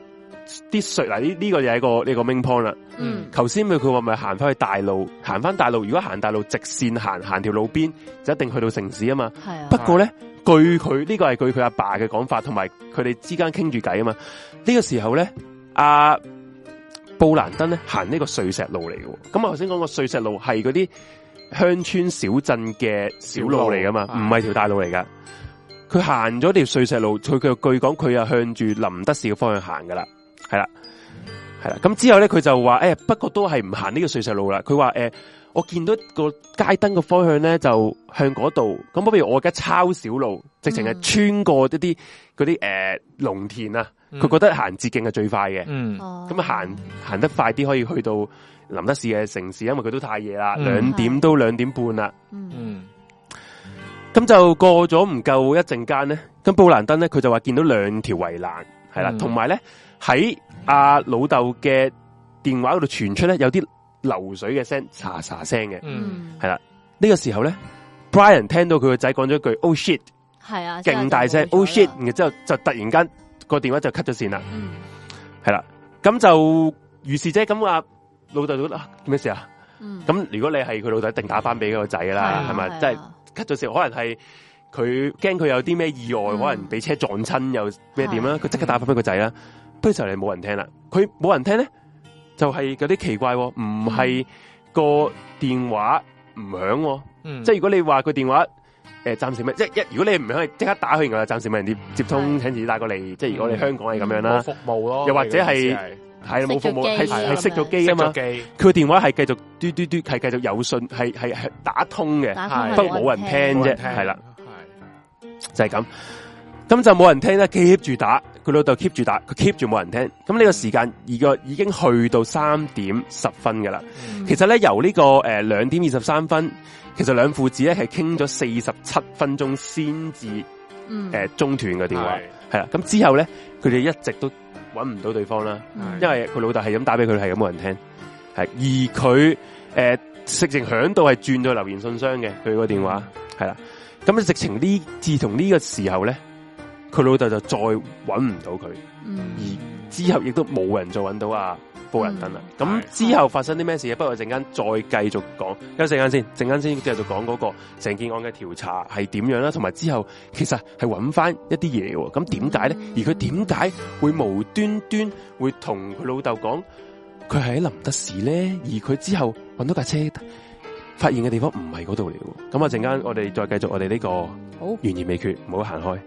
啲雪嗱呢呢個又係一個呢、這個冰坡啦。嗯，頭先佢話咪行翻去大路，行翻大路。如果行大路，直線行，行條路邊，就一定去到城市啊嘛。係啊。不過咧，據佢呢、這個係據佢阿爸嘅講法，同埋佢哋之間傾住偈啊嘛。呢、這個時候咧，阿、啊、布蘭登咧行呢個碎石路嚟嘅。咁我頭先講個碎石路係嗰啲鄉村小鎮嘅小路嚟噶嘛，唔係條大路嚟噶。佢行咗條碎石路，佢佢據講佢又向住林德士嘅方向行噶啦。係啦，係啦，咁之後咧，佢就話誒、欸，不過都係唔行呢個碎石路啦。佢話誒，我見到個街燈個方向咧，就向嗰度。咁不如我而家抄小路，直情係穿過一啲嗰啲誒農田啊。佢覺得行捷徑係最快嘅。嗯，嗯，咁行行得快啲，可以去到林德士嘅城市，因為佢都太夜啦，嗯、兩點都兩點半啦。嗯，嗯，咁就過咗唔夠一陣間咧，咁布蘭登咧，佢就話見到兩條圍欄，係啦，同埋咧。喺阿、啊、老豆嘅電話嗰度傳出咧有啲流水嘅聲，沙沙聲嘅，係、嗯、啦。呢、這個時候咧，Brian 聽到佢個仔講咗句 Oh shit，係啊，勁大聲 Oh shit，然之後就,就突然間、那個電話就 cut 咗線啦。係、嗯、啦，咁就如是者。咁阿老豆都咩事啊？咁、嗯、如果你係佢老豆，一定打翻俾佢個仔啦，係咪？即係 cut 咗線，可能係佢驚佢有啲咩意外，嗯、可能俾車撞親又咩點啦？佢即刻打翻俾個仔啦。佢就嚟冇人聽啦，佢冇人聽咧，就係、是、有啲奇怪、哦，唔係個電話唔響、哦嗯，即係如果你話個電話誒暫、欸、時咩，即一如果你唔響，即刻打去，然後暫時冇人接通，請自己帶過嚟、嗯，即係如果你香港係咁樣啦、啊，嗯嗯、服務咯、啊，又或者係係冇服務，係係熄咗機啊嘛，佢個電話係繼續嘟嘟嘟，係繼續有信，係係打通嘅，通不過冇人聽啫，係啦，就係、是、咁，咁就冇人聽啦，keep 住打。佢老豆 keep 住打，佢 keep 住冇人聽。咁呢個時間而家已經去到三點十分噶啦、嗯。其實咧由呢、這個誒兩點二十三分，其實兩父子咧係傾咗四十七分鐘先至誒、呃、中斷嘅電話，係、嗯、啦。咁之後咧佢哋一直都揾唔到對方啦，因為佢老豆係咁打俾佢，係咁冇人聽，係而佢誒直情響度係轉咗留言信箱嘅佢個電話，係啦。咁、嗯、啊直情呢自從呢個時候咧。佢老豆就再揾唔到佢、嗯，而之後亦都冇人再揾到阿、啊、波人等。登、嗯、啦。咁之後發生啲咩事啊、嗯？不過陣間再繼續講，有陣間先，陣間先繼續講嗰個成件案嘅調查係點樣啦，同埋之後其實係揾翻一啲嘢。咁點解咧？而佢點解會無端端會同佢老豆講佢喺林德士咧？而佢之後揾到架車發現嘅地方唔係嗰度嚟。咁啊，陣間我哋再繼續我哋呢個懸而未決，唔好行開。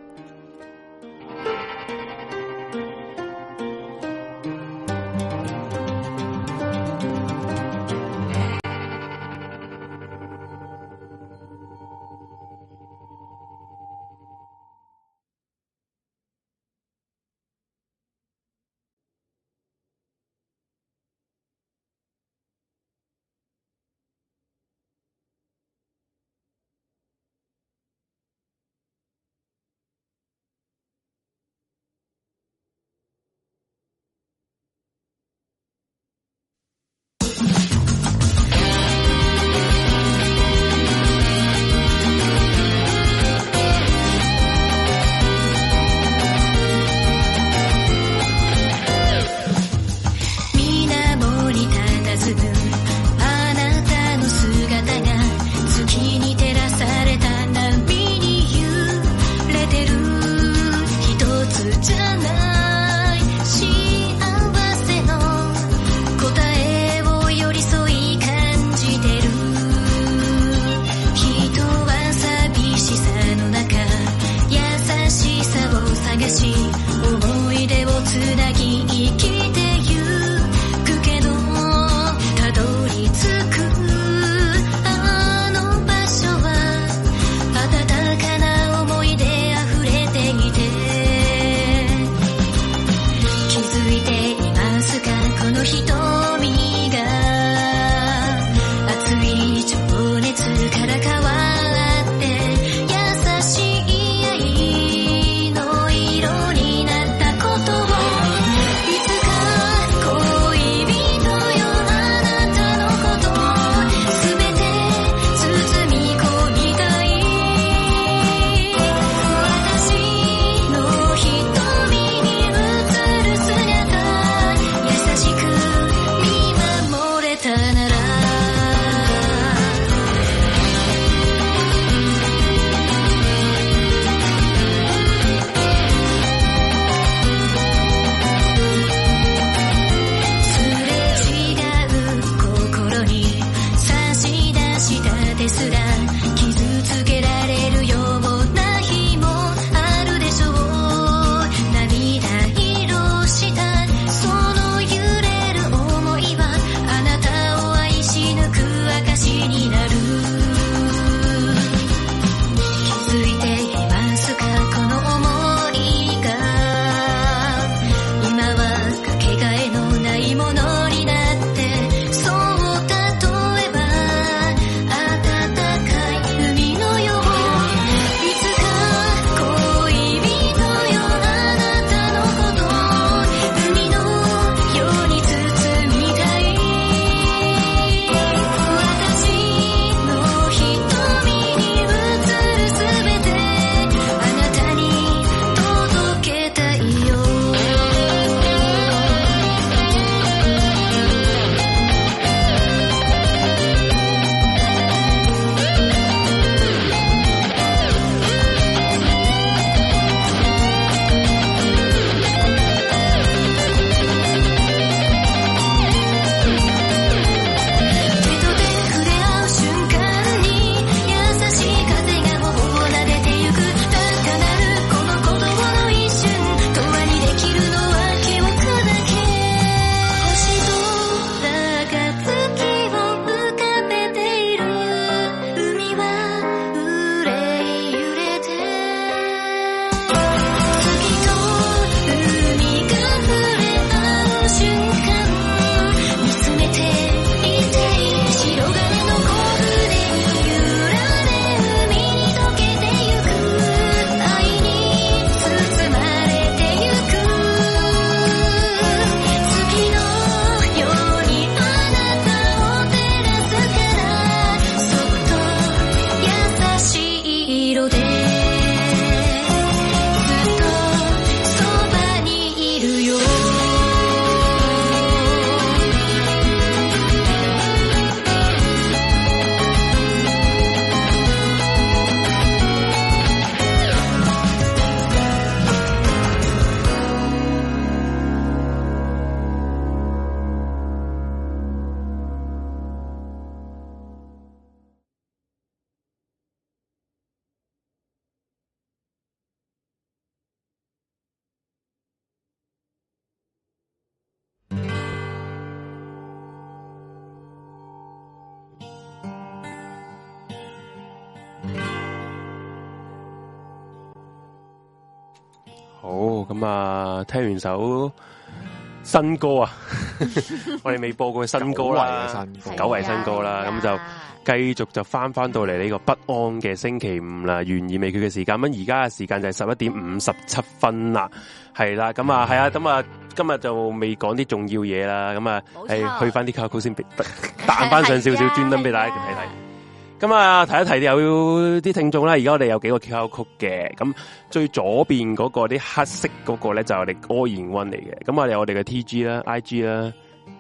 完首新歌啊！ [LAUGHS] [LAUGHS] 我哋未播過新歌啦，久違新歌啦、啊，咁、啊、就繼續就翻翻到嚟呢個不安嘅星期五啦，懸而未決嘅時間、嗯。咁而家嘅時間就係十一點五十七分啦，係啦，咁啊，係啊，咁啊，啊，啊，啊，今日就未講啲重要嘢啦，咁啊，係去翻啲卡曲先，彈 [LAUGHS] 翻上少少，專登俾大家睇睇、啊。咁啊，提一提有啲聽眾啦，而家我哋有幾個 QQ 曲嘅，咁最左邊嗰、那個啲黑色嗰個咧就是、我哋 one 嚟嘅，咁我哋我哋嘅 TG 啦、IG 啦，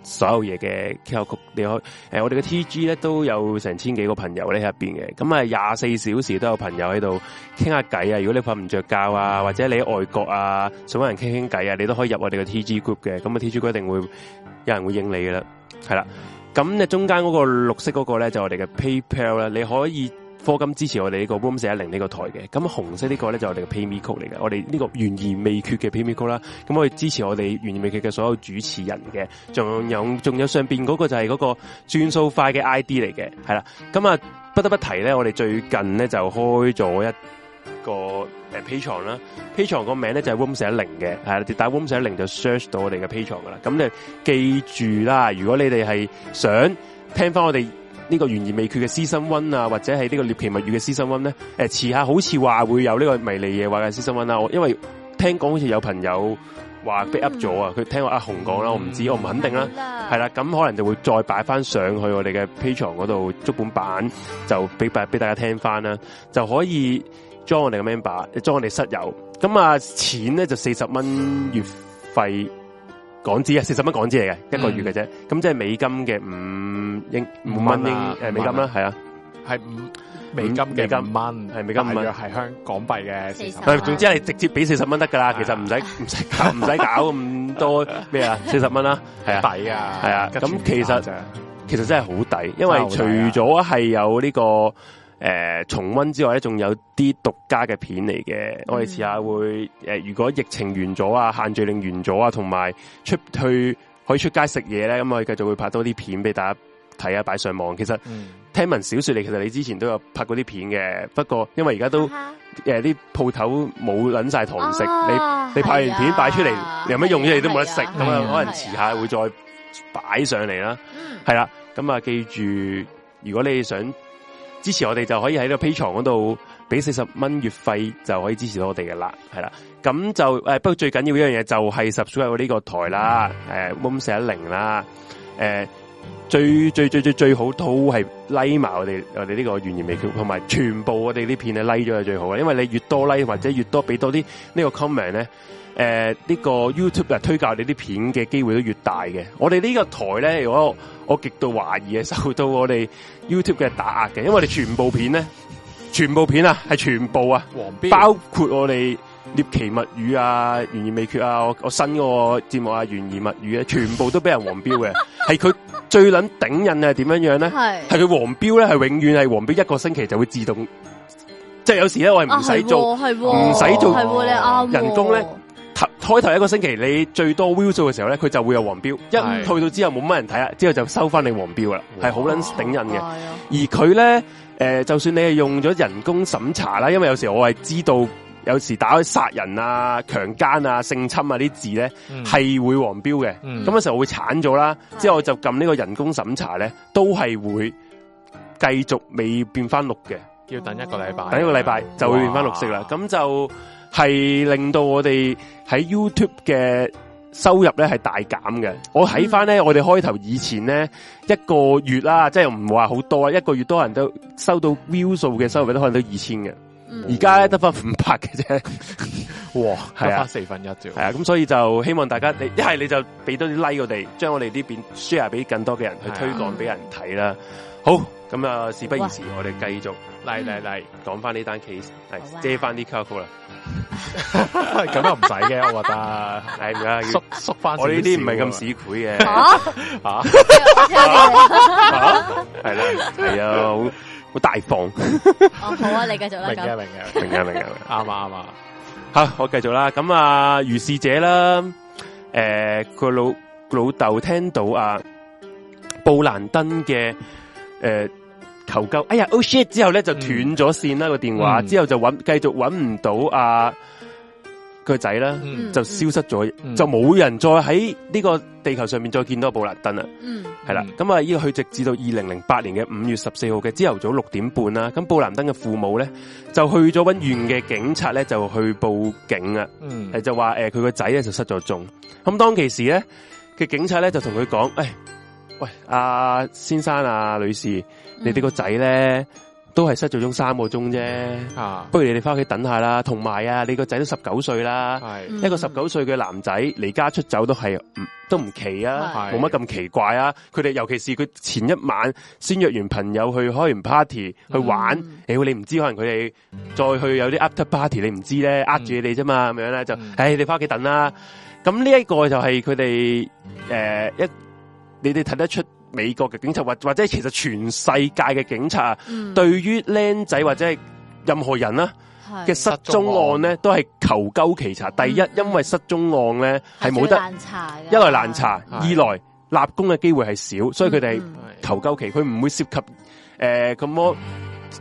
所有嘢嘅 QQ 曲，你可誒、呃、我哋嘅 TG 咧都有成千幾個朋友咧喺入邊嘅，咁啊廿四小時都有朋友喺度傾下偈啊，如果你瞓唔着覺啊，或者你喺外國啊，想搵人傾傾偈啊，你都可以入我哋嘅 TG group 嘅，咁啊 TG group 一定會有人會應你嘅啦，係啦。咁咧中間嗰個綠色嗰個咧就我哋嘅 PayPal 啦。你可以科金支持我哋呢個 Room 四一零呢個台嘅。咁紅色呢個咧就我哋嘅 PayMe code 嚟嘅，我哋呢個懸而未決嘅 PayMe code 啦。咁我哋支持我哋懸而未決嘅所有主持人嘅。仲有，仲有上邊嗰個就係嗰個轉數快嘅 ID 嚟嘅，係啦。咁啊不得不提咧，我哋最近咧就開咗一。個誒 Patreon 啦，Patreon 個名咧就係 w o m s h 零嘅，係啦，但 w o m s h 零就 search 到我哋嘅 Patreon 噶啦。咁你記住啦，如果你哋係想聽翻我哋呢個懸而未決嘅私心温啊，或者係呢個獵奇物語嘅私心温咧，誒、呃，遲下好似話會有呢個迷離夜話嘅私心温啦。因為聽講好似有朋友話逼 up 咗啊，佢聽我阿紅講啦，我唔知，我唔肯定啦，係、嗯、啦，咁可能就會再擺翻上去我哋嘅 Patreon 嗰度足本版，就俾俾大家聽翻啦，就可以。裝我哋嘅 member，裝我哋室友。咁啊，錢咧就四十蚊月費港紙啊，四十蚊港紙嚟嘅，一個月嘅啫。咁即係美金嘅五英五蚊英誒美金啦，係啊，係五美金嘅五蚊，係美金五蚊，係香港幣嘅。誒，總之係直接俾四十蚊得噶啦，其實唔使唔使唔使搞咁多咩 [LAUGHS] 啊，四十蚊啦，係啊，抵啊，係啊。咁其實其實真係好抵，因為除咗係有呢、這個。誒、呃，重溫之外咧，仲有啲獨家嘅片嚟嘅。我哋遲下會誒、呃，如果疫情完咗啊，限聚令完咗啊，同埋出去可以出街食嘢咧，咁我哋繼續會拍多啲片俾大家睇啊，擺上網。其實、嗯、聽聞小說，你其實你之前都有拍過啲片嘅，不過因為而家都誒啲鋪頭冇捻晒堂食，你你拍完片擺出嚟有乜用啫？你都冇得食，咁樣可能遲下會再擺上嚟啦。係啦，咁、嗯、啊記住，如果你想。支持我哋就可以喺個 pay 床嗰度俾四十蚊月費，就可以支持到我哋㗎啦，係啦，咁就誒、呃、不過最緊要一樣嘢就係 subscribe 呢個台啦，誒 mon 寫零啦，誒、呃、最最最最最好都係 like 埋我哋我哋呢個懸疑未劇，同埋全部我哋呢片咧 like 咗係最好，因為你越多 like 或者越多俾多啲呢個 comment 咧。誒、呃，呢、這個 YouTube 啊，推介你啲片嘅機會都越大嘅。我哋呢個台咧，如果我極度懷疑係受到我哋 YouTube 嘅打壓嘅，因為我哋全部片咧，全部片啊，係全部啊，黃標，包括我哋《獵奇物語》啊，《懸疑未決》啊，我我新個節目啊，《懸疑物語》啊，全部都俾人黃標嘅，係 [LAUGHS] 佢最捻頂癮啊，點樣樣咧？係，係佢黃標咧，係永遠係黃標，一個星期就會自動，即、就、係、是、有時咧，我唔使做，唔、啊、使、哦哦哦、做人呢、哦哦，人工咧。開頭一個星期，你最多 view 數嘅時候咧，佢就會有黃標。一退到之後冇乜人睇呀，之後就收翻你黃標啦，係好卵頂癮嘅。而佢咧，誒、呃，就算你係用咗人工審查啦，因為有時我係知道，有時打開殺人啊、強奸啊、性侵啊啲字咧，係、嗯、會黃標嘅。咁、嗯、嗰時候我會鏟咗啦，之後我就撳呢個人工審查咧，都係會繼續未變翻綠嘅，要等一個禮拜。等一個禮拜就會變翻綠色啦，咁就。係令到我哋喺 YouTube 嘅收入咧係大減嘅。我睇翻咧，我哋開頭以前咧一個月啦、啊，即係唔話好多啊，一個月多人都收到 view 數嘅收入都可能都二千嘅，嗯、而家咧得翻五百嘅啫。 [LAUGHS] 哇，得翻四分一啫。係啊，咁、啊、所以就希望大家你一係你就俾多啲 like 我哋，將我哋呢邊 share 俾更多嘅人去推廣俾人睇啦、嗯。好，咁啊事不宜遲，我哋繼續嚟嚟嚟講翻呢單 case，係借翻啲 cover 啦。咁又唔使嘅，我覺得、啊，係唔該，縮翻。我呢啲唔係咁市儈嘅，吓、啊，係、啊啊 [LAUGHS] 啊、啦，係、哎、啊，好好大方、哦。好啊，你繼續啦，明嘅、啊啊，明嘅、啊，明嘅、啊，明嘅，啱啊，啱啊，吓、啊啊啊啊啊啊，我繼續啦。咁啊，如是者啦，誒、呃，個老老豆聽到啊，布蘭登嘅誒。啊求救！哎呀，Oh shit！之後咧就斷咗線啦個、嗯、電話、嗯，之後就揾繼續揾唔到啊，佢個仔啦，就消失咗、嗯，就冇人再喺呢個地球上面再見到布蘭登啦。係、嗯、啦，咁啊，呢、嗯、個去直至到二零零八年嘅五月十四號嘅朝頭早六點半啦。咁布蘭登嘅父母咧就去咗揾完嘅警察咧就去報警啊，係、嗯、就話誒佢個仔咧就失咗蹤。咁當其時咧嘅警察咧就同佢講：誒，喂，阿、啊、先生、啊，女士。你哋個仔咧都係失咗中三個鐘啫，啊，不如你哋翻屋企等下啦。同埋啊，你個仔都十九歲啦，係一個十九歲嘅男仔離家出走都係唔都唔奇啊，冇乜咁奇怪啊。佢哋尤其是佢前一晚先約完朋友去開完 party 去玩，嗯哎，你唔知可能佢哋再去有啲 after party，你唔知咧，嗯哎，呃住你啫嘛，咁樣咧就，誒，你翻屋企等啦。咁呢一個就係佢哋誒一，你哋睇得出，美國嘅警察或或者，其實全世界嘅警察，啊嗯，對於僆仔或者任何人啦，啊、嘅失蹤案咧，都係求鳩其查，嗯。第一，因為失蹤案咧係冇得查，一來難查，二來立功嘅機會係少，嗯，所以佢哋求鳩其，佢唔會涉及誒咁我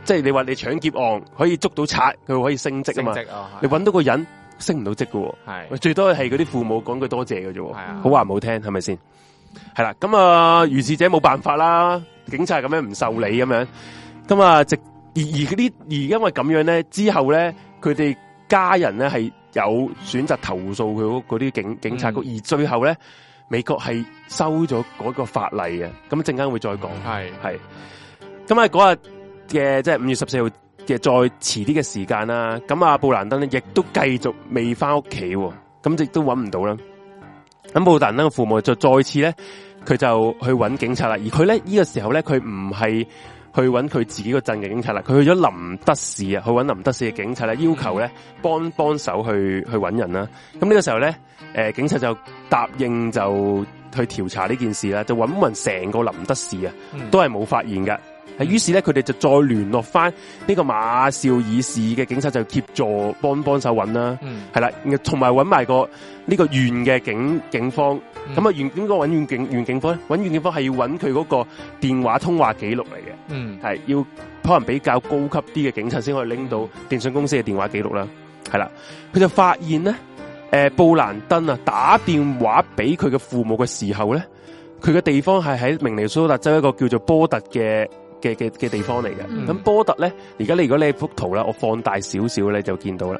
即係你話你搶劫案可以捉到賊，佢可以升職啊嘛，啊你搵到個人升唔到職噶，係最多係嗰啲父母講句多謝嘅啫，好話唔好聽，係咪先？係啦，咁啊，如是者冇辦法啦，警察咁樣唔受理咁樣，咁啊，直而而啲，而因為咁樣咧，之後咧，佢哋家人咧係有選擇投訴佢嗰啲警警察局，嗯、而最後咧，美國係收咗嗰個法例啊。咁陣間會再講，係係，咁啊嗰日嘅即係五月十四號嘅再遲啲嘅時間啦，咁啊布蘭登咧亦都繼續未翻屋企，咁亦都揾唔到啦。咁布達人咧個父母就再次咧，佢就去揾警察啦。而佢咧呢、這個時候咧，佢唔係去揾佢自己個鎮嘅警察啦，佢去咗林德士啊，去揾林德士嘅警察啦，要求咧幫幫手去去揾人啦。咁呢個時候咧，誒、呃，警察就答應就去調查呢件事啦，就揾一揾成個林德士啊、嗯，都係冇發現㗎。於是咧，佢哋就再聯絡翻呢個馬少爾市嘅警察，就協助幫幫手揾啦。係、嗯、啦，同埋揾埋個呢個縣嘅警警方。咁啊縣點解揾縣警警方咧？揾縣警方係要揾佢嗰個電話通話記錄嚟嘅。係、嗯、要可能比較高級啲嘅警察先可以拎到電信公司嘅電話記錄啦。係啦，佢就發現咧、呃，布蘭登啊，打電話俾佢嘅父母嘅時候咧，佢嘅地方係喺明尼蘇達州一個叫做波特嘅。嘅嘅嘅地方嚟嘅，咁波特咧，而家你如果你幅圖咧，我放大少少咧，就見到啦，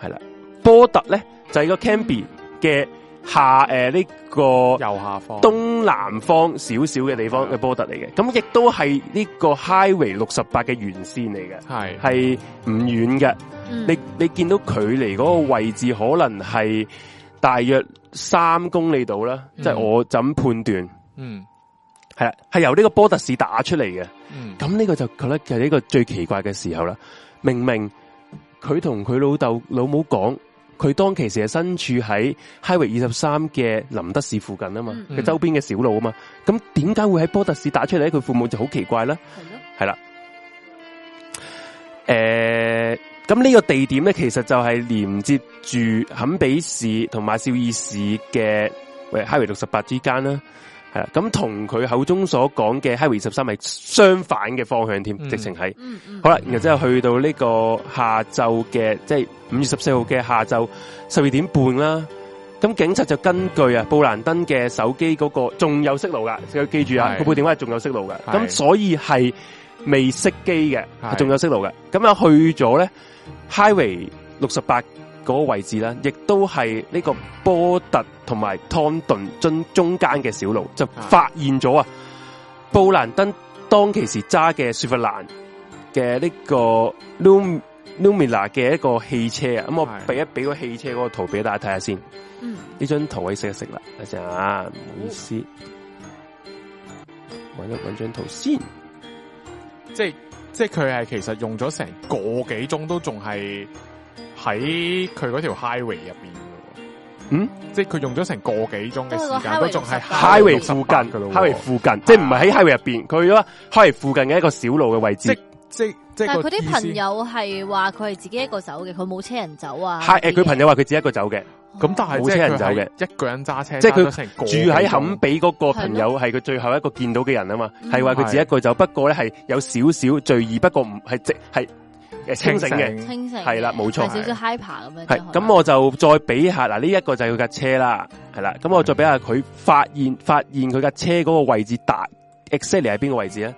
係啦，波特咧就係、是、個 Cambie 嘅下誒呢、嗯呃這個小小右下方東南方少少嘅地方嘅波特嚟嘅，咁亦都係呢個 Highway 六十八嘅沿線嚟嘅，係係唔遠嘅，你你見到佢離嗰個位置可能係大約三公里度啦，即係我怎判斷？嗯。就是係啦，係由呢個波特市打出嚟嘅，咁呢個就覺得就係呢個最奇怪嘅時候啦。明明佢同佢老豆老母講，佢當其時係身處喺 Highway 二十三嘅林德士附近啊嘛，佢周邊嘅小路啊嘛，咁點解會喺波特市打出嚟？佢父母就好奇怪啦、嗯。係咯，係、呃、啦。誒，咁呢個地點咧，其實就係連接住坎比市同埋少爾市嘅喂 Highway 六十八之間啦。咁同佢口中所講嘅 Highway 十三係相反嘅方向添，直情係。好啦，然後之後去到呢個下晝嘅，即係五月十四號嘅下晝十二點半啦。咁警察就根據啊布蘭登嘅手機嗰個仲有色路噶，所以記住啊，個部電話係仲有色路嘅，咁所以係未熄機嘅，仲有色路嘅。咁啊去咗咧 Highway 六十八。嗰、那個位置呢，亦都係呢個波特同埋湯頓樽中間嘅小路，就發現咗啊！布蘭登當其時揸嘅雪佛蘭嘅呢個 Lumina 嘅一個汽車啊，咁我俾一俾個汽車嗰個圖俾大家睇下先。嗯，呢張圖可以識一識啦，等陣啊，唔好意思，搵一搵張圖先。即係即係佢係其實用咗成個幾鐘都仲係。喺佢嗰條 highway 入邊嘅，嗯，即係佢用咗成個幾鐘嘅時間，佢仲係 highway 附近嘅咯，highway 附近，係即係唔係喺 highway 入邊，佢咯 highway 附近嘅一個小路嘅位置，即即即係佢啲朋友係話佢係自己一個走嘅，佢冇車人走啊，係誒，佢朋友話佢自己一個走嘅，咁但係冇車人走嘅，一個人揸車，即係佢住喺肯比嗰個朋友係佢最後一個見到嘅人啊嘛，係話佢自己一個走，不過咧係有少少醉意，不過唔係即係。清醒嘅，清醒係啦，冇錯，係少少 hyper 咁樣。係咁，我就再比一下嗱，呢一個就係佢架車啦，係啦，咁我再比一下佢發現發現佢架車嗰個位置達 exactly 係邊個位置咧？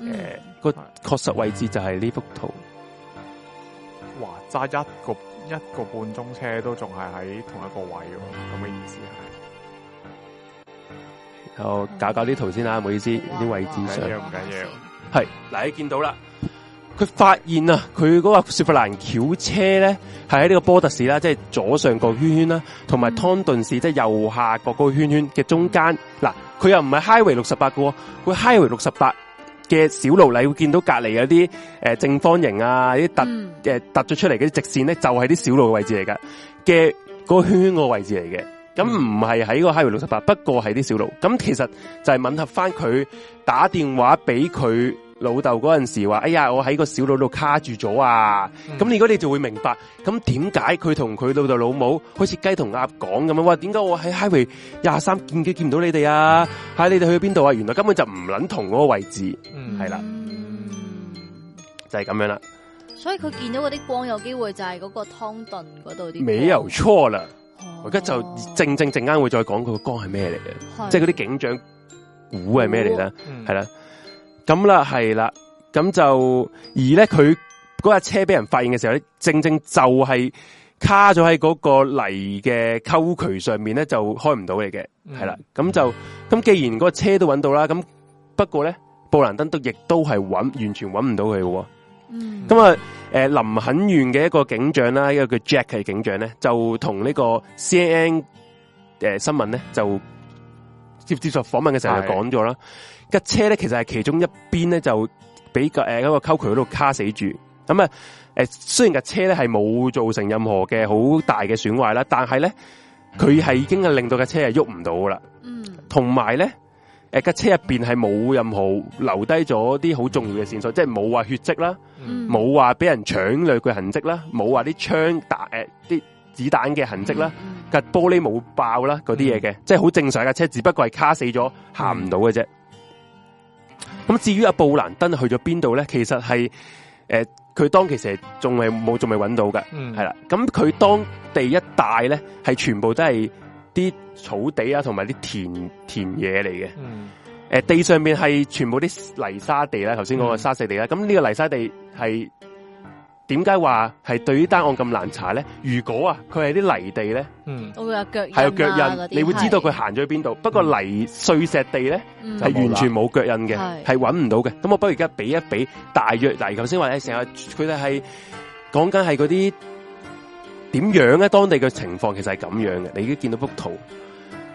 誒，個確實位置就係呢幅圖。嗯，哇，揸一個一個半鐘車都仲係喺同一個位，咁嘅意思係。我搞搞啲圖先啦，唔好意思，啲位置上。唔緊要，係嗱，你見到啦。佢發現啊，佢嗰個雪佛蘭轎車咧，係喺呢個波特市啦，即、就、係、是、左上個圈圈啦，同埋湯頓市即係、就是、右下角個圈圈嘅中間。嗱，佢又唔係 Highway 六十八嘅喎，佢 Highway 六十八嘅小路，你會見到隔離有啲誒、呃、正方形啊，啲突誒、呃、突咗出嚟嘅直線咧，就係、是、啲小路嘅位置嚟噶，嘅、那個圈圈個位置嚟嘅。咁唔係喺個 Highway 六十八，不過係啲小路。咁其實就係吻合翻佢打電話俾佢老豆嗰陣時話：哎呀，我喺個小島度卡住咗啊！咁，如果你就會明白，咁點解佢同佢老豆老母好似雞同鴨講咁樣話：「點解我喺 Highway 廿三見機見唔到你哋啊？喺、哎、你哋去邊度啊？原來根本就唔捻同嗰個位置，係、嗯、啦，嗯、就係咁樣啦。所以佢見到嗰啲光，有機會就係嗰個湯頓嗰度啲。冇錯啦，啊、我而家就正正陣間會再講佢個光係咩嚟嘅，即係嗰啲警長鼓係咩嚟啦，係、嗯、啦。嗯咁、嗯、啦，係啦，咁就而咧，佢嗰架車俾人發現嘅時候咧，正正就係卡咗喺嗰個泥嘅溝渠上面咧，就開唔到嚟嘅，係啦，咁就咁既然嗰個車都搵到啦，咁不過咧，布蘭登都亦都係搵，完全搵唔到佢嘅，咁、嗯、啊，誒、嗯，林肯縣嘅一個警長啦，一個叫 Jack 係警長咧，就同、呃、呢個 CNN 誒新聞咧就接接受訪問嘅時候就講咗啦。架車咧，其實係其中一邊咧，就俾個誒個溝渠嗰度卡死住。咁、呃、啊，誒雖然架車咧係冇造成任何嘅好大嘅損壞啦，但係咧佢係已經係令到架車係喐唔到噶啦。嗯，同埋咧，誒架車入邊係冇任何留低咗啲好重要嘅線索，即係冇話血迹啦，冇話俾人搶掠嘅痕迹啦，冇話啲槍彈誒啲子彈嘅痕迹啦，架玻璃冇爆啦嗰啲嘢嘅，即係好正常架車，只不過係卡死咗行唔到嘅啫。咁至於阿布蘭登去咗邊度咧？其實係誒，佢、呃、當其時仲係冇，仲未揾到嘅。嗯，係啦。咁佢當地一帶咧，係全部都係啲草地啊，同埋啲田田野嚟嘅。嗯、呃，地上面係全部啲泥沙地啦，頭先講沙石地啦。咁、嗯、呢個泥沙地係。點解話係對於單案咁難查咧？如果啊，佢係啲泥地咧，嗯，會腳啊、有腳係有腳印，你會知道佢行咗去邊度。不過泥碎石地咧，係、嗯、完全冇腳印嘅，係揾唔到嘅。咁我不如而家畀一畀大約泥。頭先話你成日佢哋係講緊係嗰啲點樣咧？當地嘅情況其實係咁樣嘅。你已經見到幅圖。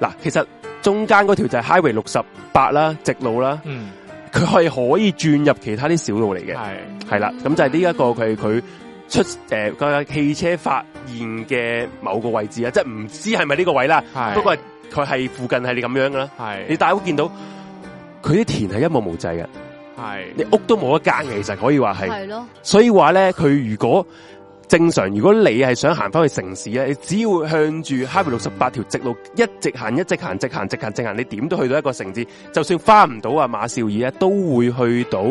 嗱，其實中間嗰條就係 Highway 六十八啦，直路啦。嗯佢係可以轉入其他啲小路嚟嘅，係係啦，咁就係呢一個佢佢出誒個、呃、汽車發現嘅某個位置啊，即係唔知係咪呢個位啦，係不過佢係附近係你咁樣噶啦，係你大家會見到佢啲田係一望無際嘅，係你屋都冇一間嘅，其實可以話係，係咯，所以話咧佢如果。正常，如果你係想行翻去城市咧，你只要向住哈密六十八條直路一直行，一直行，直行，直行，直行，你點都去到一個城市。就算翻唔到啊馬少爾咧，都會去到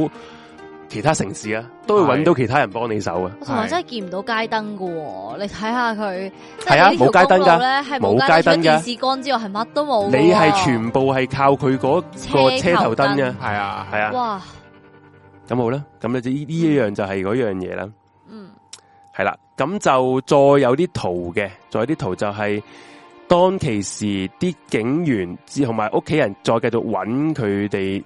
其他城市啊，都會揾到其他人幫你手、哦、啊。同埋真係見唔到街燈噶、啊，你睇下佢係啊冇街燈噶，冇街燈㗎，電視之外係乜都冇。你係全部係靠佢嗰個車頭燈噶，係啊，係啊。哇！咁好啦，咁你呢呢一樣就係嗰樣嘢啦。係啦，咁就再有啲圖嘅，再有啲圖就係當其時啲警員至同埋屋企人再繼續揾佢哋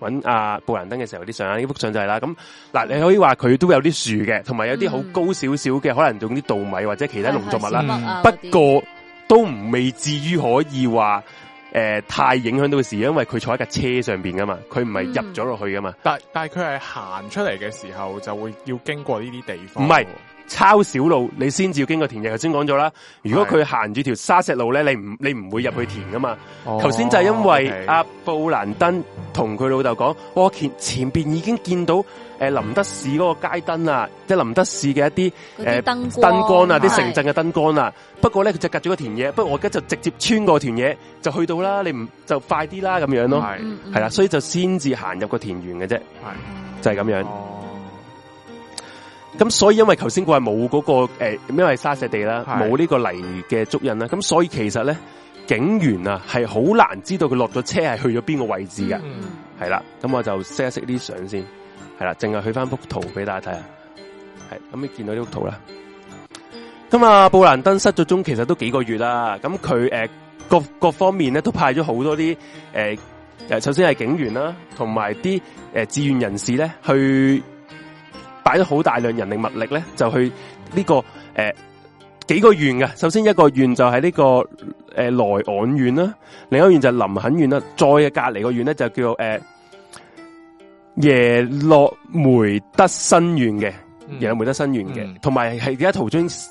揾阿布蘭登嘅時候啲相，呢幅相就係、是、啦。咁嗱，你可以話佢都有啲樹嘅，同埋有啲好高少少嘅，可能用啲稻米或者其他農作物啦、嗯。不過都唔未至於可以話。誒、呃、太影響到嘅事，因為佢坐喺架車上邊㗎嘛，佢唔係入咗落去㗎嘛，嗯、但但係佢係行出嚟嘅時候就會要經過呢啲地方，唔係。抄小路，你先至要經過田野。頭先講咗啦，如果佢行住條沙石路咧，你唔你唔會入去田噶嘛。頭、哦、先就係因為阿、okay. 啊、布蘭登同佢老豆講，我前前邊已經見到誒、呃、林德市嗰個街燈啊，即係林德市嘅一啲誒燈光、燈、呃、光啊，啲城鎮嘅燈光啊。不過咧，佢就隔咗個田野。不過我而家就直接穿過田野就去到了就啦。你唔就快啲啦，咁樣咯，係、嗯、啦。所以就先至行入個田園嘅啫，係就係、係、咁樣。哦。咁所以因為頭先佢係冇嗰個誒、呃，因為沙石地啦，冇呢個泥嘅足印啦，咁所以其實咧警員啊係好難知道佢落咗車係去咗邊個位置㗎。係、嗯、啦，咁我就 set 一 set 啲相先，係啦，淨係去翻幅圖俾大家睇下。係咁你見到呢幅圖啦，咁啊布蘭登失咗蹤其實都幾個月啦，咁佢誒各各方面咧都派咗好多啲誒誒，首先係警員啦，同埋啲誒志願人士咧去。擺咗好大量人力物力咧，就去呢、這個誒、呃、幾個縣嘅。首先一個縣就係呢、這個誒萊昂縣啦，另一個縣就係林肯縣啦。再嘅隔籬個縣咧就叫誒、呃、耶洛梅德新縣嘅、嗯，耶洛梅德新縣嘅。同埋係而家途中睇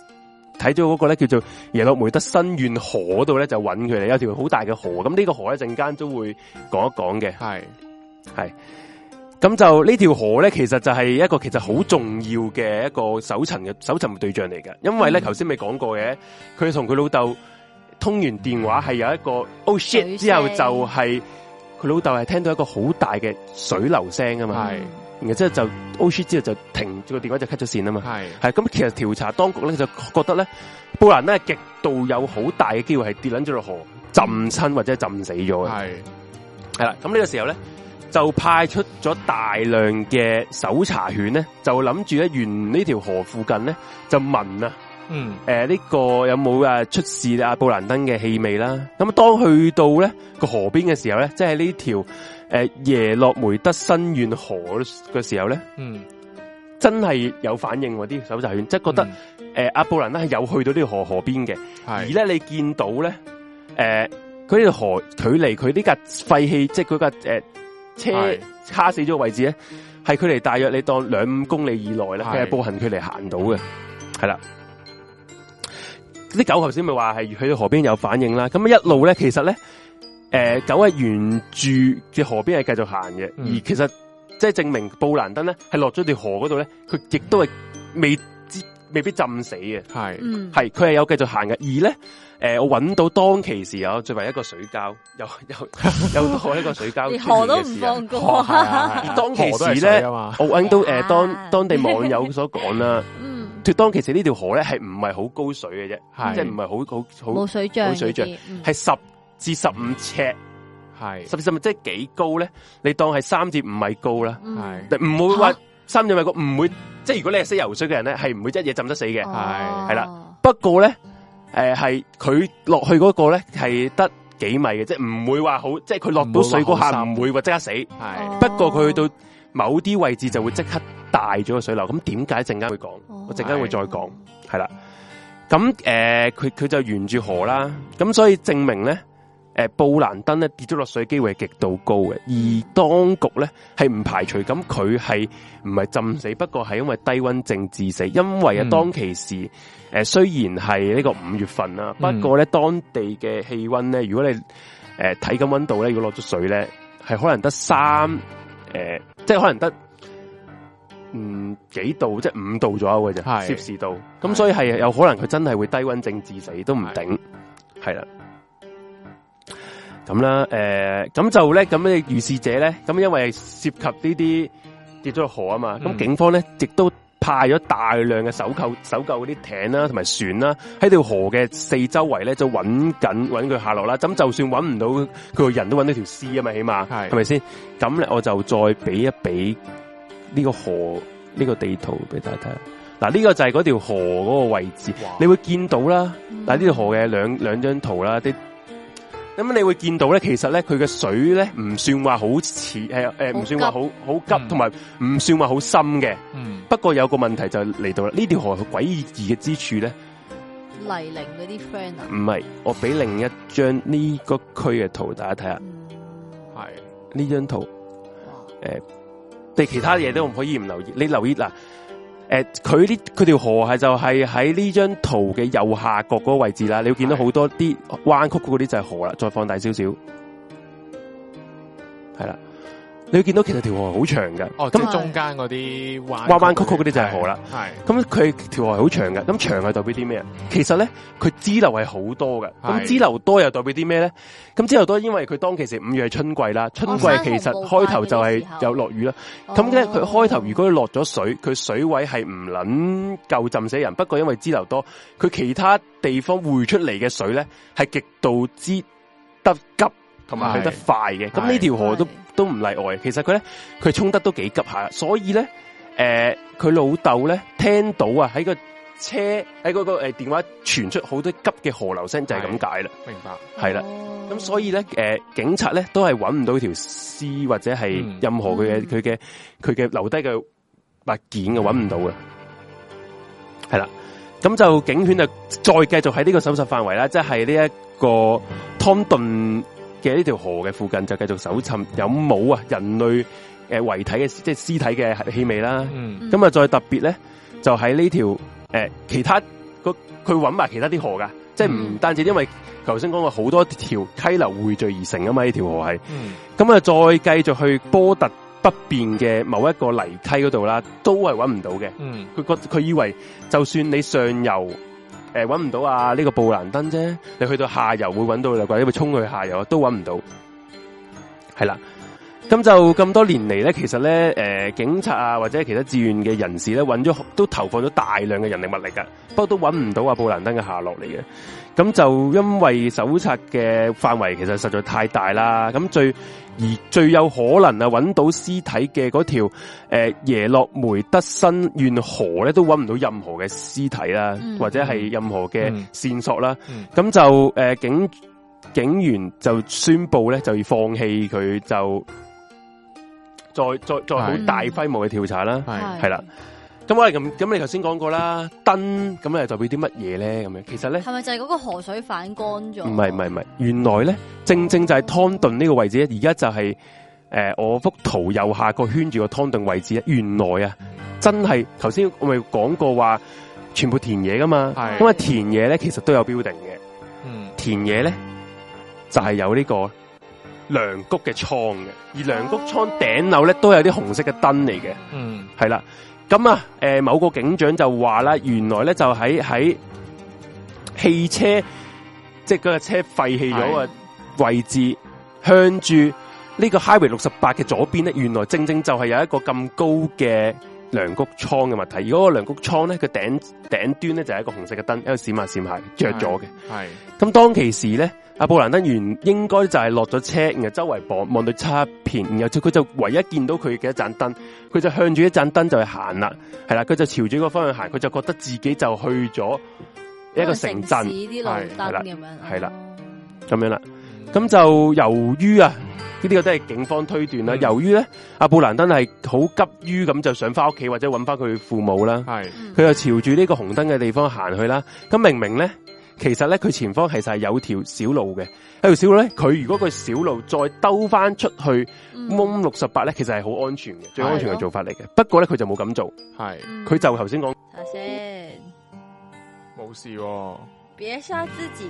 咗嗰個咧叫做耶洛梅德新縣河度咧就揾佢嚟，有條好大嘅河。咁呢個河講一陣間都會講一講嘅，係係。咁就條呢條河咧，其實就係一個其實好重要嘅一個搜尋嘅搜尋對象嚟嘅，因為咧，頭先未講過嘅，佢同佢老豆通完電話係有一個 oh shit 之後就係佢老豆係聽到一個好大嘅水流聲啊嘛，係，後即係就 oh shit 之後就停住個電話就 cut 咗線啊嘛，係，係，咁其實調查當局咧就覺得咧，布蘭咧極度有好大嘅機會係跌撚咗落河，浸親或者浸死咗嘅，係，係啦，咁呢個時候咧。就派出咗大量嘅搜查犬咧，就諗住咧沿呢條河附近咧就聞啊，嗯，誒、呃、呢、這個有冇啊出事阿布蘭登嘅氣味啦？咁、嗯、當去到咧個河邊嘅時候咧，即係呢條誒耶洛梅德新苑河嘅時候咧，嗯，真係有反應啲、啊、搜查犬，即、就、係、是、覺得誒阿、嗯呃、布蘭登係有去到呢條河河邊嘅，而咧你見到咧，誒佢呢條河距離佢呢架廢棄即係佢架誒。車個卡死咗位置咧，係距離大約你當兩五公里以內啦，係步行距離行到嘅，係啦。啲狗頭先咪話係去到河邊有反應啦，咁一路咧其實咧，誒、呃，狗係沿住只河邊係繼續行嘅，嗯、而其實即係證明布蘭登咧係落咗條河嗰度咧，佢亦都係未。未必浸死嘅，係係佢係有繼續行嘅。而咧，誒、呃，我搵到當其時啊，作為一個水膠，又多又一個水膠， [LAUGHS] 河都唔放過。當其時咧，我搵到誒，當、啊、當，當地網友所講啦、 [LAUGHS] 嗯。嗯，當其時呢條河咧係唔係好高水嘅啫，即係唔係好好好水漲，好水漲，係十至十五尺，係十至十五即係幾高咧？你當係三至五米高啦，係、嗯、唔會話。啊深嘅咪個唔會，即係如果你係識游水嘅人咧，係唔會一嘢浸得死嘅，係係啦。不過咧，誒係佢落去嗰個咧係得幾米嘅，即係唔會話好，即係佢落到水嗰下唔會話即刻死。係、啊，不過佢去到某啲位置就會即刻大咗個水流。咁點解陣間會講？我陣間會，會再講，係啦、啊。咁誒，佢、呃、佢就沿住河啦。咁所以證明咧。誒，布蘭登咧跌咗落水，機會係極度高嘅。而當局咧係唔排除咁，佢係唔係浸死，不過係因為低溫症致死。因為啊，當其時誒，雖然係呢個五月份啦，不過咧當地嘅氣溫咧，如果你誒睇緊溫度咧，如果落咗水咧，係可能得三誒，即係可能得嗯幾度，即係五度左右嘅啫，攝氏度。咁所以係有可能佢真係會低溫症致死，都唔頂，係啦。咁啦，誒、呃，咁就咧，咁嘅如是者咧，咁因為涉及呢啲跌咗落河啊嘛，咁、嗯、警方咧亦都派咗大量嘅搜救搜救嗰啲艇啦、啊，同埋船啦、啊，喺條河嘅四周圍咧就揾緊揾佢下落啦、啊。咁就算揾唔到佢個人，都揾到條屍啊嘛，起碼係，係咪先？咁咧，我就再俾一俾呢個河呢、這個地圖俾大家睇。嗱、啊，呢、這個就係嗰條河嗰個位置，你會見到啦。嗱、嗯，呢條河嘅兩兩張圖啦，啲。咁你會見到咧，其實咧佢嘅水咧唔算話好似誒誒唔算話好好急，同埋唔算話好深嘅。嗯。不過有個問題就嚟到啦，呢條河好詭異嘅之處咧，黎寧嗰啲 friend 啊。唔係，我俾另一張呢個區嘅圖大家睇下。係係。呢張圖。誒、呃，你其他嘢都唔可以唔留意，你留意啦。誒、欸，佢啲佢條河係就係喺呢張圖嘅右下角嗰個位置啦，你會見到好多啲彎曲，嗰啲就係河啦，再放大少少，係啦。你會見到其實條河好長嘅，咁、哦、中間嗰啲彎彎曲曲嗰啲就係河啦。係，咁佢條河好長嘅，咁長係代表啲咩、嗯？其實咧，佢支流係好多嘅，咁支流多又代表啲咩咧？咁支流多，因為佢當其實當其時五月係春季啦，春季其實、哦、開頭就係有落雨啦。咁咧，佢開頭如果落咗水，佢水位係唔能夠浸死人。不過因為支流多，佢其他地方匯出嚟嘅水咧係極度之得急。同埋去得快嘅，咁呢條河都都唔例外。其實佢咧，佢沖得都幾急下，所以咧，誒、呃，佢老豆咧聽到啊，喺個車喺嗰個誒電話傳出好多急嘅河流聲，就係咁解啦。明白，係啦。咁、哦、所以咧，誒、呃，警察咧都係揾唔到條屍或者係任何佢嘅佢嘅佢嘅留低嘅物件嘅，揾唔到嘅。係、嗯、啦，咁就警犬就再繼續喺呢個搜索範圍啦，即係呢一個、嗯、湯頓。嘅呢條河嘅附近就繼續搜尋有冇啊人類誒遺體嘅即係屍體嘅氣味啦，咁、嗯、啊再特別咧就喺呢條誒其他佢搵埋其他啲河噶，即係唔單止因為頭先講過好多條溪流匯聚而成啊嘛，呢條河係，咁、嗯、啊再繼續去波特北邊嘅某一個泥溪嗰度啦，都係搵唔到嘅，嗯、佢覺佢以為就算你上游。誒，揾唔到啊！呢個布蘭登啫，你去到下游會揾到嘅，或者會衝去下游都揾唔到，係啦。咁就咁多年嚟咧，其實咧，誒、呃，警察啊，或者其他志願嘅人士咧，揾咗都投放咗大量嘅人力物力噶，不過都揾唔到啊布蘭登嘅下落嚟嘅。咁就因為搜查嘅範圍其實實在太大啦，咁最。而最有可能啊揾到屍體嘅嗰條、呃、耶洛梅德新怨河咧，都揾唔到任何嘅屍體啦，mm-hmm. 或者係任何嘅線索啦。咁、mm-hmm. 就誒、呃、警警員就宣布咧，就要放棄佢，就再再再好大規模嘅調查啦，係係啦。咁我哋咁，咁你頭先講過啦，燈咁係代表啲乜嘢咧？咁樣其實咧，係咪就係嗰個河水反乾咗？唔係唔係唔係，原來咧正正就係湯頓呢個位置，而家就係、是、誒、呃、我幅圖右下個圈住個湯頓位置咧，原來啊真係頭先我咪講過話全部田野㗎嘛，咁啊田野咧其實都有 building 嘅，嗯，田野咧就係、是、有呢個糧穀嘅倉嘅，而糧穀倉頂樓咧都有啲紅色嘅燈嚟嘅，嗯，係啦。.咁啊！誒、呃，某個警長就話啦，原來咧就喺、是、喺汽車，即係嗰個車廢棄咗嘅位置，向住呢個 Highway 六十八嘅左邊咧，原來正正就係有一個咁高嘅。糧穀倉嘅問題，如果個糧穀倉咧，佢頂頂端咧就係一個紅色嘅燈，喺度閃下閃下，着咗嘅。係咁當其時咧，阿布蘭登員應該就係落咗車，然後周圍望望到七片，然後佢就唯一見到佢嘅一盞燈，佢就向住一盞燈就去行啦。係啦，佢就朝住個方向行，佢就覺得自己就去咗一個城鎮，係啦咁樣，係啦咁樣啦。咁就由於啊，呢啲嘅都係警方推斷啦，啊嗯。由於咧，阿布蘭登係好急於咁就想翻屋企或者揾翻佢父母啦。係，佢，嗯，就朝住呢個紅燈嘅地方行去啦。咁明明咧，其實咧佢前方其實係有條小路嘅。喺條小路咧，佢如果佢小路再兜翻出去，M 六十八咧，其實係好安全嘅，哎，最安全嘅做法嚟嘅。不過咧，佢就冇咁做。係，佢，嗯，就頭先講，頭先冇事。別殺自己。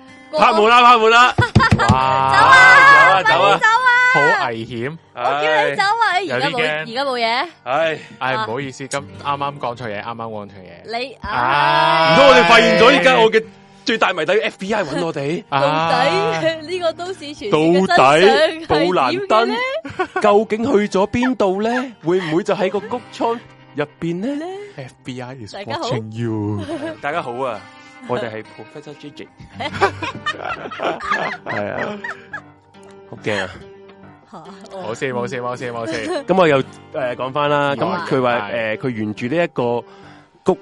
開門啦，開門啦！走啊，快啲走啊！好危險，我叫你走啊！而家冇嘢。唉唉，唔好意思，咁啱啱講錯嘢，啱啱講錯嘢。你啊，唔通我哋發現咗而家我嘅最大謎底？FBI 揾我哋，到底呢個都市傳說真相係點嘅咧？布蘭登究竟去咗邊度咧？會唔會就喺個谷倉入邊咧？FBI is watching you，大家好啊！ [NOISE] [NOISE] 我哋係 professor GG，係啊，好驚啊！好啊，冇 [NOISE] 事冇事冇事冇事，咁我又誒講翻啦。咁佢話誒佢沿住呢一個谷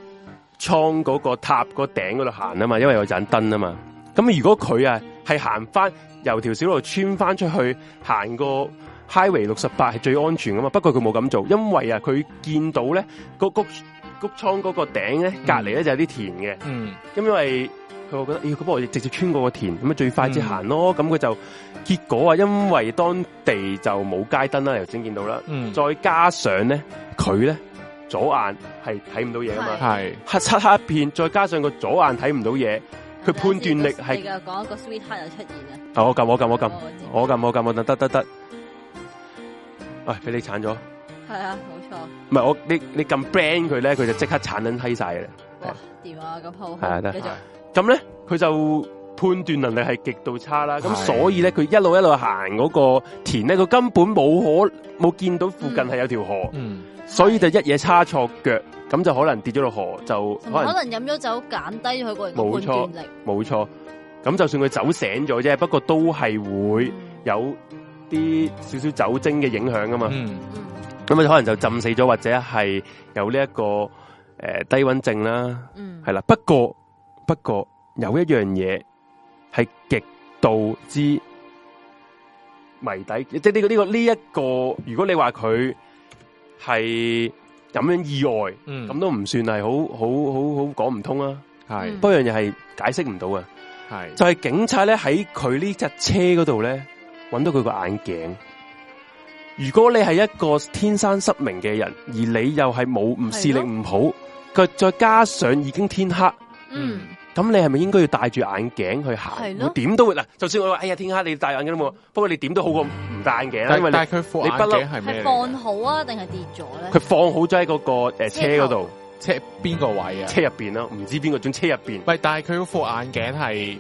倉嗰個塔個頂嗰度行啊嘛，因為有盞燈啊嘛。咁如果佢啊係行翻由條小路穿翻出去行過 Highway 六十八，係最安全噶嘛。不過佢冇咁做，因為啊佢見到咧、那個谷。谷倉嗰個頂咧，隔籬咧就有啲田嘅，咁、嗯、因為佢會覺得，咦、哎，我哋直接穿過個田，咁啊最快捷行咯。咁、嗯、佢就結果啊，因為當地就冇街燈啦，頭先見到啦、嗯，再加上咧佢咧左眼係睇唔到嘢㗎嘛，黑漆黑一片，再加上個左眼睇唔到嘢，佢判斷力係，講一,一個 sweetheart 又出現啦、oh,，我撳我撳我撳，我撳我撳我得得得，喂，俾、哎、你鏟咗，係啊。唔、哦、係我你你咁 ban 佢咧，佢就即刻鏟甩梯晒嘅。哇，點啊？個鋪繼續咁咧，佢就判斷能力係極度差啦。咁所以咧，佢一路一路行嗰個田咧，佢根本冇可冇見到附近係有條河、嗯，所以就一嘢差錯腳，咁就可能跌咗落河就可能就可能飲咗酒減低咗佢個人的判斷力，冇錯。咁就算佢酒醒咗啫，不過都係會有啲少少酒精嘅影響㗎嘛。嗯嗯咁佢可能就浸死咗，或者係有呢、這、一個誒、呃、低溫症啦，係、嗯、啦。不過不過有一樣嘢係極度之謎底，即呢、這個呢個呢一個。如果你話佢係咁樣意外，咁、嗯、都唔算係好好好好講唔通啊。係、嗯，不過樣嘢係解釋唔到嘅。係、嗯，就係警察咧喺佢呢隻車嗰度咧，揾到佢個眼鏡。如果你係一個天生失明嘅人，而你又係冇唔視力唔好，佢、嗯、再加上已經天黑，咁、嗯、你係咪應該要戴住眼鏡去行？係咯，點都會啦就算我話，哎呀天黑，你戴眼鏡都冇」，不過你點都好過唔戴眼鏡啦、嗯。但係佢副眼鏡係放好啊、那個，定係跌咗咧？佢放好咗喺嗰個誒車嗰度，車邊個位啊？車入邊咯，唔知邊個樽？車入邊。喂，但係佢副眼鏡係。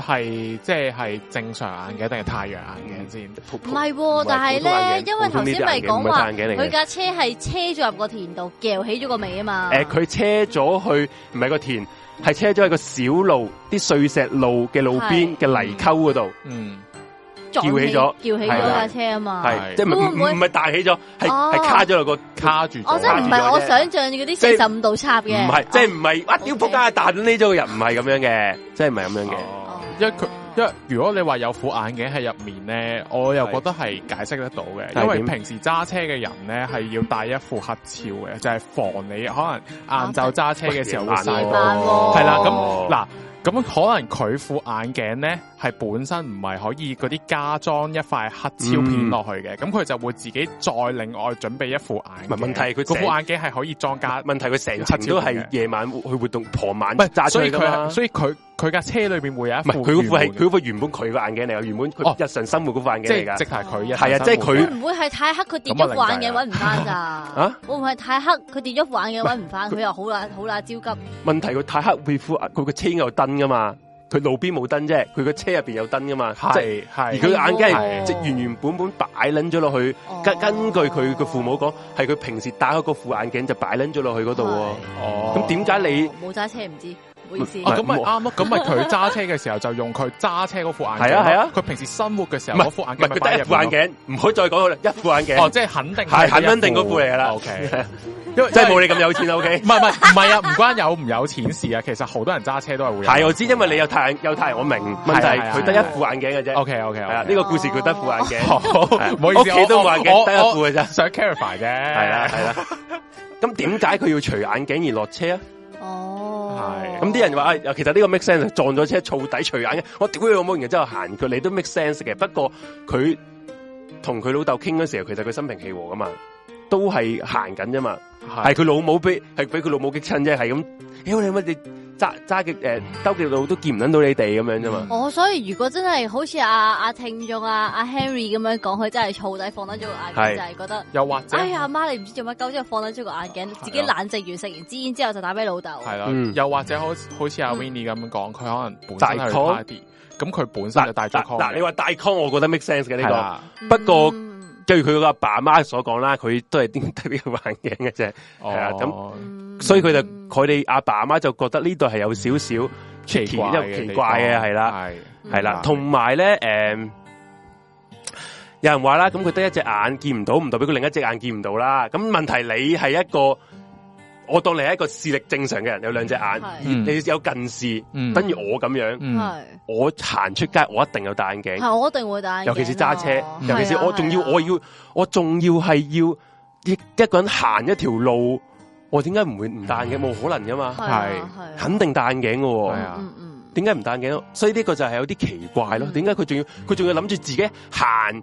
係即係正常眼鏡，定係太陽眼鏡先？唔、嗯、係，但係咧，因為頭先咪講話佢架車係車咗入個田度，掉起咗個尾啊嘛。誒，佢車咗去唔係個田，係車咗喺個小路啲碎石路嘅路邊嘅泥溝嗰度。嗯。起起啊、叫起咗、啊，翹起嗰架車啊嘛，會唔會唔係大起咗，係係卡咗落個卡住，哦，即係唔係我想象嗰啲四十五度插嘅，唔、就、係、是哦哦，即係唔係，哇！屌仆街，但呢種人唔係咁樣嘅，即係唔係咁樣嘅、哦，因為佢因為如果你話有副眼鏡喺入面咧，我又覺得係解釋得到嘅，因為平時揸車嘅人咧係、嗯、要戴一副黑超嘅，就係、是、防你可能晏晝揸車嘅時候會曬，係、啊、啦，咁嗱。咁可能佢副眼鏡咧，係本身唔係可以嗰啲加裝一塊黑超片落去嘅，咁、嗯、佢就會自己再另外準備一副眼鏡。唔係問題，佢副眼鏡係可以裝㗎。問題佢成程都係夜晚去活動，傍晚出嚟㗎嘛，所以佢，所以佢。佢架車裏邊會啊？唔係佢副係佢副原，副原本佢個眼鏡嚟，啊，原本佢日常生活嗰副眼鏡嚟噶，即係佢啊？係啊，即係佢唔會係太黑，佢跌咗副眼鏡揾唔翻噶啊！會唔係太黑，佢跌咗副眼鏡揾唔翻，佢又好乸好乸焦急。問題佢太黑皮膚，佢個車有燈噶嘛？佢路邊冇燈啫，佢個車入邊有燈噶嘛？即係、就是，而佢眼鏡係即係原原本本擺捻咗落去，根、哦、根據佢個父母講，係佢平時打開個副眼鏡就擺捻咗落去嗰度。哦，咁點解你冇揸車唔知？咁咪啱咁咪佢揸車嘅時候就用佢揸車嗰副眼鏡。係啊係啊，佢、啊啊、平時生活嘅時候嗰副眼鏡，佢得一副眼鏡，唔可以再講啦，一副眼鏡、哦。即係肯定係肯定嗰副嚟噶啦。O、okay. K， [LAUGHS] 因為真係冇你咁有錢 O K，唔係唔係唔係啊，唔、okay? [LAUGHS] 關有唔有,有錢事啊。其實好多人揸車都係會係， [LAUGHS] 我知，因為你有太有太，我明、啊。問題佢得、啊、一副眼鏡嘅啫。O K O K，呢個故事佢得副眼鏡。唔好意思，幾多副眼鏡得一副嘅啫，想 clarify 嘅，係係，咁點解佢要除眼鏡而落車啊？哦。係，咁 [NOISE] 啲樂人話誒、哎，其實呢個 make sense 撞咗車，燥底除眼嘅，我屌佢老母，然之後行佢，你都 make sense 嘅。不過佢同佢老豆傾嗰時候，其實佢心平氣和噶嘛，都係行緊啫嘛，係佢老母俾，係俾佢老母激親啫，係咁，屌你乜你。你揸揸極誒，兜極到都見唔到你哋咁樣啫嘛。哦，所以如果真係好似阿阿聽眾啊阿、啊、Henry 咁樣講，佢真係燥底放得咗個眼鏡，是就係覺得。又或者、哎，阿呀，媽，你唔知做乜鳩，之後放得咗個眼鏡，啊、自己冷靜完食，食完支煙之後就打俾老豆。係啦，又或者好好似阿、啊、Winnie 咁樣講，佢可能戴康快啲，咁、嗯、佢本身就大咗康。嗱、呃呃呃，你話戴康，我覺得 make sense 嘅呢個。啊、不過，正如佢個阿爸阿媽所講啦，佢都係啲特別眼鏡嘅啫。係、哦、啊，咁。嗯嗯所以佢就佢哋阿爸阿媽就覺得呢度係有少少奇怪嘅。係啦，係啦，同埋咧，誒、嗯，有人話啦，咁佢得一隻眼見唔到，唔代表佢另一隻眼見唔到啦。咁問題你係一個，我當你係一個視力正常嘅人，有兩隻眼、嗯，你有近視，嗯、等於我咁樣，嗯嗯、我行出街我一定有戴眼鏡，我一定會戴眼鏡，尤其是揸車，尤其是，嗯尤其是，是啊、我仲要、啊、我要我仲要係要一一個人行一條路。我點解唔會唔戴嘅？冇、嗯、可能噶嘛、啊，係、啊、肯定戴眼鏡嘅。點解唔戴眼鏡？所以呢個就係有啲奇怪咯、哦嗯。點解佢仲要佢仲要諗住自己行？誒、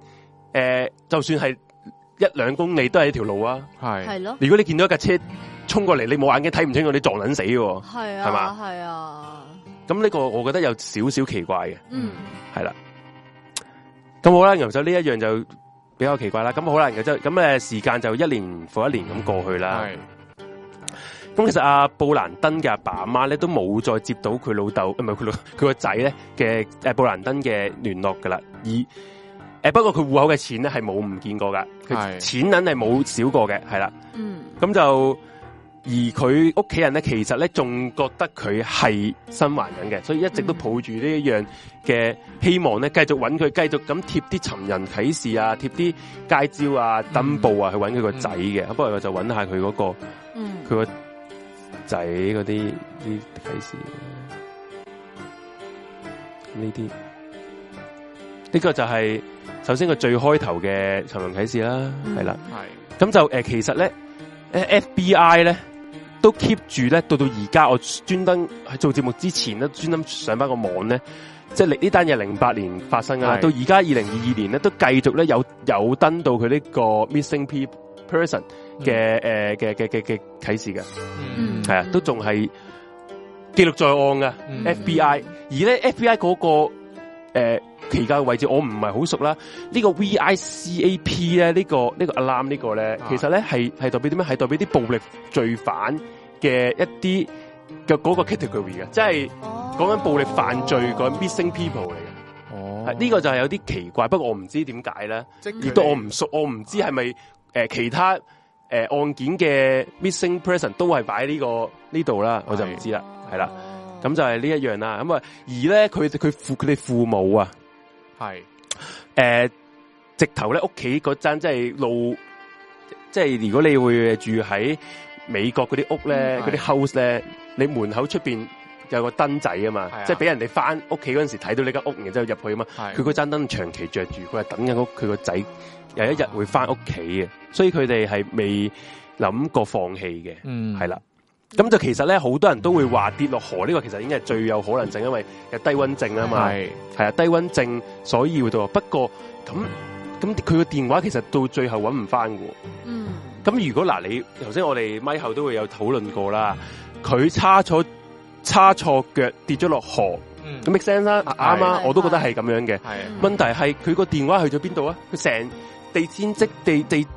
呃，就算係一兩公里都係一條路啊。係。係咯。如果你見到一架車衝過嚟，你冇眼鏡睇唔清，你撞撚死嘅、哦。係啊係。係嘛？係啊。咁呢個我覺得有少少奇怪嘅、嗯啊嗯嗯啊。嗯。係啦。咁好啦，然後就呢一樣就比較奇怪啦。咁好啦，然後就咁誒，時間就一年復一年咁、嗯、過去啦。係。咁其實阿、啊、布蘭登嘅阿爸阿媽咧都冇再接到佢老豆，唔係佢老佢個仔咧嘅誒布蘭登嘅聯絡噶啦，而誒、啊、不過佢戶口嘅錢咧係冇唔見過噶，係錢銀係冇少過嘅，係啦，嗯，咁就而佢屋企人咧，其實咧仲覺得佢係新環人嘅，所以一直都抱住呢一樣嘅希望咧，繼、嗯、續揾佢，繼續咁貼啲尋人啟事啊，貼啲街招啊，登報啊、嗯、去揾佢個仔嘅，不過我就揾下佢嗰、嗰個，嗯，佢個。仔嗰啲啲啟示，呢啲呢個就係首先個最開頭嘅尋人啟示啦，係、嗯、啦，係咁就誒、呃，其實咧，FBI 咧都 keep 住咧，到到而家，我專登喺做節目之前咧，專登上翻個網咧，即係呢單嘢，零八年發生啊，到而家二零二二年咧，都繼續咧有有登到佢呢個 missing p person。嘅誒嘅嘅嘅嘅啟示嘅，係、嗯、啊，都仲係記錄在案嘅、嗯、FBI，而咧 FBI 嗰、那個誒、呃、期間嘅位置我，我唔係好熟啦。呢個 VICAP 咧，呢、這個這個、個呢個 alarm 呢個咧，其實咧係係代表啲咩？係代表啲暴力罪犯嘅一啲嘅嗰個 category 嘅，即係講緊暴力犯罪個 missing people 嚟嘅。哦、啊，呢、這個就係有啲奇怪，不過我唔知點解咧，亦都我唔熟，我唔知係咪誒其他。誒、呃，案件嘅 missing person 都係擺呢個呢度啦，我就唔知啦，係啦，咁就係呢一樣啦。咁啊，而咧佢佢父佢哋父母啊，係誒，呃、直頭咧屋企嗰陣即係路，即、就、係、是、如果你會住喺美國嗰啲屋咧，嗰啲 house 咧，你門口出邊有個燈仔啊嘛，啊即係俾人哋翻屋企嗰時睇到呢間屋，然之後入去啊嘛。佢嗰盞燈長期着住，佢係等緊屋佢個仔有一日會翻屋企嘅，所以佢哋係未諗過放棄嘅。嗯、啊，係啦。咁就其實咧，好多人都會話跌落河呢個，其實已經係最有可能性，因為係低溫症啊嘛。係係啊，啊，低溫症所以會到。不過咁咁，佢個電話其實到最後搵唔翻嘅。嗯，咁如果嗱，你頭先我哋咪後都會有討論過啦，佢差錯叉錯腳跌咗落河，咁 make sense 啦，啱啱，啊、我都覺得係咁樣嘅。問題係佢個電話去咗邊度啊？佢成，嗯，地氈即地地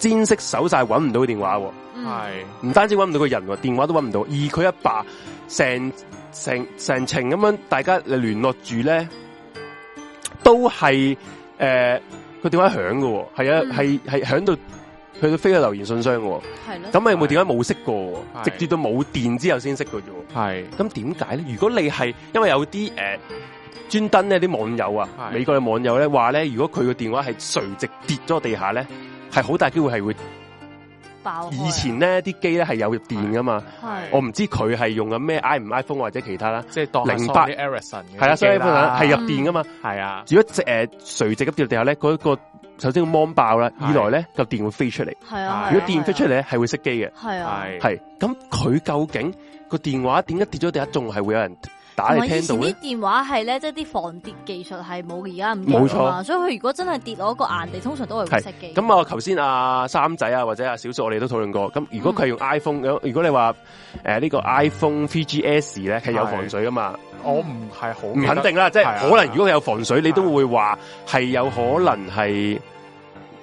氈式搜晒，揾唔到電話。係唔單止揾唔到個人，電話都揾唔到。而佢阿爸成成成程咁樣，大家嚟聯絡住咧，都係誒，佢，呃，電話響嘅，係啊，係係響到。佢都飛咗留言信箱喎，咁你冇點解冇熄過，直接到冇電之後先熄過啫。係，咁點解呢？如果你係因為有啲誒、呃、專登呢啲網友啊，美國嘅網友呢話呢，如果佢個電話係垂直跌咗地下呢，係好大機會係會爆、啊。以前呢啲機呢係有入電㗎嘛，我唔知佢係用緊咩 iPhone i 或者其他08，啦，即係當零八 Ericsson 嘅機啦，係、啊、入電㗎嘛，係啊。如果誒垂直咁跌地下呢，嗰、嗰個首先個芒爆啦，二來咧個電會飛出嚟。係啊，如果電飛出嚟咧，係會熄機嘅。係啊，係。咁佢究竟個電話點解跌咗地下，仲係會有人？打聽到呢，以前啲電話係咧，即係啲防跌技術係冇而家咁強啊，所以佢如果真係跌落一個硬地，通常都係會熄機嘅。咁啊，頭先阿三仔啊，或者阿小叔，我哋都討論過。咁如果佢係用 iPhone，如果你話誒呢個 iPhone 3GS 咧係有防水噶嘛，我唔係好肯定啦，即係可能。如果佢有防水，你都會話係有可能係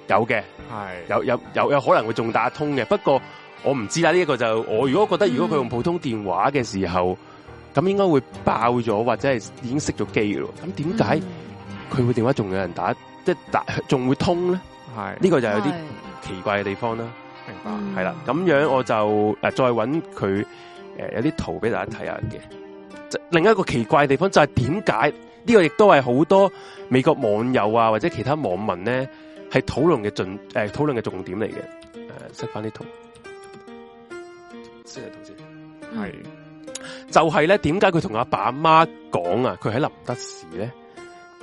有嘅，係有有有有可能會仲打通嘅。不過我唔知啦，呢一個就我如果覺得，如果佢用普通電話嘅時候。咁應該會爆咗，或者係已經熄咗機喎。咁點解佢會電話仲有人打，即係打仲會通咧？係呢、呢個就有啲奇怪嘅地方啦。明、嗯、白，係啦。咁樣我就、呃、再揾佢、呃、有啲圖俾大家睇下嘅。另一個奇怪嘅地方就係點解呢個亦都係好多美國網友啊或者其他網民咧係討論嘅重誒討論嘅重點嚟嘅。誒、呃，識翻啲圖，先嘅同事係。就係、是、咧，點解佢同阿爸阿媽講啊？佢喺林德時咧，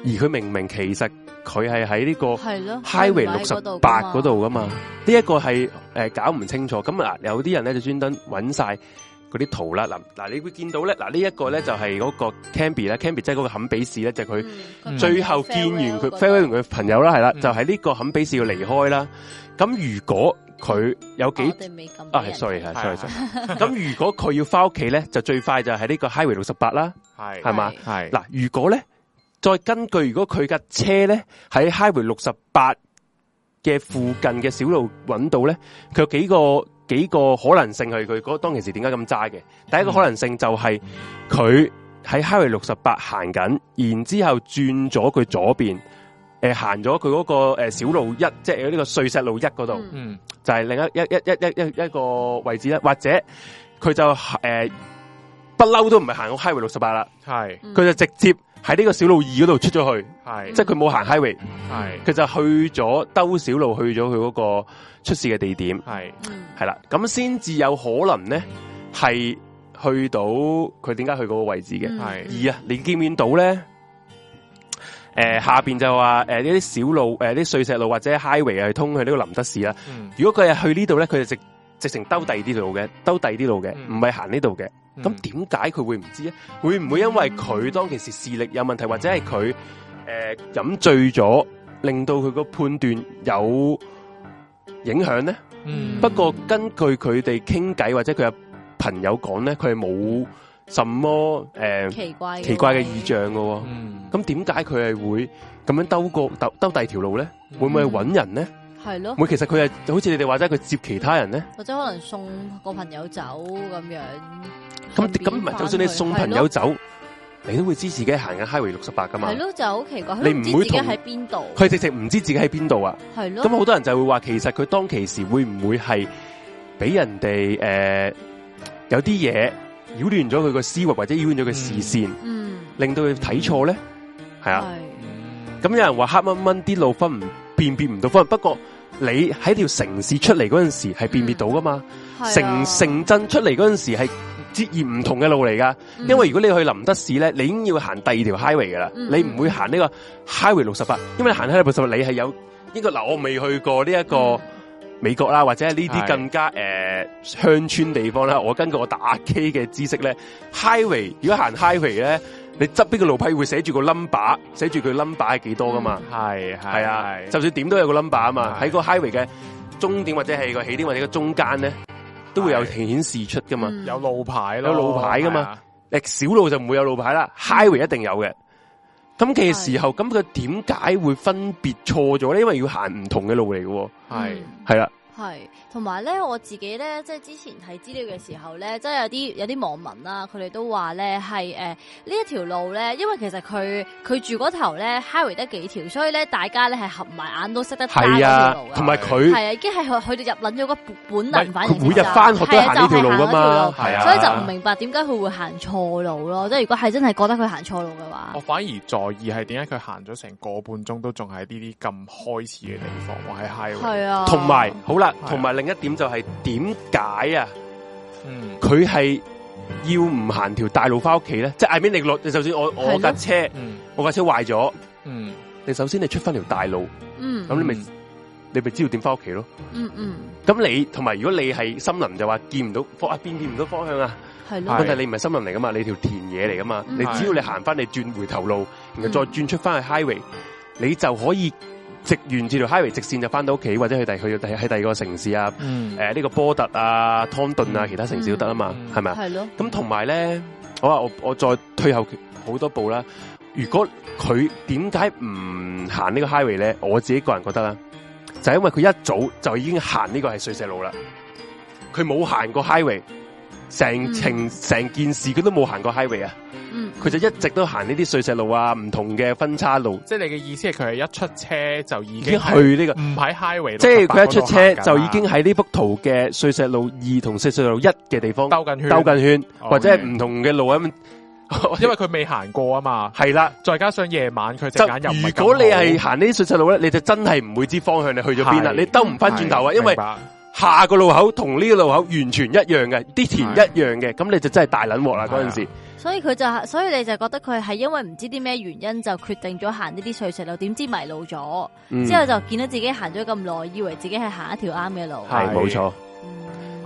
而佢明明其實佢係喺呢個係咯 Highway 六十八嗰度噶嘛？呢一、嗯這個係誒、呃、搞唔清楚咁啊！嗱有啲人咧就專登揾晒嗰啲圖啦嗱嗱，你會見到咧嗱呢一、啊這個咧就係、是、嗰個 Candy 啦、嗯。Candy 即係嗰個坎比士咧，就佢、是嗯、最後見完佢 Fairway 佢朋友啦，係啦，就係、是、呢個坎比士要離開啦。咁如果。佢有幾？哦、啊，係 sorry，係 sorry，sorry。咁 [LAUGHS] 如果佢要翻屋企咧，就最快就喺呢個 Highway 六十八啦，係係嘛，係嗱。如果咧，再根據如果佢架車咧喺 Highway 六十八嘅附近嘅小路揾到咧，佢有幾個幾個可能性係佢嗰當其時點解咁揸嘅？第一個可能性就係佢喺 Highway 六十八行緊，然之後轉咗佢左邊。誒、呃，行咗佢嗰個誒、呃、小路一，即係呢個碎石路一嗰度、嗯，就係、是、另一一一一一一個位置啦。或者佢就誒、呃、不嬲都唔係行到 Highway 六十八啦，係佢就直接喺呢個小路二嗰度出咗去，係即係佢冇行 Highway，係佢就去咗兜小路去咗佢嗰個出事嘅地點，係係啦，咁先至有可能咧係去到佢點解去嗰個位置嘅，係而啊，你見唔見到咧。誒、呃，下邊就話誒，啲、呃、小路，誒、呃，啲碎石路或者 highway 啊，去通去呢個林德市啦。嗯，如果佢係去呢度咧，佢就直直成兜第啲路嘅，兜第啲路嘅，唔係行呢度嘅。咁點解佢會唔知咧？會唔會因為佢當其時視力有問題，或者係佢誒飲醉咗，令到佢個判斷有影響咧？嗯，不過根據佢哋傾偈或者佢個朋友講咧，佢係冇。什麼誒、呃、奇怪的奇怪嘅意象嘅，咁點解佢係會咁樣兜過兜兜第二條路咧？嗯、會唔會揾人咧？係咯，會其實佢係好似你哋話齋佢接其他人咧，或者可能送個朋友走咁樣。咁咁就算你送朋友走，你都會知自己行緊 highway 六十八噶嘛？係咯，就好奇怪，你唔會知自己喺邊度？佢直直唔知自己喺邊度啊？係咯。咁好多人就會話，其實佢當其時會唔會係俾人哋誒、呃、有啲嘢？擾亂咗佢個思維或者擾亂咗佢視線，嗯嗯、令到佢睇錯咧，係啊。咁有人話黑掹掹啲路分唔辨別唔到分，不過你喺條城市出嚟嗰陣時係辨別到噶嘛。城城鎮出嚟嗰陣時係截然唔同嘅路嚟噶、嗯。因為如果你去林德市咧，你已經要行第二條 highway 噶啦、嗯，你唔會行呢個 highway 六十八，因為行 highway 六十八你係有呢個嗱，我未去過呢、這、一個。嗯美國啦，或者呢啲更加誒、呃、鄉村地方咧，我根據我打機嘅知識咧 [MUSIC] ，highway 如果行 highway 咧，你側邊個路牌會寫住個 number，寫住佢 number 係幾多噶嘛？係、嗯、係啊，啊，啊，就算點都有個 number 啊嘛。喺、啊、個 highway 嘅終點或者係個起點或者個中間咧、啊，都會有顯示出噶嘛。有路牌咯，有路牌噶嘛。誒、啊、小路就唔會有路牌啦 [MUSIC] ，highway 一定有嘅。咁其實時候，咁佢點解會分別錯咗咧？因為要行唔同嘅路嚟嘅，係係啦。係，同埋咧，我自己咧，即係之前睇資料嘅時候咧，即係有啲有啲網民啦、啊，佢哋都話咧係誒呢、呃、一條路咧，因為其實佢佢住嗰頭咧，Highway 得幾條，所以咧大家咧係合埋眼都識得睇啊，同埋佢係啊，已經係佢哋入咗個本能反而每日翻學都行呢條路噶嘛，係、就是、啊，所以就唔明白點解佢會行錯路咯？即係如果係真係覺得佢行錯路嘅話，我反而在意係點解佢行咗成個半鐘都仲喺呢啲咁開始嘅地方，我喺 Highway 係啊，同埋好同埋另一點就係點解啊？嗯，佢係要唔行條大路翻屋企咧？即係 I mean，你落，就算我我架車，嗯、我架車壞咗，嗯，你首先你出翻條大路，嗯，咁你咪、嗯、你咪知道點翻屋企咯？嗯嗯，咁你同埋如果你係森林就話見唔到方啊，見唔到方向啊，係咯，但係你唔係森林嚟噶嘛，你條田野嚟噶嘛，你只要你行翻你轉回頭路，然後再轉出翻去 highway，你就可以。直完住條 highway 直線就翻到屋企，或者佢第佢要喺第二個城市啊，誒、嗯、呢、呃呢個波特啊、湯頓啊，其他城市都得啊嘛，係咪啊？係咯。咁同埋咧，好啊，我我，我再退後好多步啦。如果佢點解唔行呢個 highway 咧？我自己個人覺得啦，就係、因為佢一早就已經行呢個係碎石路啦，佢冇行過 highway。成程成、嗯、件事佢都冇行過 highway 啊，佢、嗯、就一直都行呢啲碎石路啊，唔、嗯、同嘅分叉路。即係你嘅意思係佢係一出車就已經去呢、呢個唔喺 highway，即係佢一出車就已經喺呢幅圖嘅碎石路二同碎石路一嘅地方兜緊圈，兜緊圈,圈，或者係唔同嘅路咁、okay.，因為佢未行過啊嘛。係啦，再加上夜晚佢即係如果你係行呢啲碎石路咧，你就真係唔會知方向你去咗邊啦，你兜唔翻轉頭啊，因為。下個路口同呢個路口完全一樣嘅，啲田一樣嘅，咁你就真係大捻鑊啦！嗰陣時、啊，所以佢就，所以你就覺得佢係因為唔知啲咩原因就決定咗行呢啲碎石路，點知迷路咗，嗯、之後就見到自己行咗咁耐，以為自己係行一條啱嘅路，係冇錯。咁、啊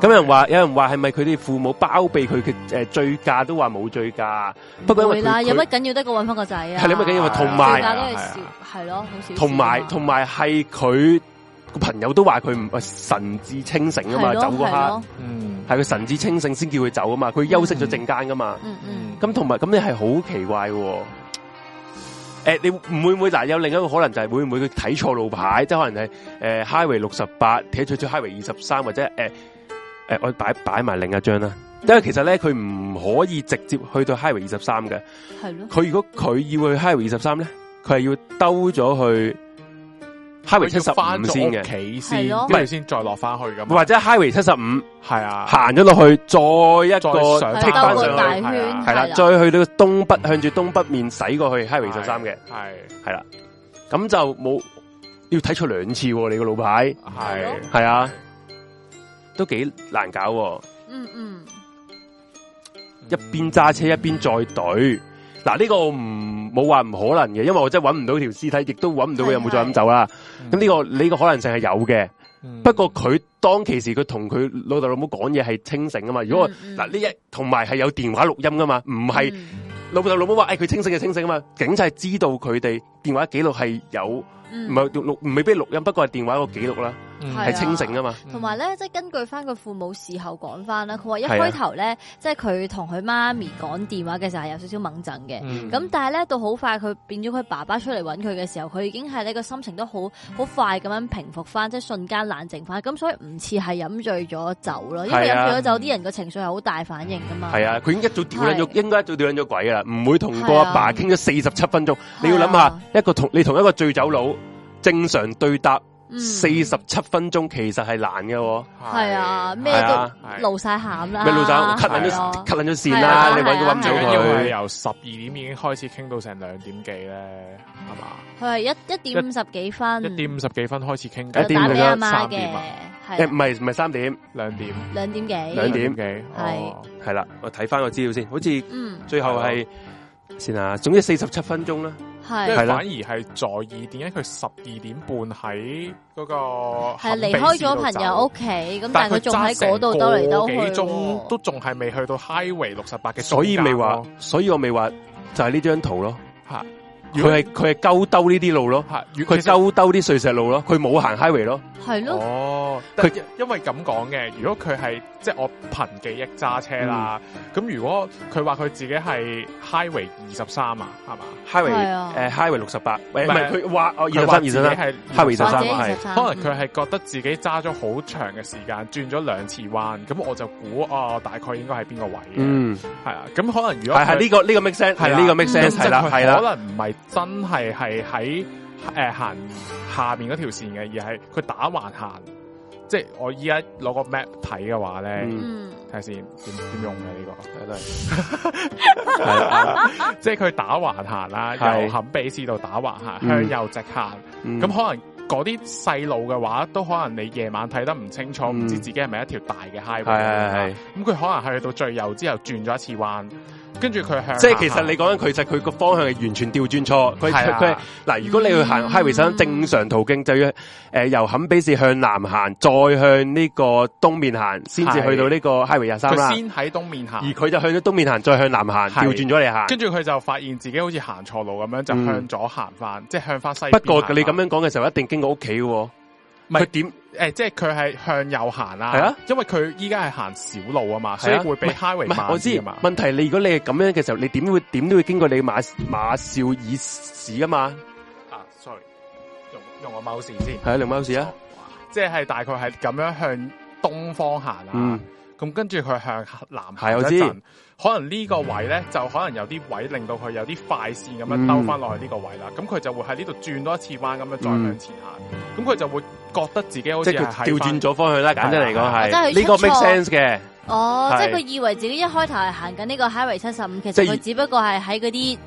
啊、人話，有人話係咪佢哋父母包庇佢嘅？誒、呃，醉駕都話冇醉駕，不過係啦，有乜緊要得過揾翻個仔啊？係你乜緊要？同埋係咯，好少。同埋同埋係佢。個朋友都話佢唔誒神志清醒啊嘛，走嗰刻走，嗯，係佢神志清醒先叫佢走啊嘛，佢休息咗陣間噶嘛，嗯嗯，咁同埋咁你係好奇怪嘅、啊，誒、欸，你會唔會嗱、啊、有另一個可能就係會唔會佢睇錯路牌，即係可能係誒、呃、Highway 六十八睇錯咗 Highway 二十三或者誒誒、呃呃、我擺擺埋另一張啦、嗯，因為其實咧佢唔可以直接去到 Highway 二十三嘅，係咯，佢如果佢要去 Highway 二十三咧，佢係要兜咗去。Highway 七十五先嘅，企先，跟住先再落翻去咁。或者 Highway 七十五係啊，行咗落去，再一個上踢翻上去，係啦、啊啊啊，再去到東北，嗯、向住東北面駛過去，Highway 十三嘅，係係啦，咁、啊啊嗯啊啊啊、就冇要睇錯兩次、啊、你個老牌，係係啊，啊，啊，啊，都幾難搞、啊，嗯嗯一邊，一邊揸車一邊再懟。嗯嗯嗯嗱呢個唔冇話唔可能嘅，因為我真係揾唔到條屍體，亦都揾唔到佢有冇再飲酒啦。咁呢、嗯這個你、這個可能性係有嘅，嗯、不過佢當其時佢同佢老豆老母講嘢係清醒㗎嘛。如果嗱呢一，同埋係有電話錄音㗎嘛，唔係、嗯、老豆老母話誒佢清醒就清醒啊嘛。警察係知道佢哋電話記錄係有，唔係、嗯、錄錄未必錄音，不過係電話個記錄啦。係、mm. 清醒噶嘛？同埋咧，即係根據翻佢父母事後講翻啦，佢話一開頭咧，啊、即係佢同佢媽咪講電話嘅時，mm. 時候，係有少少猛震嘅。咁但係咧，到好快佢變咗佢爸爸出嚟揾佢嘅時候，佢已經係呢個心情都好好快咁樣平復翻，即係瞬間冷靜翻。咁所以唔似係飲醉咗酒咯，因為飲醉咗酒啲、啊、人嘅情緒係好大反應噶嘛。係啊，佢已經一早調養咗，啊、應該一早調養咗鬼啦，唔會同個阿爸傾咗四十七分鐘。啊、你要諗下、啊、一個同你同一個醉酒佬正常對答。四十七分鐘其實係難嘅，係啊，咩都露晒餡啦，咩老細，cut 捻咗，cut 捻咗線啦，你搵都搵唔到佢。由十二點已經開始傾到成兩點幾咧，係嘛？佢係一一點五十幾分，一點五十幾分開始傾，一點零三點，誒唔係唔係三點，兩點，兩點幾，兩點幾，係係啦，我睇翻個資料先，好似，嗯，最後係，先啦，總之四十七分鐘啦。係反而係在意，點解佢十二點半喺嗰個係離開咗朋友屋企，咁但係佢仲喺嗰度都嚟，到屋企中都仲係未去到 Highway 六十八嘅，所以未話，所以我未話就係呢張圖咯，吓。佢係佢係溝兜呢啲路咯，佢溝兜啲碎石路咯，佢冇行 highway 咯，係咯，哦，佢因為咁講嘅，如果佢係即係我憑記憶揸車啦，咁、嗯、如果佢話佢自己係 highway 二十三啊，係、嗯、嘛，highway 誒、啊 uh, highway 六十八，唔係佢話，佢話自己係 highway 二十三係，可能佢係覺得自己揸咗好長嘅時間，轉咗兩次彎，咁、嗯、我就估哦、啊、大概應該係邊個位的，嗯，係啊，咁可能如果係呢、啊這個呢、這個 mix 係呢個 mix 啦，係啦、啊，可能唔係。真係係喺誒行下邊嗰條線嘅，而係佢打橫行，即係我依家攞個 map 睇嘅話咧，睇下先點點用嘅呢、啊這個， [LAUGHS] [LAUGHS] [LAUGHS] [LAUGHS] [LAUGHS] [LAUGHS] [LAUGHS] [LAUGHS] 即係佢打橫行啦，又肯比士度打橫行，向、嗯、右直行，咁、嗯、可能嗰啲細路嘅話，都可能你夜晚睇得唔清楚，唔、嗯、知自己係咪一條大嘅 highway，咁佢可能係去到最右之後轉咗一次彎。跟住佢向，即係其實你講緊佢就佢個方向係完全調轉錯。佢佢佢嗱，如果你去行 Highway 三、嗯、正常途徑，就要誒、呃、由坎比士向南行，再向呢個東面行，先至去到呢個 Highway 廿三啦。佢先喺東面行，而佢就去咗東面行、嗯，再向南行，調轉咗嚟行。跟住佢就發現自己好似行錯路咁樣，就向左行翻、嗯，即係向翻西。不過你咁樣講嘅時候，一定經過屋企喎。佢點誒，即係佢係向右行啦、啊，係啊，因為佢依家係行小路嘛啊嘛，所以會比 highway 慢我知、啊、問題，你如果你係咁樣嘅時候，你點會點都會經過你馬馬紹爾市啊嘛。啊，sorry，用用我某事先，係啊，用某事啊，即係大概係咁樣向東方行啊。嗯咁跟住佢向南行一陣，可能呢個位咧、嗯、就可能有啲位令到佢有啲快線咁樣兜翻落去呢個位啦。咁、嗯、佢就會喺呢度轉多一次彎咁樣再向前行。咁、嗯、佢就會覺得自己好似調轉咗返去啦。簡單嚟講係，呢、呢個 make sense 嘅。哦，即係佢以為自己一開頭係行緊呢個 Highway 七十五，其實佢只不過係喺嗰啲。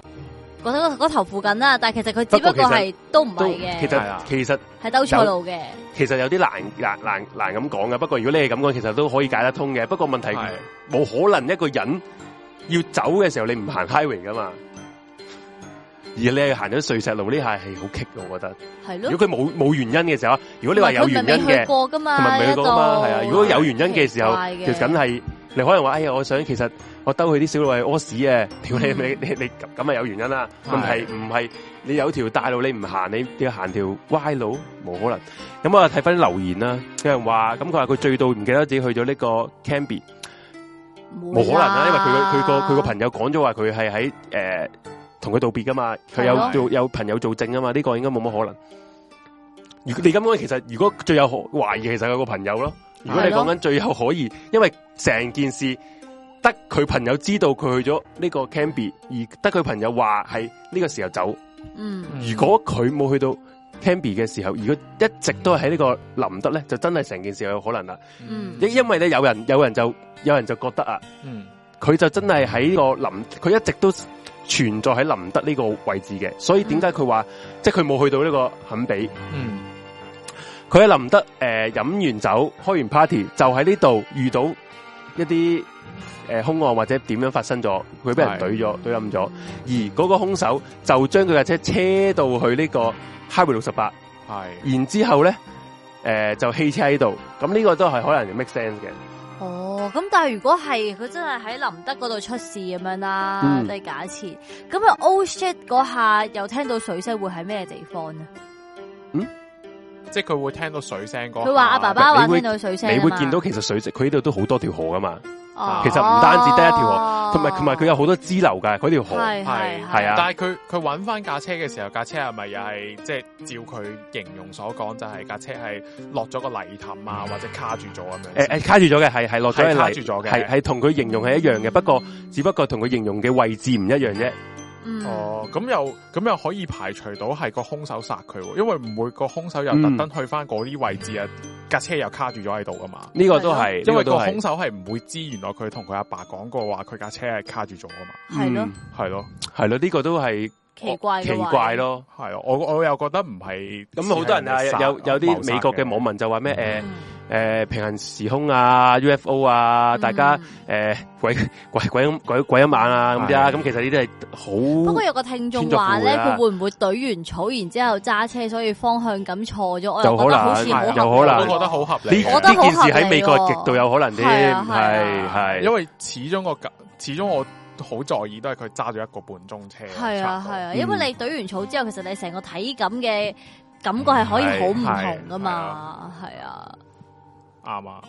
嗰嗰嗰頭附近啦，但係其實佢只不過係都唔係嘅，其實其實係兜錯路嘅。其實有啲難難難難咁講噶，不過如果你係咁講，其實都可以解得通嘅。不過問題，冇可能一個人要走嘅時候，你唔行 highway 噶嘛，而你行咗碎石路呢下係好棘嘅，我覺得係咯。如果佢冇冇原因嘅時候，如果你話有原因嘅，過噶嘛，同埋你講嘛，係啊。如果有原因嘅時候，其實梗係。你可能話，哎呀，我想其實我兜佢啲小路係屙屎啊，屌 [LAUGHS] 你你你咁啊，有原因啦。問題唔係你有條大路你唔行，你要行條歪路，冇可能。咁我睇翻啲留言啦，有人話，咁佢話佢醉到唔記得自己去咗呢個 Cambie，冇、啊、可能啦、啊，因為佢佢佢個佢個朋友講咗話佢係喺誒同佢道別噶嘛，佢有做有朋友做證啊嘛，呢、這個應該冇乜可能。如果你咁講，其實如果最有懷疑，其實有個朋友咯。如果你講緊最後可以，因為成件事得佢朋友知道佢去咗呢個 Cambie 而得佢朋友話係呢個時候走。嗯，如果佢冇去到 Cambie 嘅時候，如果一直都係喺呢個林德咧，就真係成件事有可能啦。嗯，因因為咧有人有人就有人就覺得啊，嗯，佢就真係喺呢個林，佢一直都存在喺林德呢個位置嘅，所以點解佢話即係佢冇去到呢個肯比？嗯。佢喺林德誒飲、呃、完酒開完 party 就喺呢度遇到一啲誒、呃、凶案或者點樣發生咗，佢俾人懟咗懟冧咗，而嗰個凶手就將佢架車車到去呢個 Highway 六十八，係、呃，然之後咧誒就棄車喺度，咁呢個都係可能 make sense 嘅。哦，咁但係如果係佢真係喺林德嗰度出事咁樣啦，即、嗯、係假設，咁啊 all shit 嗰下又聽到水聲會喺咩地方呢？嗯。即係佢會聽到水聲講。佢話阿爸爸會聽到水聲。你會見到其實水，佢呢度都好多條河噶嘛、啊。其實唔單止得一條河，同埋同埋佢有好多支流噶。嗰條河係係啊。但係佢佢揾翻架車嘅時候，架車係咪又係即係照佢形容所講，就係、是、架車係落咗個泥潭啊、嗯，或者卡住咗咁樣。誒、哎、誒，卡住咗嘅，係係落咗卡住咗嘅，係係同佢形容係一樣嘅、嗯，不過只不過同佢形容嘅位置唔一樣啫。嗯、哦，咁又咁又可以排除到係個凶手殺佢，因為唔會個凶手又特登去翻嗰啲位置啊，架、嗯、車又卡住咗喺度㗎嘛。呢、呢個都係，因為個凶手係唔會知，原來佢同佢阿爸講過、嗯這個哦、話，佢架車係卡住咗啊嘛。係咯，係咯，係咯，呢個都係奇怪奇怪咯。係啊，我我又覺得唔係，咁好多人、啊、有有啲美國嘅網民就話咩誒。嗯呃誒、呃，平行時空啊，UFO 啊，嗯、大家誒、呃，鬼鬼鬼鬼鬼一晚啊咁啲啦，咁、啊、其實呢啲係好。不過有個聽眾話咧，佢、啊、會唔會隊完草，然之後揸車，所以方向感錯咗？就可能，又可能，我都覺得好合理。我覺得呢件事喺美國極度有可能添，係係，因為始終個，始終我好在意，都係佢揸咗一個半鐘車。係啊係啊，因為你隊完草之後，嗯、其實你成個體感嘅感覺係可以好唔同噶嘛，係啊。啱啊！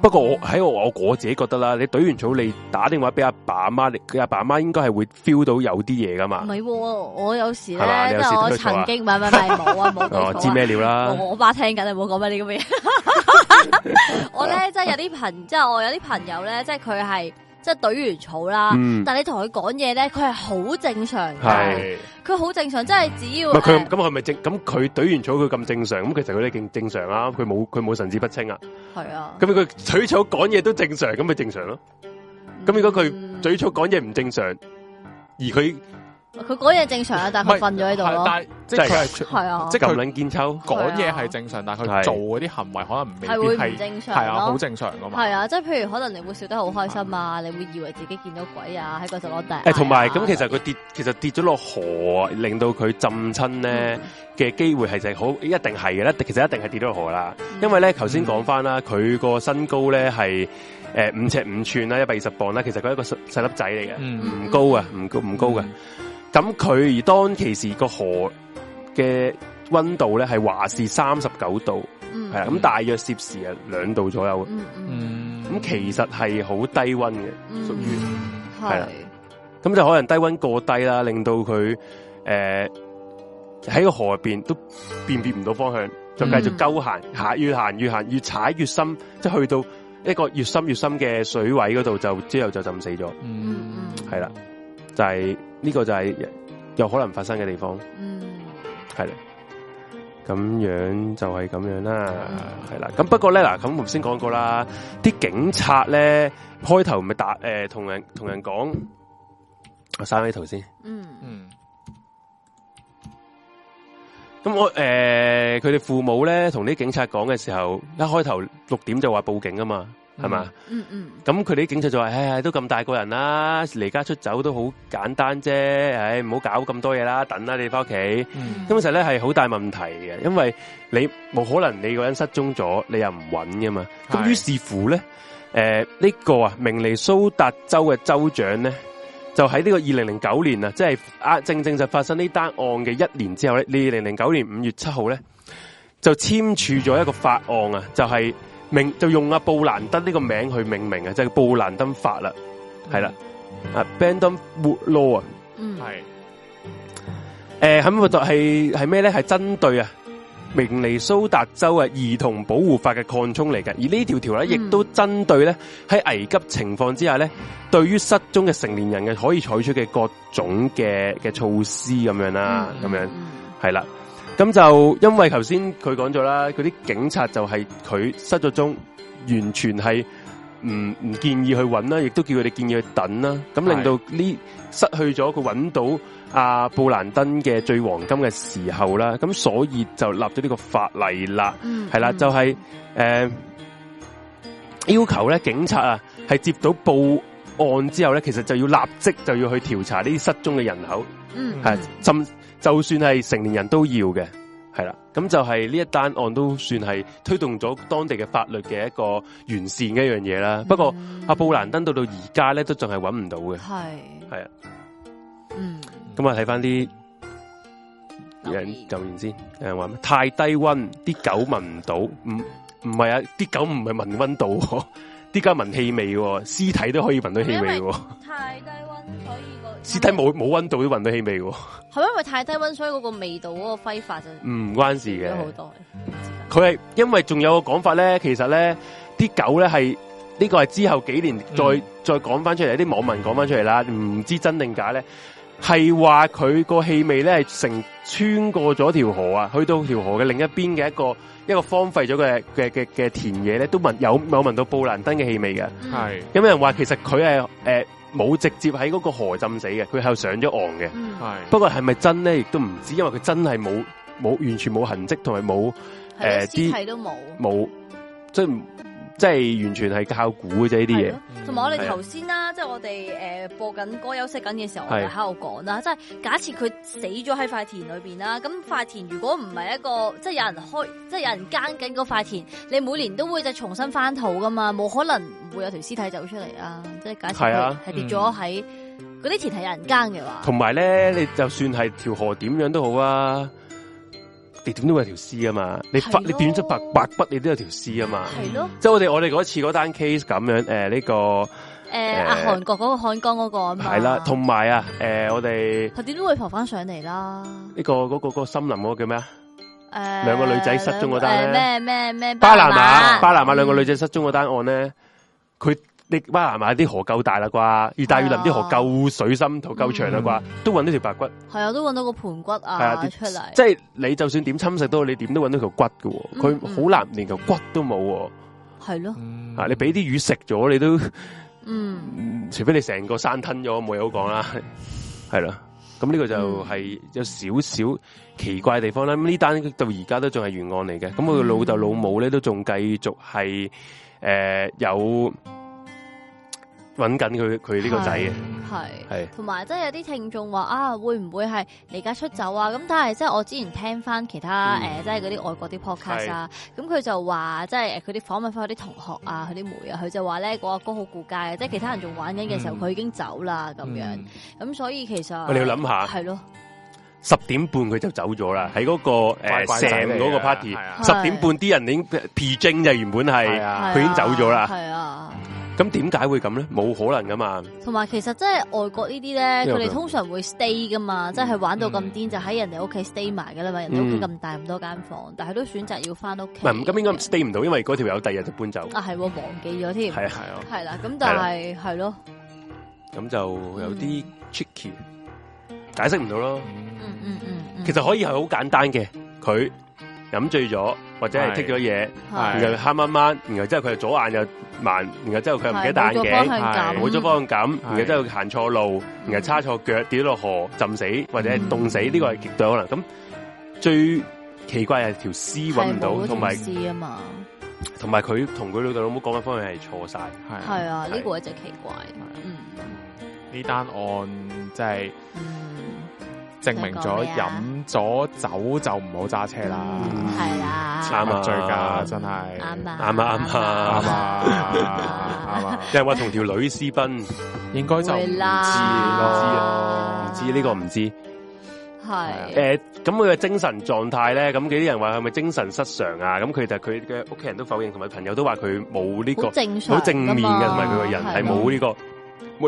不過我喺我我自己覺得啦，你懟完草，你打電話俾阿爸阿媽，佢阿爸阿媽應該係會 feel 到有啲嘢噶嘛？唔係、啊，我有時咧，即係我曾經唔係唔係冇啊冇 [LAUGHS] 有、啊 [LAUGHS] 啊。我知咩料啦？我爸聽緊你冇講俾你，冇好講乜呢咁嘅嘢。我咧即係有啲朋，即係我有啲朋友咧，即係佢係。即係懟完草啦，嗯、但係你同佢講嘢咧，佢係好正常，佢、嗯、好正、正常，即係只要。佢咁，佢咪正咁？佢懟完草，佢咁正常、啊，咁其實佢都正正常啦。佢冇佢冇神志不清啊。係啊，咁佢懟草講嘢都正常，咁咪正常咯、啊。咁、啊、如果佢懟草講嘢唔正常，嗯、而佢。佢講嘢正常，是是啊，啊，正常啊，但係佢瞓咗喺度，但係即係佢係係啊，即係佢兩肩抽講嘢係正常，但係佢做嗰啲行為可能唔係會唔正常啊，好、啊、正常噶嘛。係啊，即係譬如可能你會笑得好開心啊、嗯，你會以為自己見到鬼啊，喺嗰度攞第。誒，同埋咁其實佢跌，其實跌咗落河，令到佢浸親咧嘅機會係就係好一定係嘅咧。其實一定係跌咗落河啦、嗯，因為咧頭先講翻啦，佢個、嗯、身高咧係誒五尺五寸啦，一百二十磅啦，其實佢係一個細粒仔嚟嘅，唔、嗯、高啊，唔高唔高噶。嗯咁佢而當其時個河嘅溫度咧係華氏三十九度，係啊，咁大約攝氏啊兩度左右。咁、嗯嗯、其實係好低溫嘅，屬於係啦。咁、嗯、就可能低溫過低啦，令到佢誒喺個河入邊都辨別唔到方向，就繼續鳩行，下、嗯、越行越行越踩越、越深，即、就、係、是、去到一個越深越深嘅水位嗰度，就之後就浸死咗。係、嗯、啦，就係、是。呢、這個就係有可能發生嘅地方，係、嗯、啦，咁樣就係咁樣啦，係、嗯、啦。咁不過咧嗱，咁我先講過啦，啲警察咧開頭唔係打誒，同、呃、人同人講，我刪呢圖先。嗯嗯。咁我誒，佢、呃、哋父母咧同啲警察講嘅時候，一開頭六點就話報警啊嘛。係嘛？嗯嗯。咁佢哋啲警察就話，唉都咁大個人啦，啊，離家出走都好簡單啫，唉，唔好搞咁多嘢啦，等啦，你翻屋企。咁其實咧係好大問題嘅，因為你冇可能你個人失蹤咗，你又唔搵噶嘛。咁於是乎咧，誒、呃、呢、這個啊明尼蘇達州嘅州長咧，就喺呢個二零零九年啊，即、就、係、是、啊正正就發生呢單案嘅一年之後咧，2009呢二零零九年五月七號咧，就簽署咗一個法案啊，就係、是。名就用阿、啊、布蘭登呢個名去命名嘅，就係、是、布蘭登法啦，係啦、嗯，啊 Bandon Wood Law、嗯是呃、是是什麼呢是啊，係，誒，咁報道係係咩咧？係針對啊明尼蘇達州嘅、啊、兒童保護法嘅擴充嚟嘅，而這條條、啊嗯、呢條條咧亦都針對咧喺危急情況之下咧，對於失蹤嘅成年人嘅可以採取嘅各種嘅嘅措施咁樣啦、啊，咁、嗯、樣係啦。咁就因為頭先佢講咗啦，嗰啲警察就係佢失咗蹤，完全係唔唔建議去揾啦，亦都叫佢哋建議去等啦。咁令到呢失去咗佢揾到阿、啊、布蘭登嘅最黃金嘅時候啦。咁所以就立咗呢個法例啦，係、嗯、啦，就係、是、誒、呃、要求咧，警察啊係接到報案之後咧，其實就要立即就要去調查呢啲失蹤嘅人口，係、嗯、針。就算係成年人都要嘅，係啦，咁就係呢一單案都算係推動咗當地嘅法律嘅一個完善嘅一樣嘢啦、嗯。不過阿布蘭登到到而家咧都仲係揾唔到嘅，係係啊，嗯。咁啊，睇翻啲，有人完先，有人話咩？太低溫，啲狗聞唔到。唔唔係啊，啲狗唔係聞溫度，啲家聞氣味嘅，屍體都可以聞到氣味嘅，太低溫。屍體冇冇温度都聞到氣味嘅，嗯， [LAUGHS] 係因為太低温，所以嗰個味道嗰、嗰個揮發真唔關事嘅。好多佢係因為仲有個講法咧，其實咧啲狗咧係呢個係之後幾年再、嗯、再講翻出嚟，啲網民講翻出嚟啦，唔、嗯、知真定假咧，係話佢個氣味咧係成穿過咗條河啊，去到條河嘅另一邊嘅一個一個荒廢咗嘅嘅嘅嘅田野咧都聞有有聞到布蘭登嘅氣味嘅，係、嗯。有人話其實佢係誒。呃冇直接喺嗰個河浸死嘅，佢係上咗岸嘅。係，不過係咪真咧，亦都唔知，因為佢真係冇冇完全冇痕跡同埋冇誒啲冇，即係即係完全係靠估嘅啫，呢啲嘢。同埋我哋頭先啦，即係我哋誒播緊歌休息緊嘅時候，我哋喺度講啦，即係假設佢死咗喺塊田裏邊啦，咁塊田如果唔係一個，即係有人開，即係有人耕緊塊田，你每年都會就重新翻土噶嘛，冇可能會有條屍體走出嚟啊！即係假設係跌咗喺嗰啲田係有人耕嘅話，同埋咧，你就算係條河點樣都好啊。地點都會有條屍啊嘛，你筆你變出白白筆你都有條屍，哦欸欸欸，啊，啊，啊嘛，係咯，即係我哋我哋嗰次嗰單 case 咁樣誒呢個誒啊韓國嗰個漢江嗰個係啦，同埋啊誒我哋佢點都會浮翻上嚟啦。呢個嗰個嗰個森林嗰個叫咩啊？誒兩個女仔失蹤嗰單咧咩咩咩巴拿馬巴拿馬兩個女仔失蹤嗰單案咧佢。.你哇嘛啲河夠大啦啩，越大越林啲，啊嗯、河夠水深、夠長啦啩，都搵到條白骨。係啊，都搵到個盆骨啊，啊出嚟。即係你就算點侵蝕都好，你點都搵到條骨喎。佢、嗯、好、嗯、難連條骨都冇。係咯，嗯，啊，你俾啲魚食咗，你都嗯，除非你成個山吞咗，冇嘢好講啦。係 [LAUGHS] 咯，啊，咁呢個就係有少少奇怪嘅地方啦。咁呢單到而家都仲係懸案嚟嘅。咁我老豆老母咧都仲繼續係誒、呃、有。揾緊佢，佢呢個仔嘅係，同埋即係有啲聽眾話啊，會唔會係離家出走啊？咁但係即係我之前聽翻其他誒、嗯呃，即係嗰啲外國啲 podcast 啊，咁佢就話即係佢啲訪問翻佢啲同學啊，佢啲妹啊，佢就話咧，我阿哥好顧家啊，即係其他人仲玩緊嘅時候，佢已經走啦咁樣。咁、嗯嗯嗯、所以其實你要諗下係咯，十點半佢就走咗啦，喺嗰、嗰個誒嗰個 party，十點半啲人已經皮精，就原本係佢已經走咗啦，係啊。咁點解會咁咧？冇可能噶嘛！同埋其實真係外國呢啲咧，佢哋通常會 stay 噶嘛，即、嗯、係玩到咁癲就喺人哋屋企 stay 埋噶啦嘛，嗯、人哋屋企咁大咁多間房，但係都選擇要翻屋企。唔咁應該 stay 唔到，因為嗰條友第二日就搬走。啊，係忘記咗添。係啊係啊。係啦、啊，咁但係係咯。咁、啊就是啊啊啊啊、就有啲 tricky，、嗯、解釋唔到咯。嗯嗯嗯，嗯。其實可以係好簡單嘅，佢。飲醉咗，或者係剔咗嘢，然後黑掹掹，然後之後佢就左眼又盲，然後之後佢又唔記得戴眼鏡，冇咗方向感，方向感，然後之後行錯路，嗯，然後叉錯腳跌落河浸死，或者凍死，呢、嗯呢個係極度可能。咁最奇怪係條屍揾唔到，同埋屍啊嘛，同埋佢同佢老豆老母講嘅方向係錯晒，係啊，呢、呢個就奇怪。嗯，呢單案即係。即係證明咗飲咗酒就唔好揸車啦，係、嗯、啦，慘啊醉噶真係，啱啊啱啊啱啊啱啊，又、嗯、話 [LAUGHS] 同條女私奔， [LAUGHS] 應該就唔知應該知啊，唔知呢、呢個唔知，係誒咁佢嘅精神狀態咧，咁幾啲人話係咪精神失常啊？咁佢就佢嘅屋企人都否認，同埋朋友都話佢冇呢個好正常、好正面嘅，同埋佢個人係冇呢個。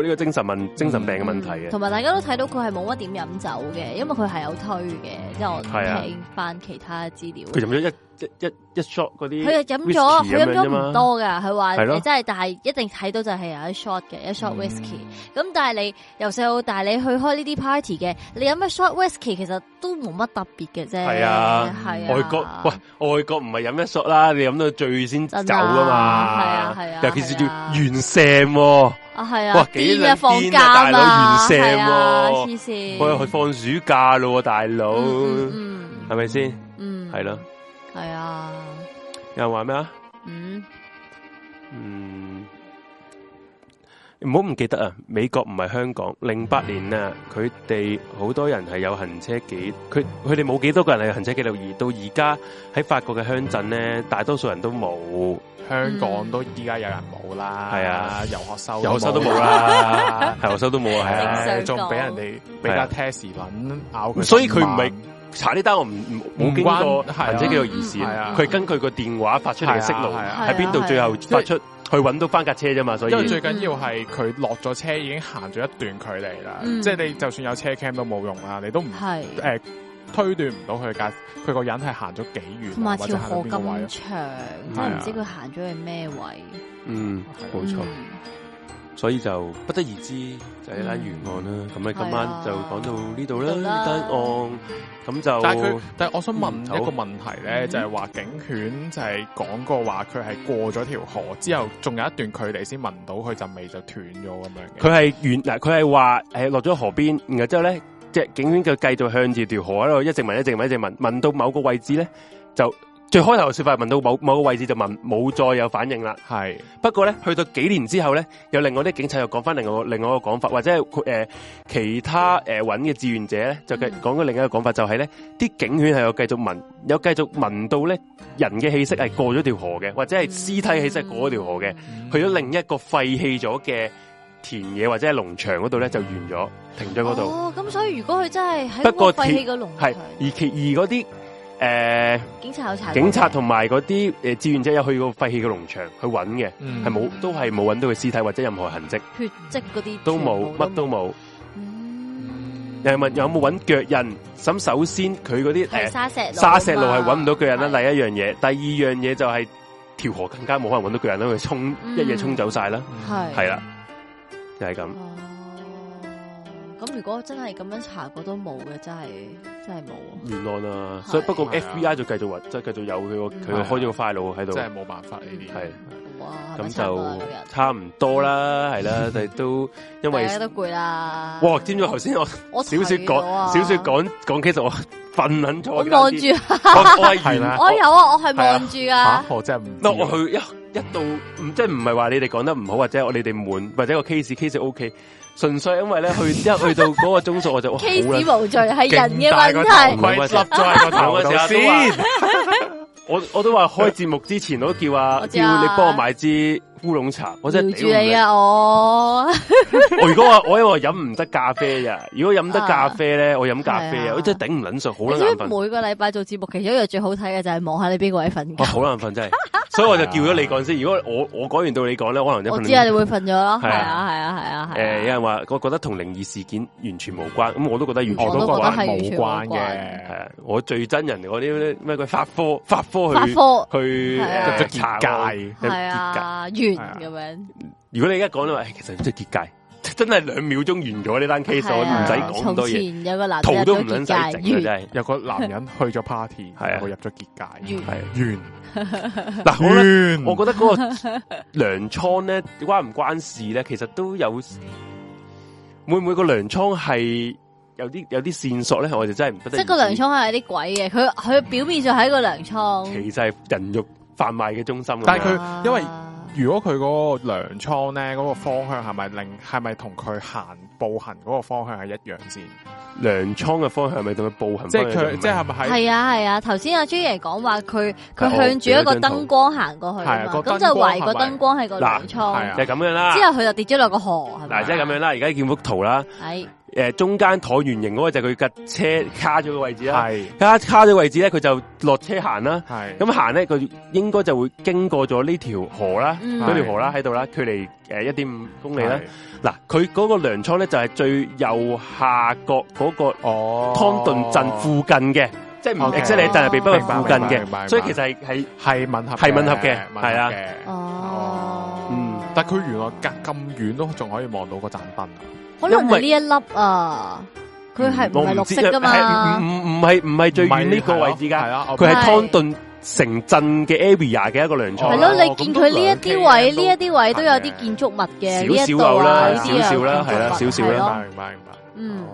呢、這個精神問精神病嘅問題嘅，同、嗯、埋大家都睇到佢係冇乜點飲酒嘅，因為佢係有推嘅，即係我睇翻其他資料。佢就一一一 shot 嗰啲，佢係飲咗，佢飲咗唔多噶。佢話你真係，但係一定睇到就係有一 shot 嘅、嗯、一 shot whisky。咁但係你由細到大，你去開呢啲 party 嘅，你飲咩 shot whisky 其實都冇乜特別嘅啫。係啊，係啊。外國喂，外國唔係飲一 shot 啦，你飲到醉先走㗎嘛。係啊係啊。尤其是叫原聲，啊係啊。幾日、啊啊啊啊啊啊、放假原、啊、大佬原聲、啊啊，喂，去放暑假咯、啊，大佬，係咪先？嗯，係咯。係啊！又話咩啊？嗯嗯，唔好唔記得啊！美國唔係香港，零八年啊，佢哋好多人係有行車記，佢佢哋冇幾多個人係行車記錄儀。而到而家喺法國嘅鄉鎮咧，大多數人都冇、嗯，香港都依家有人冇啦。係啊，遊學收，遊學收都冇啦，遊 [LAUGHS] 學收都冇 [LAUGHS] 啊！係啊，仲俾人哋俾家 test 佢。咬，所以佢唔係。查呢單我唔唔冇經過行政嘅個儀式，佢根據個電話發出嚟嘅息路，喺邊度最後發出去揾到翻架車啫嘛，所以，所以因為最緊要係佢落咗車已經行咗一段距離啦、嗯，即係你就算有車 cam 都冇用啦，你都唔、呃、推斷唔到佢架佢個人係行咗幾遠，或者係行咗幾長，真係唔知佢行咗去咩位。嗯，冇、啊嗯、錯。嗯所以就不得而知就在沿岸，嗯、就係單案啦。咁咧今晚就講到呢度啦。啊、單案咁就，但係佢，但係我想問一個問題咧，就係話警犬就係講過話佢係過咗條河、嗯、之後，仲有一段距離先聞到佢陣味就斷咗咁樣嘅。佢係原嗱，佢係話誒落咗河邊，然後之後咧，係、即係、警犬就繼續向住條河喺度一直聞，一直聞，一直聞，聞到某個位置咧就。最開頭說法聞到某某個位置就聞冇再有反應啦。係不過咧，去到幾年之後咧，有另外啲警察又講翻另外另外一個講法，或者係誒、呃、其他誒揾嘅志願者咧，就講咗另一個講法就是呢，就係咧啲警犬係有繼續聞，有繼續聞到咧人嘅氣息係過咗條河嘅，或者係屍體氣息係過咗條河嘅、嗯嗯，去咗另一個廢棄咗嘅田野或者農場嗰度咧就完咗，停咗嗰度。哦，咁所以如果佢真係喺廢棄嘅農場，而其二啲。誒、呃，警察警察同埋嗰啲誒志願者有去過廢棄嘅農場去揾嘅，係、嗯、冇都係冇揾到佢屍體或者任何痕迹，血迹嗰啲都冇，乜都冇。又問有冇揾腳印，咁、嗯、首先佢嗰啲誒沙石沙石路係揾唔到腳印啦，第一樣嘢，第二樣嘢就係、是、條河更加冇可能揾到腳印啦，佢沖、嗯、一嘢沖走晒啦，係係啦，就係、是、咁。咁如果真係咁樣查過都冇嘅，真係真係冇。啊，完案啊。所以不過 FBI 就繼續運、啊，即係繼續有佢個佢開咗個 file 喺度，真係冇辦法呢啲係。哇，咁就差唔多啦，係啦，但係都因為都攰啦。哇！點解頭先我小說講小說講講其 a 我瞓緊坐，我望住我、啊、說說我我、啊、我，我， [LAUGHS] 我有啊，我係望住啊。我真係唔、啊，那、啊、我去一一度、嗯，即係唔係話你哋講得唔好或者我你哋滿或者個 case case OK。純粹因為咧，去一去到嗰個鐘數 [LAUGHS] 我就冇啦。無罪，係人嘅問題， [LAUGHS] 我喺個頭先 [LAUGHS] 都說。 [LAUGHS] 我我都話開節目之前我都叫啊， [LAUGHS] 啊叫你幫我買支。烏龍茶，我真係唔住你啊，我。我如果話，我因為飲唔得咖啡呀。 [LAUGHS] 如果飲得咖啡咧，我飲咖啡啊。我真係頂唔捻順，好、啊、難。所以每個禮拜做節目，其中一個最好睇嘅就係望下你邊個喺瞓覺。好難瞓真係，所以我就叫咗你講先、啊。如果我我講完到你講咧，可能我知啊，你會瞓咗咯。係啊，係啊，係啊，係有人話我覺得同靈異事件完全無關。咁我都覺得，覺得完全無，都覺得係無關嘅、啊。我最憎人嗰啲咩佢發科發科去科去執咗結界係啊，咁樣，如果你而家講到話，其實即係結界，真係兩秒鐘完咗呢單 case，我唔使講多嘢。從前有個男人入咗結界，有個男人去咗 party，係啊，我入咗結界，係。冤嗱，我覺得我覺得嗰個糧倉咧關唔關事咧？其實都有，會唔會個糧倉係有啲有啲線索咧？我就真係唔得。即係個糧倉係有啲鬼嘅，佢佢表面上係一個糧倉，其實係人肉販賣嘅中心。但係佢因為。如果佢嗰個糧倉呢，嗰、那個方向係咪另係咪同佢行步行嗰個方向係一樣先？糧倉嘅方向係咪同佢步行即？即係佢，即係咪喺？係啊係啊，頭先、啊、阿朱爺講話，佢佢向住一個燈光行過去咁、哦、就圍個燈光係個糧倉，就係咁樣啦。之後佢就跌咗落個河係咪？即係咁樣啦，而家見幅圖啦。誒中間橢圓形嗰個就係佢架車卡咗嘅位置啦。係卡卡住位置咧，佢就落車行啦、啊。係咁行咧，佢應該就會經過咗呢條河啦，嗰條河啦喺度啦，距離誒一點五公里啦，啦。嗱，佢嗰個糧倉咧就係、是、最右下角嗰個湯頓鎮附近嘅，哦、即係唔即係你鎮入邊不過附近嘅，所以其實係係吻合係吻合嘅，係啊。哦，嗯，但係佢原來隔咁遠都仲可以望到嗰個站墩可能係呢一粒啊，佢係唔係綠色噶嘛不？唔唔係唔係最遠呢、這個位置噶係啊？佢係湯頓城鎮嘅 area 嘅一個糧倉。係咯，你見佢呢一啲位，呢一啲位都有啲建築物嘅。少少有啦，少少啦，係啦，少少啦。明白，明白，嗯，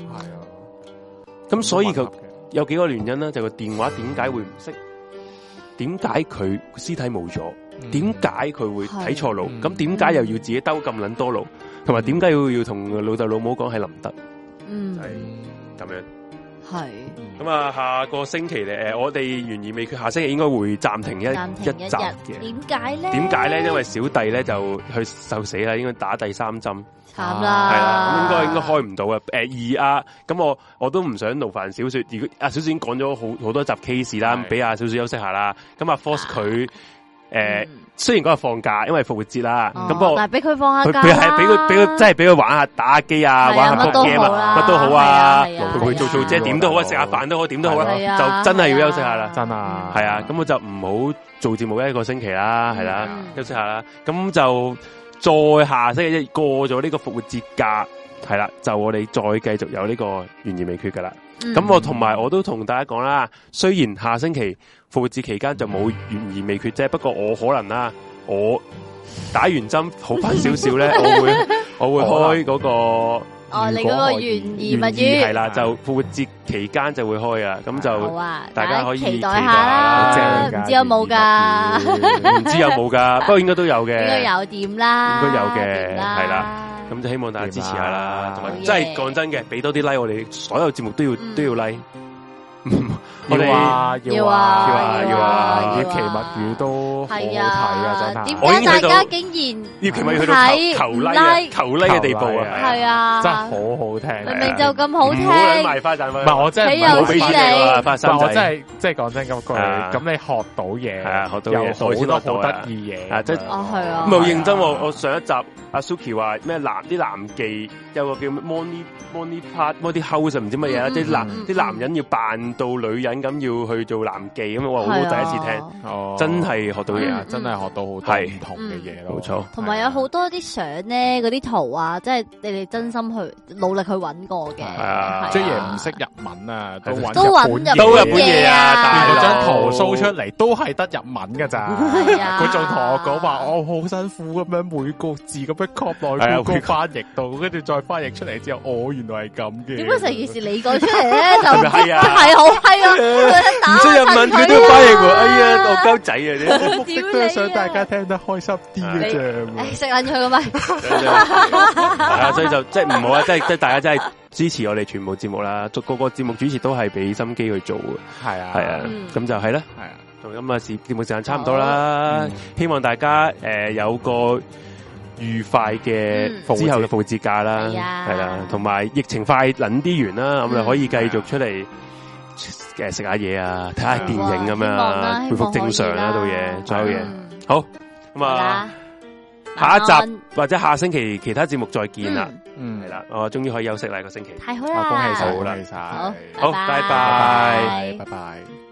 係啊。咁所以佢有幾個原因咧？就個電話點解會唔識？點解佢屍體冇咗？點解佢會睇錯路？咁點解又要自己兜咁捻多路？同埋點解要要同老豆老母講係林德？嗯，係咁樣，係。咁啊，下個星期咧，誒，我哋懸而未決，下星期應該會暫停一暫停一,一集嘅。點解咧？點解咧？因為小弟咧就去受死啦，應該打第三針。慘啦，係啦，咁應該應該開唔到啊。誒，二啊，咁我我都唔想勞煩小雪。如果阿小雪已經講咗好好多集 case 啦，咁俾阿小雪休息一下啦。咁啊，force 佢。誒、嗯，雖然嗰日放假，因為復活節啦，咁、嗯、我，但係俾佢放假佢佢佢佢係佢下假，佢係俾佢俾佢，即係俾佢玩下打下機啊，玩下 game 啊，乜都好啊，陪佢做做，即係點都好啊，食下飯都好，點、啊、都好啦、啊啊，就真係要休息下啦，真啊，係啊，咁、啊啊啊、我就唔好做節目一個星期啦，係啦、啊，係啊嗯、休息下啦，咁就再下星期一過咗呢個復活節假，係啦、啊，就我哋再繼續有呢個懸而未決噶啦，咁、嗯嗯、我同埋我都同大家講啦，雖然下星期。復活節期間就冇懸而未決啫，不過我可能啦、啊，我打完針好翻少少咧，我會我會開嗰、那個哦，哦，你嗰個懸疑物語，係啦，就復活節期間就會開了那就啊，咁就大家可以期待下啦，唔、啊、知有冇噶？唔 [LAUGHS] 知有冇噶？不過應該都有嘅，應該有點啦，應該有嘅，係啦，咁就希望大家支持下啦，同埋真係講真嘅，俾多啲 like 我哋所有節目都要、嗯、都要 like。 [LAUGHS] 我哋要啊，要啊，要啊！葉奇物語都好睇啊，真係。點解大家竟然葉奇物語去到求拉、求拉、求拉嘅地步啊？係啊，真係好好聽，明明就咁好聽，唔好捻埋花盞啦！唔係我真係唔好俾你，我真係真係講真咁句。咁你學到嘢，係啊，學到嘢，有好多好得意嘢啊！即係啊，係啊，咁咪認真？我上一集。啊、Suki 話咩男啲男妓，有個叫 money m o n part money house 唔知乜嘢、嗯、即啲男啲、嗯、男人要扮到女人咁，要去做男妓。咁，我好、啊、第一次聽，哦、真係學到嘢、嗯，真係學到好多唔同嘅嘢咯，冇錯。同、嗯、埋、嗯、有好多啲相咧，嗰啲、啊、圖啊，即係你哋真心去努力去揾過嘅。係啊，J 唔識日文啊，都日都日本嘢啊，但係張圖 show 出嚟都係得日文噶咋。佢仲同我講話，我、 [LAUGHS] 哦、好辛苦咁、啊、樣每個字咁國內故翻譯到，跟、哎、住、okay, 再翻譯出嚟之後，哦，原來係咁嘅。點解成件事你講出嚟咧就係啊係啊好批啊，即係問佢都要翻譯喎、啊。哎呀，我鳩仔啊，你啊，我目的都係想大家聽得開心啲嘅啫。食卵咁咪！個米，哎、呀吃的 [LAUGHS] [LAUGHS] [LAUGHS] yeah, 所以就即係唔好啊！即係即係大家真係支持我哋全部節目啦，逐個個節目主持都係俾心機去做嘅。係啊係啊，咁就係啦。係、yeah. 啊，咁啊時節目時間差唔多啦、oh, 嗯。希望大家誒、呃、有個。愉快嘅、嗯、之後嘅復活節假啦，係啦、啊，同埋、啊啊、疫情快捻啲完啦，咁、啊、就可以繼續出嚟，誒食下嘢啊，睇下、啊、電影咁樣啊，恢復、啊啊、正常啊，做嘢、啊，做、啊、嘢、啊，好咁啊，下一集或者下星期其他節目再見啦，嗯係啦，我終於可以休息啦，個星期太好啦，空氣好啦，好拜拜，拜拜。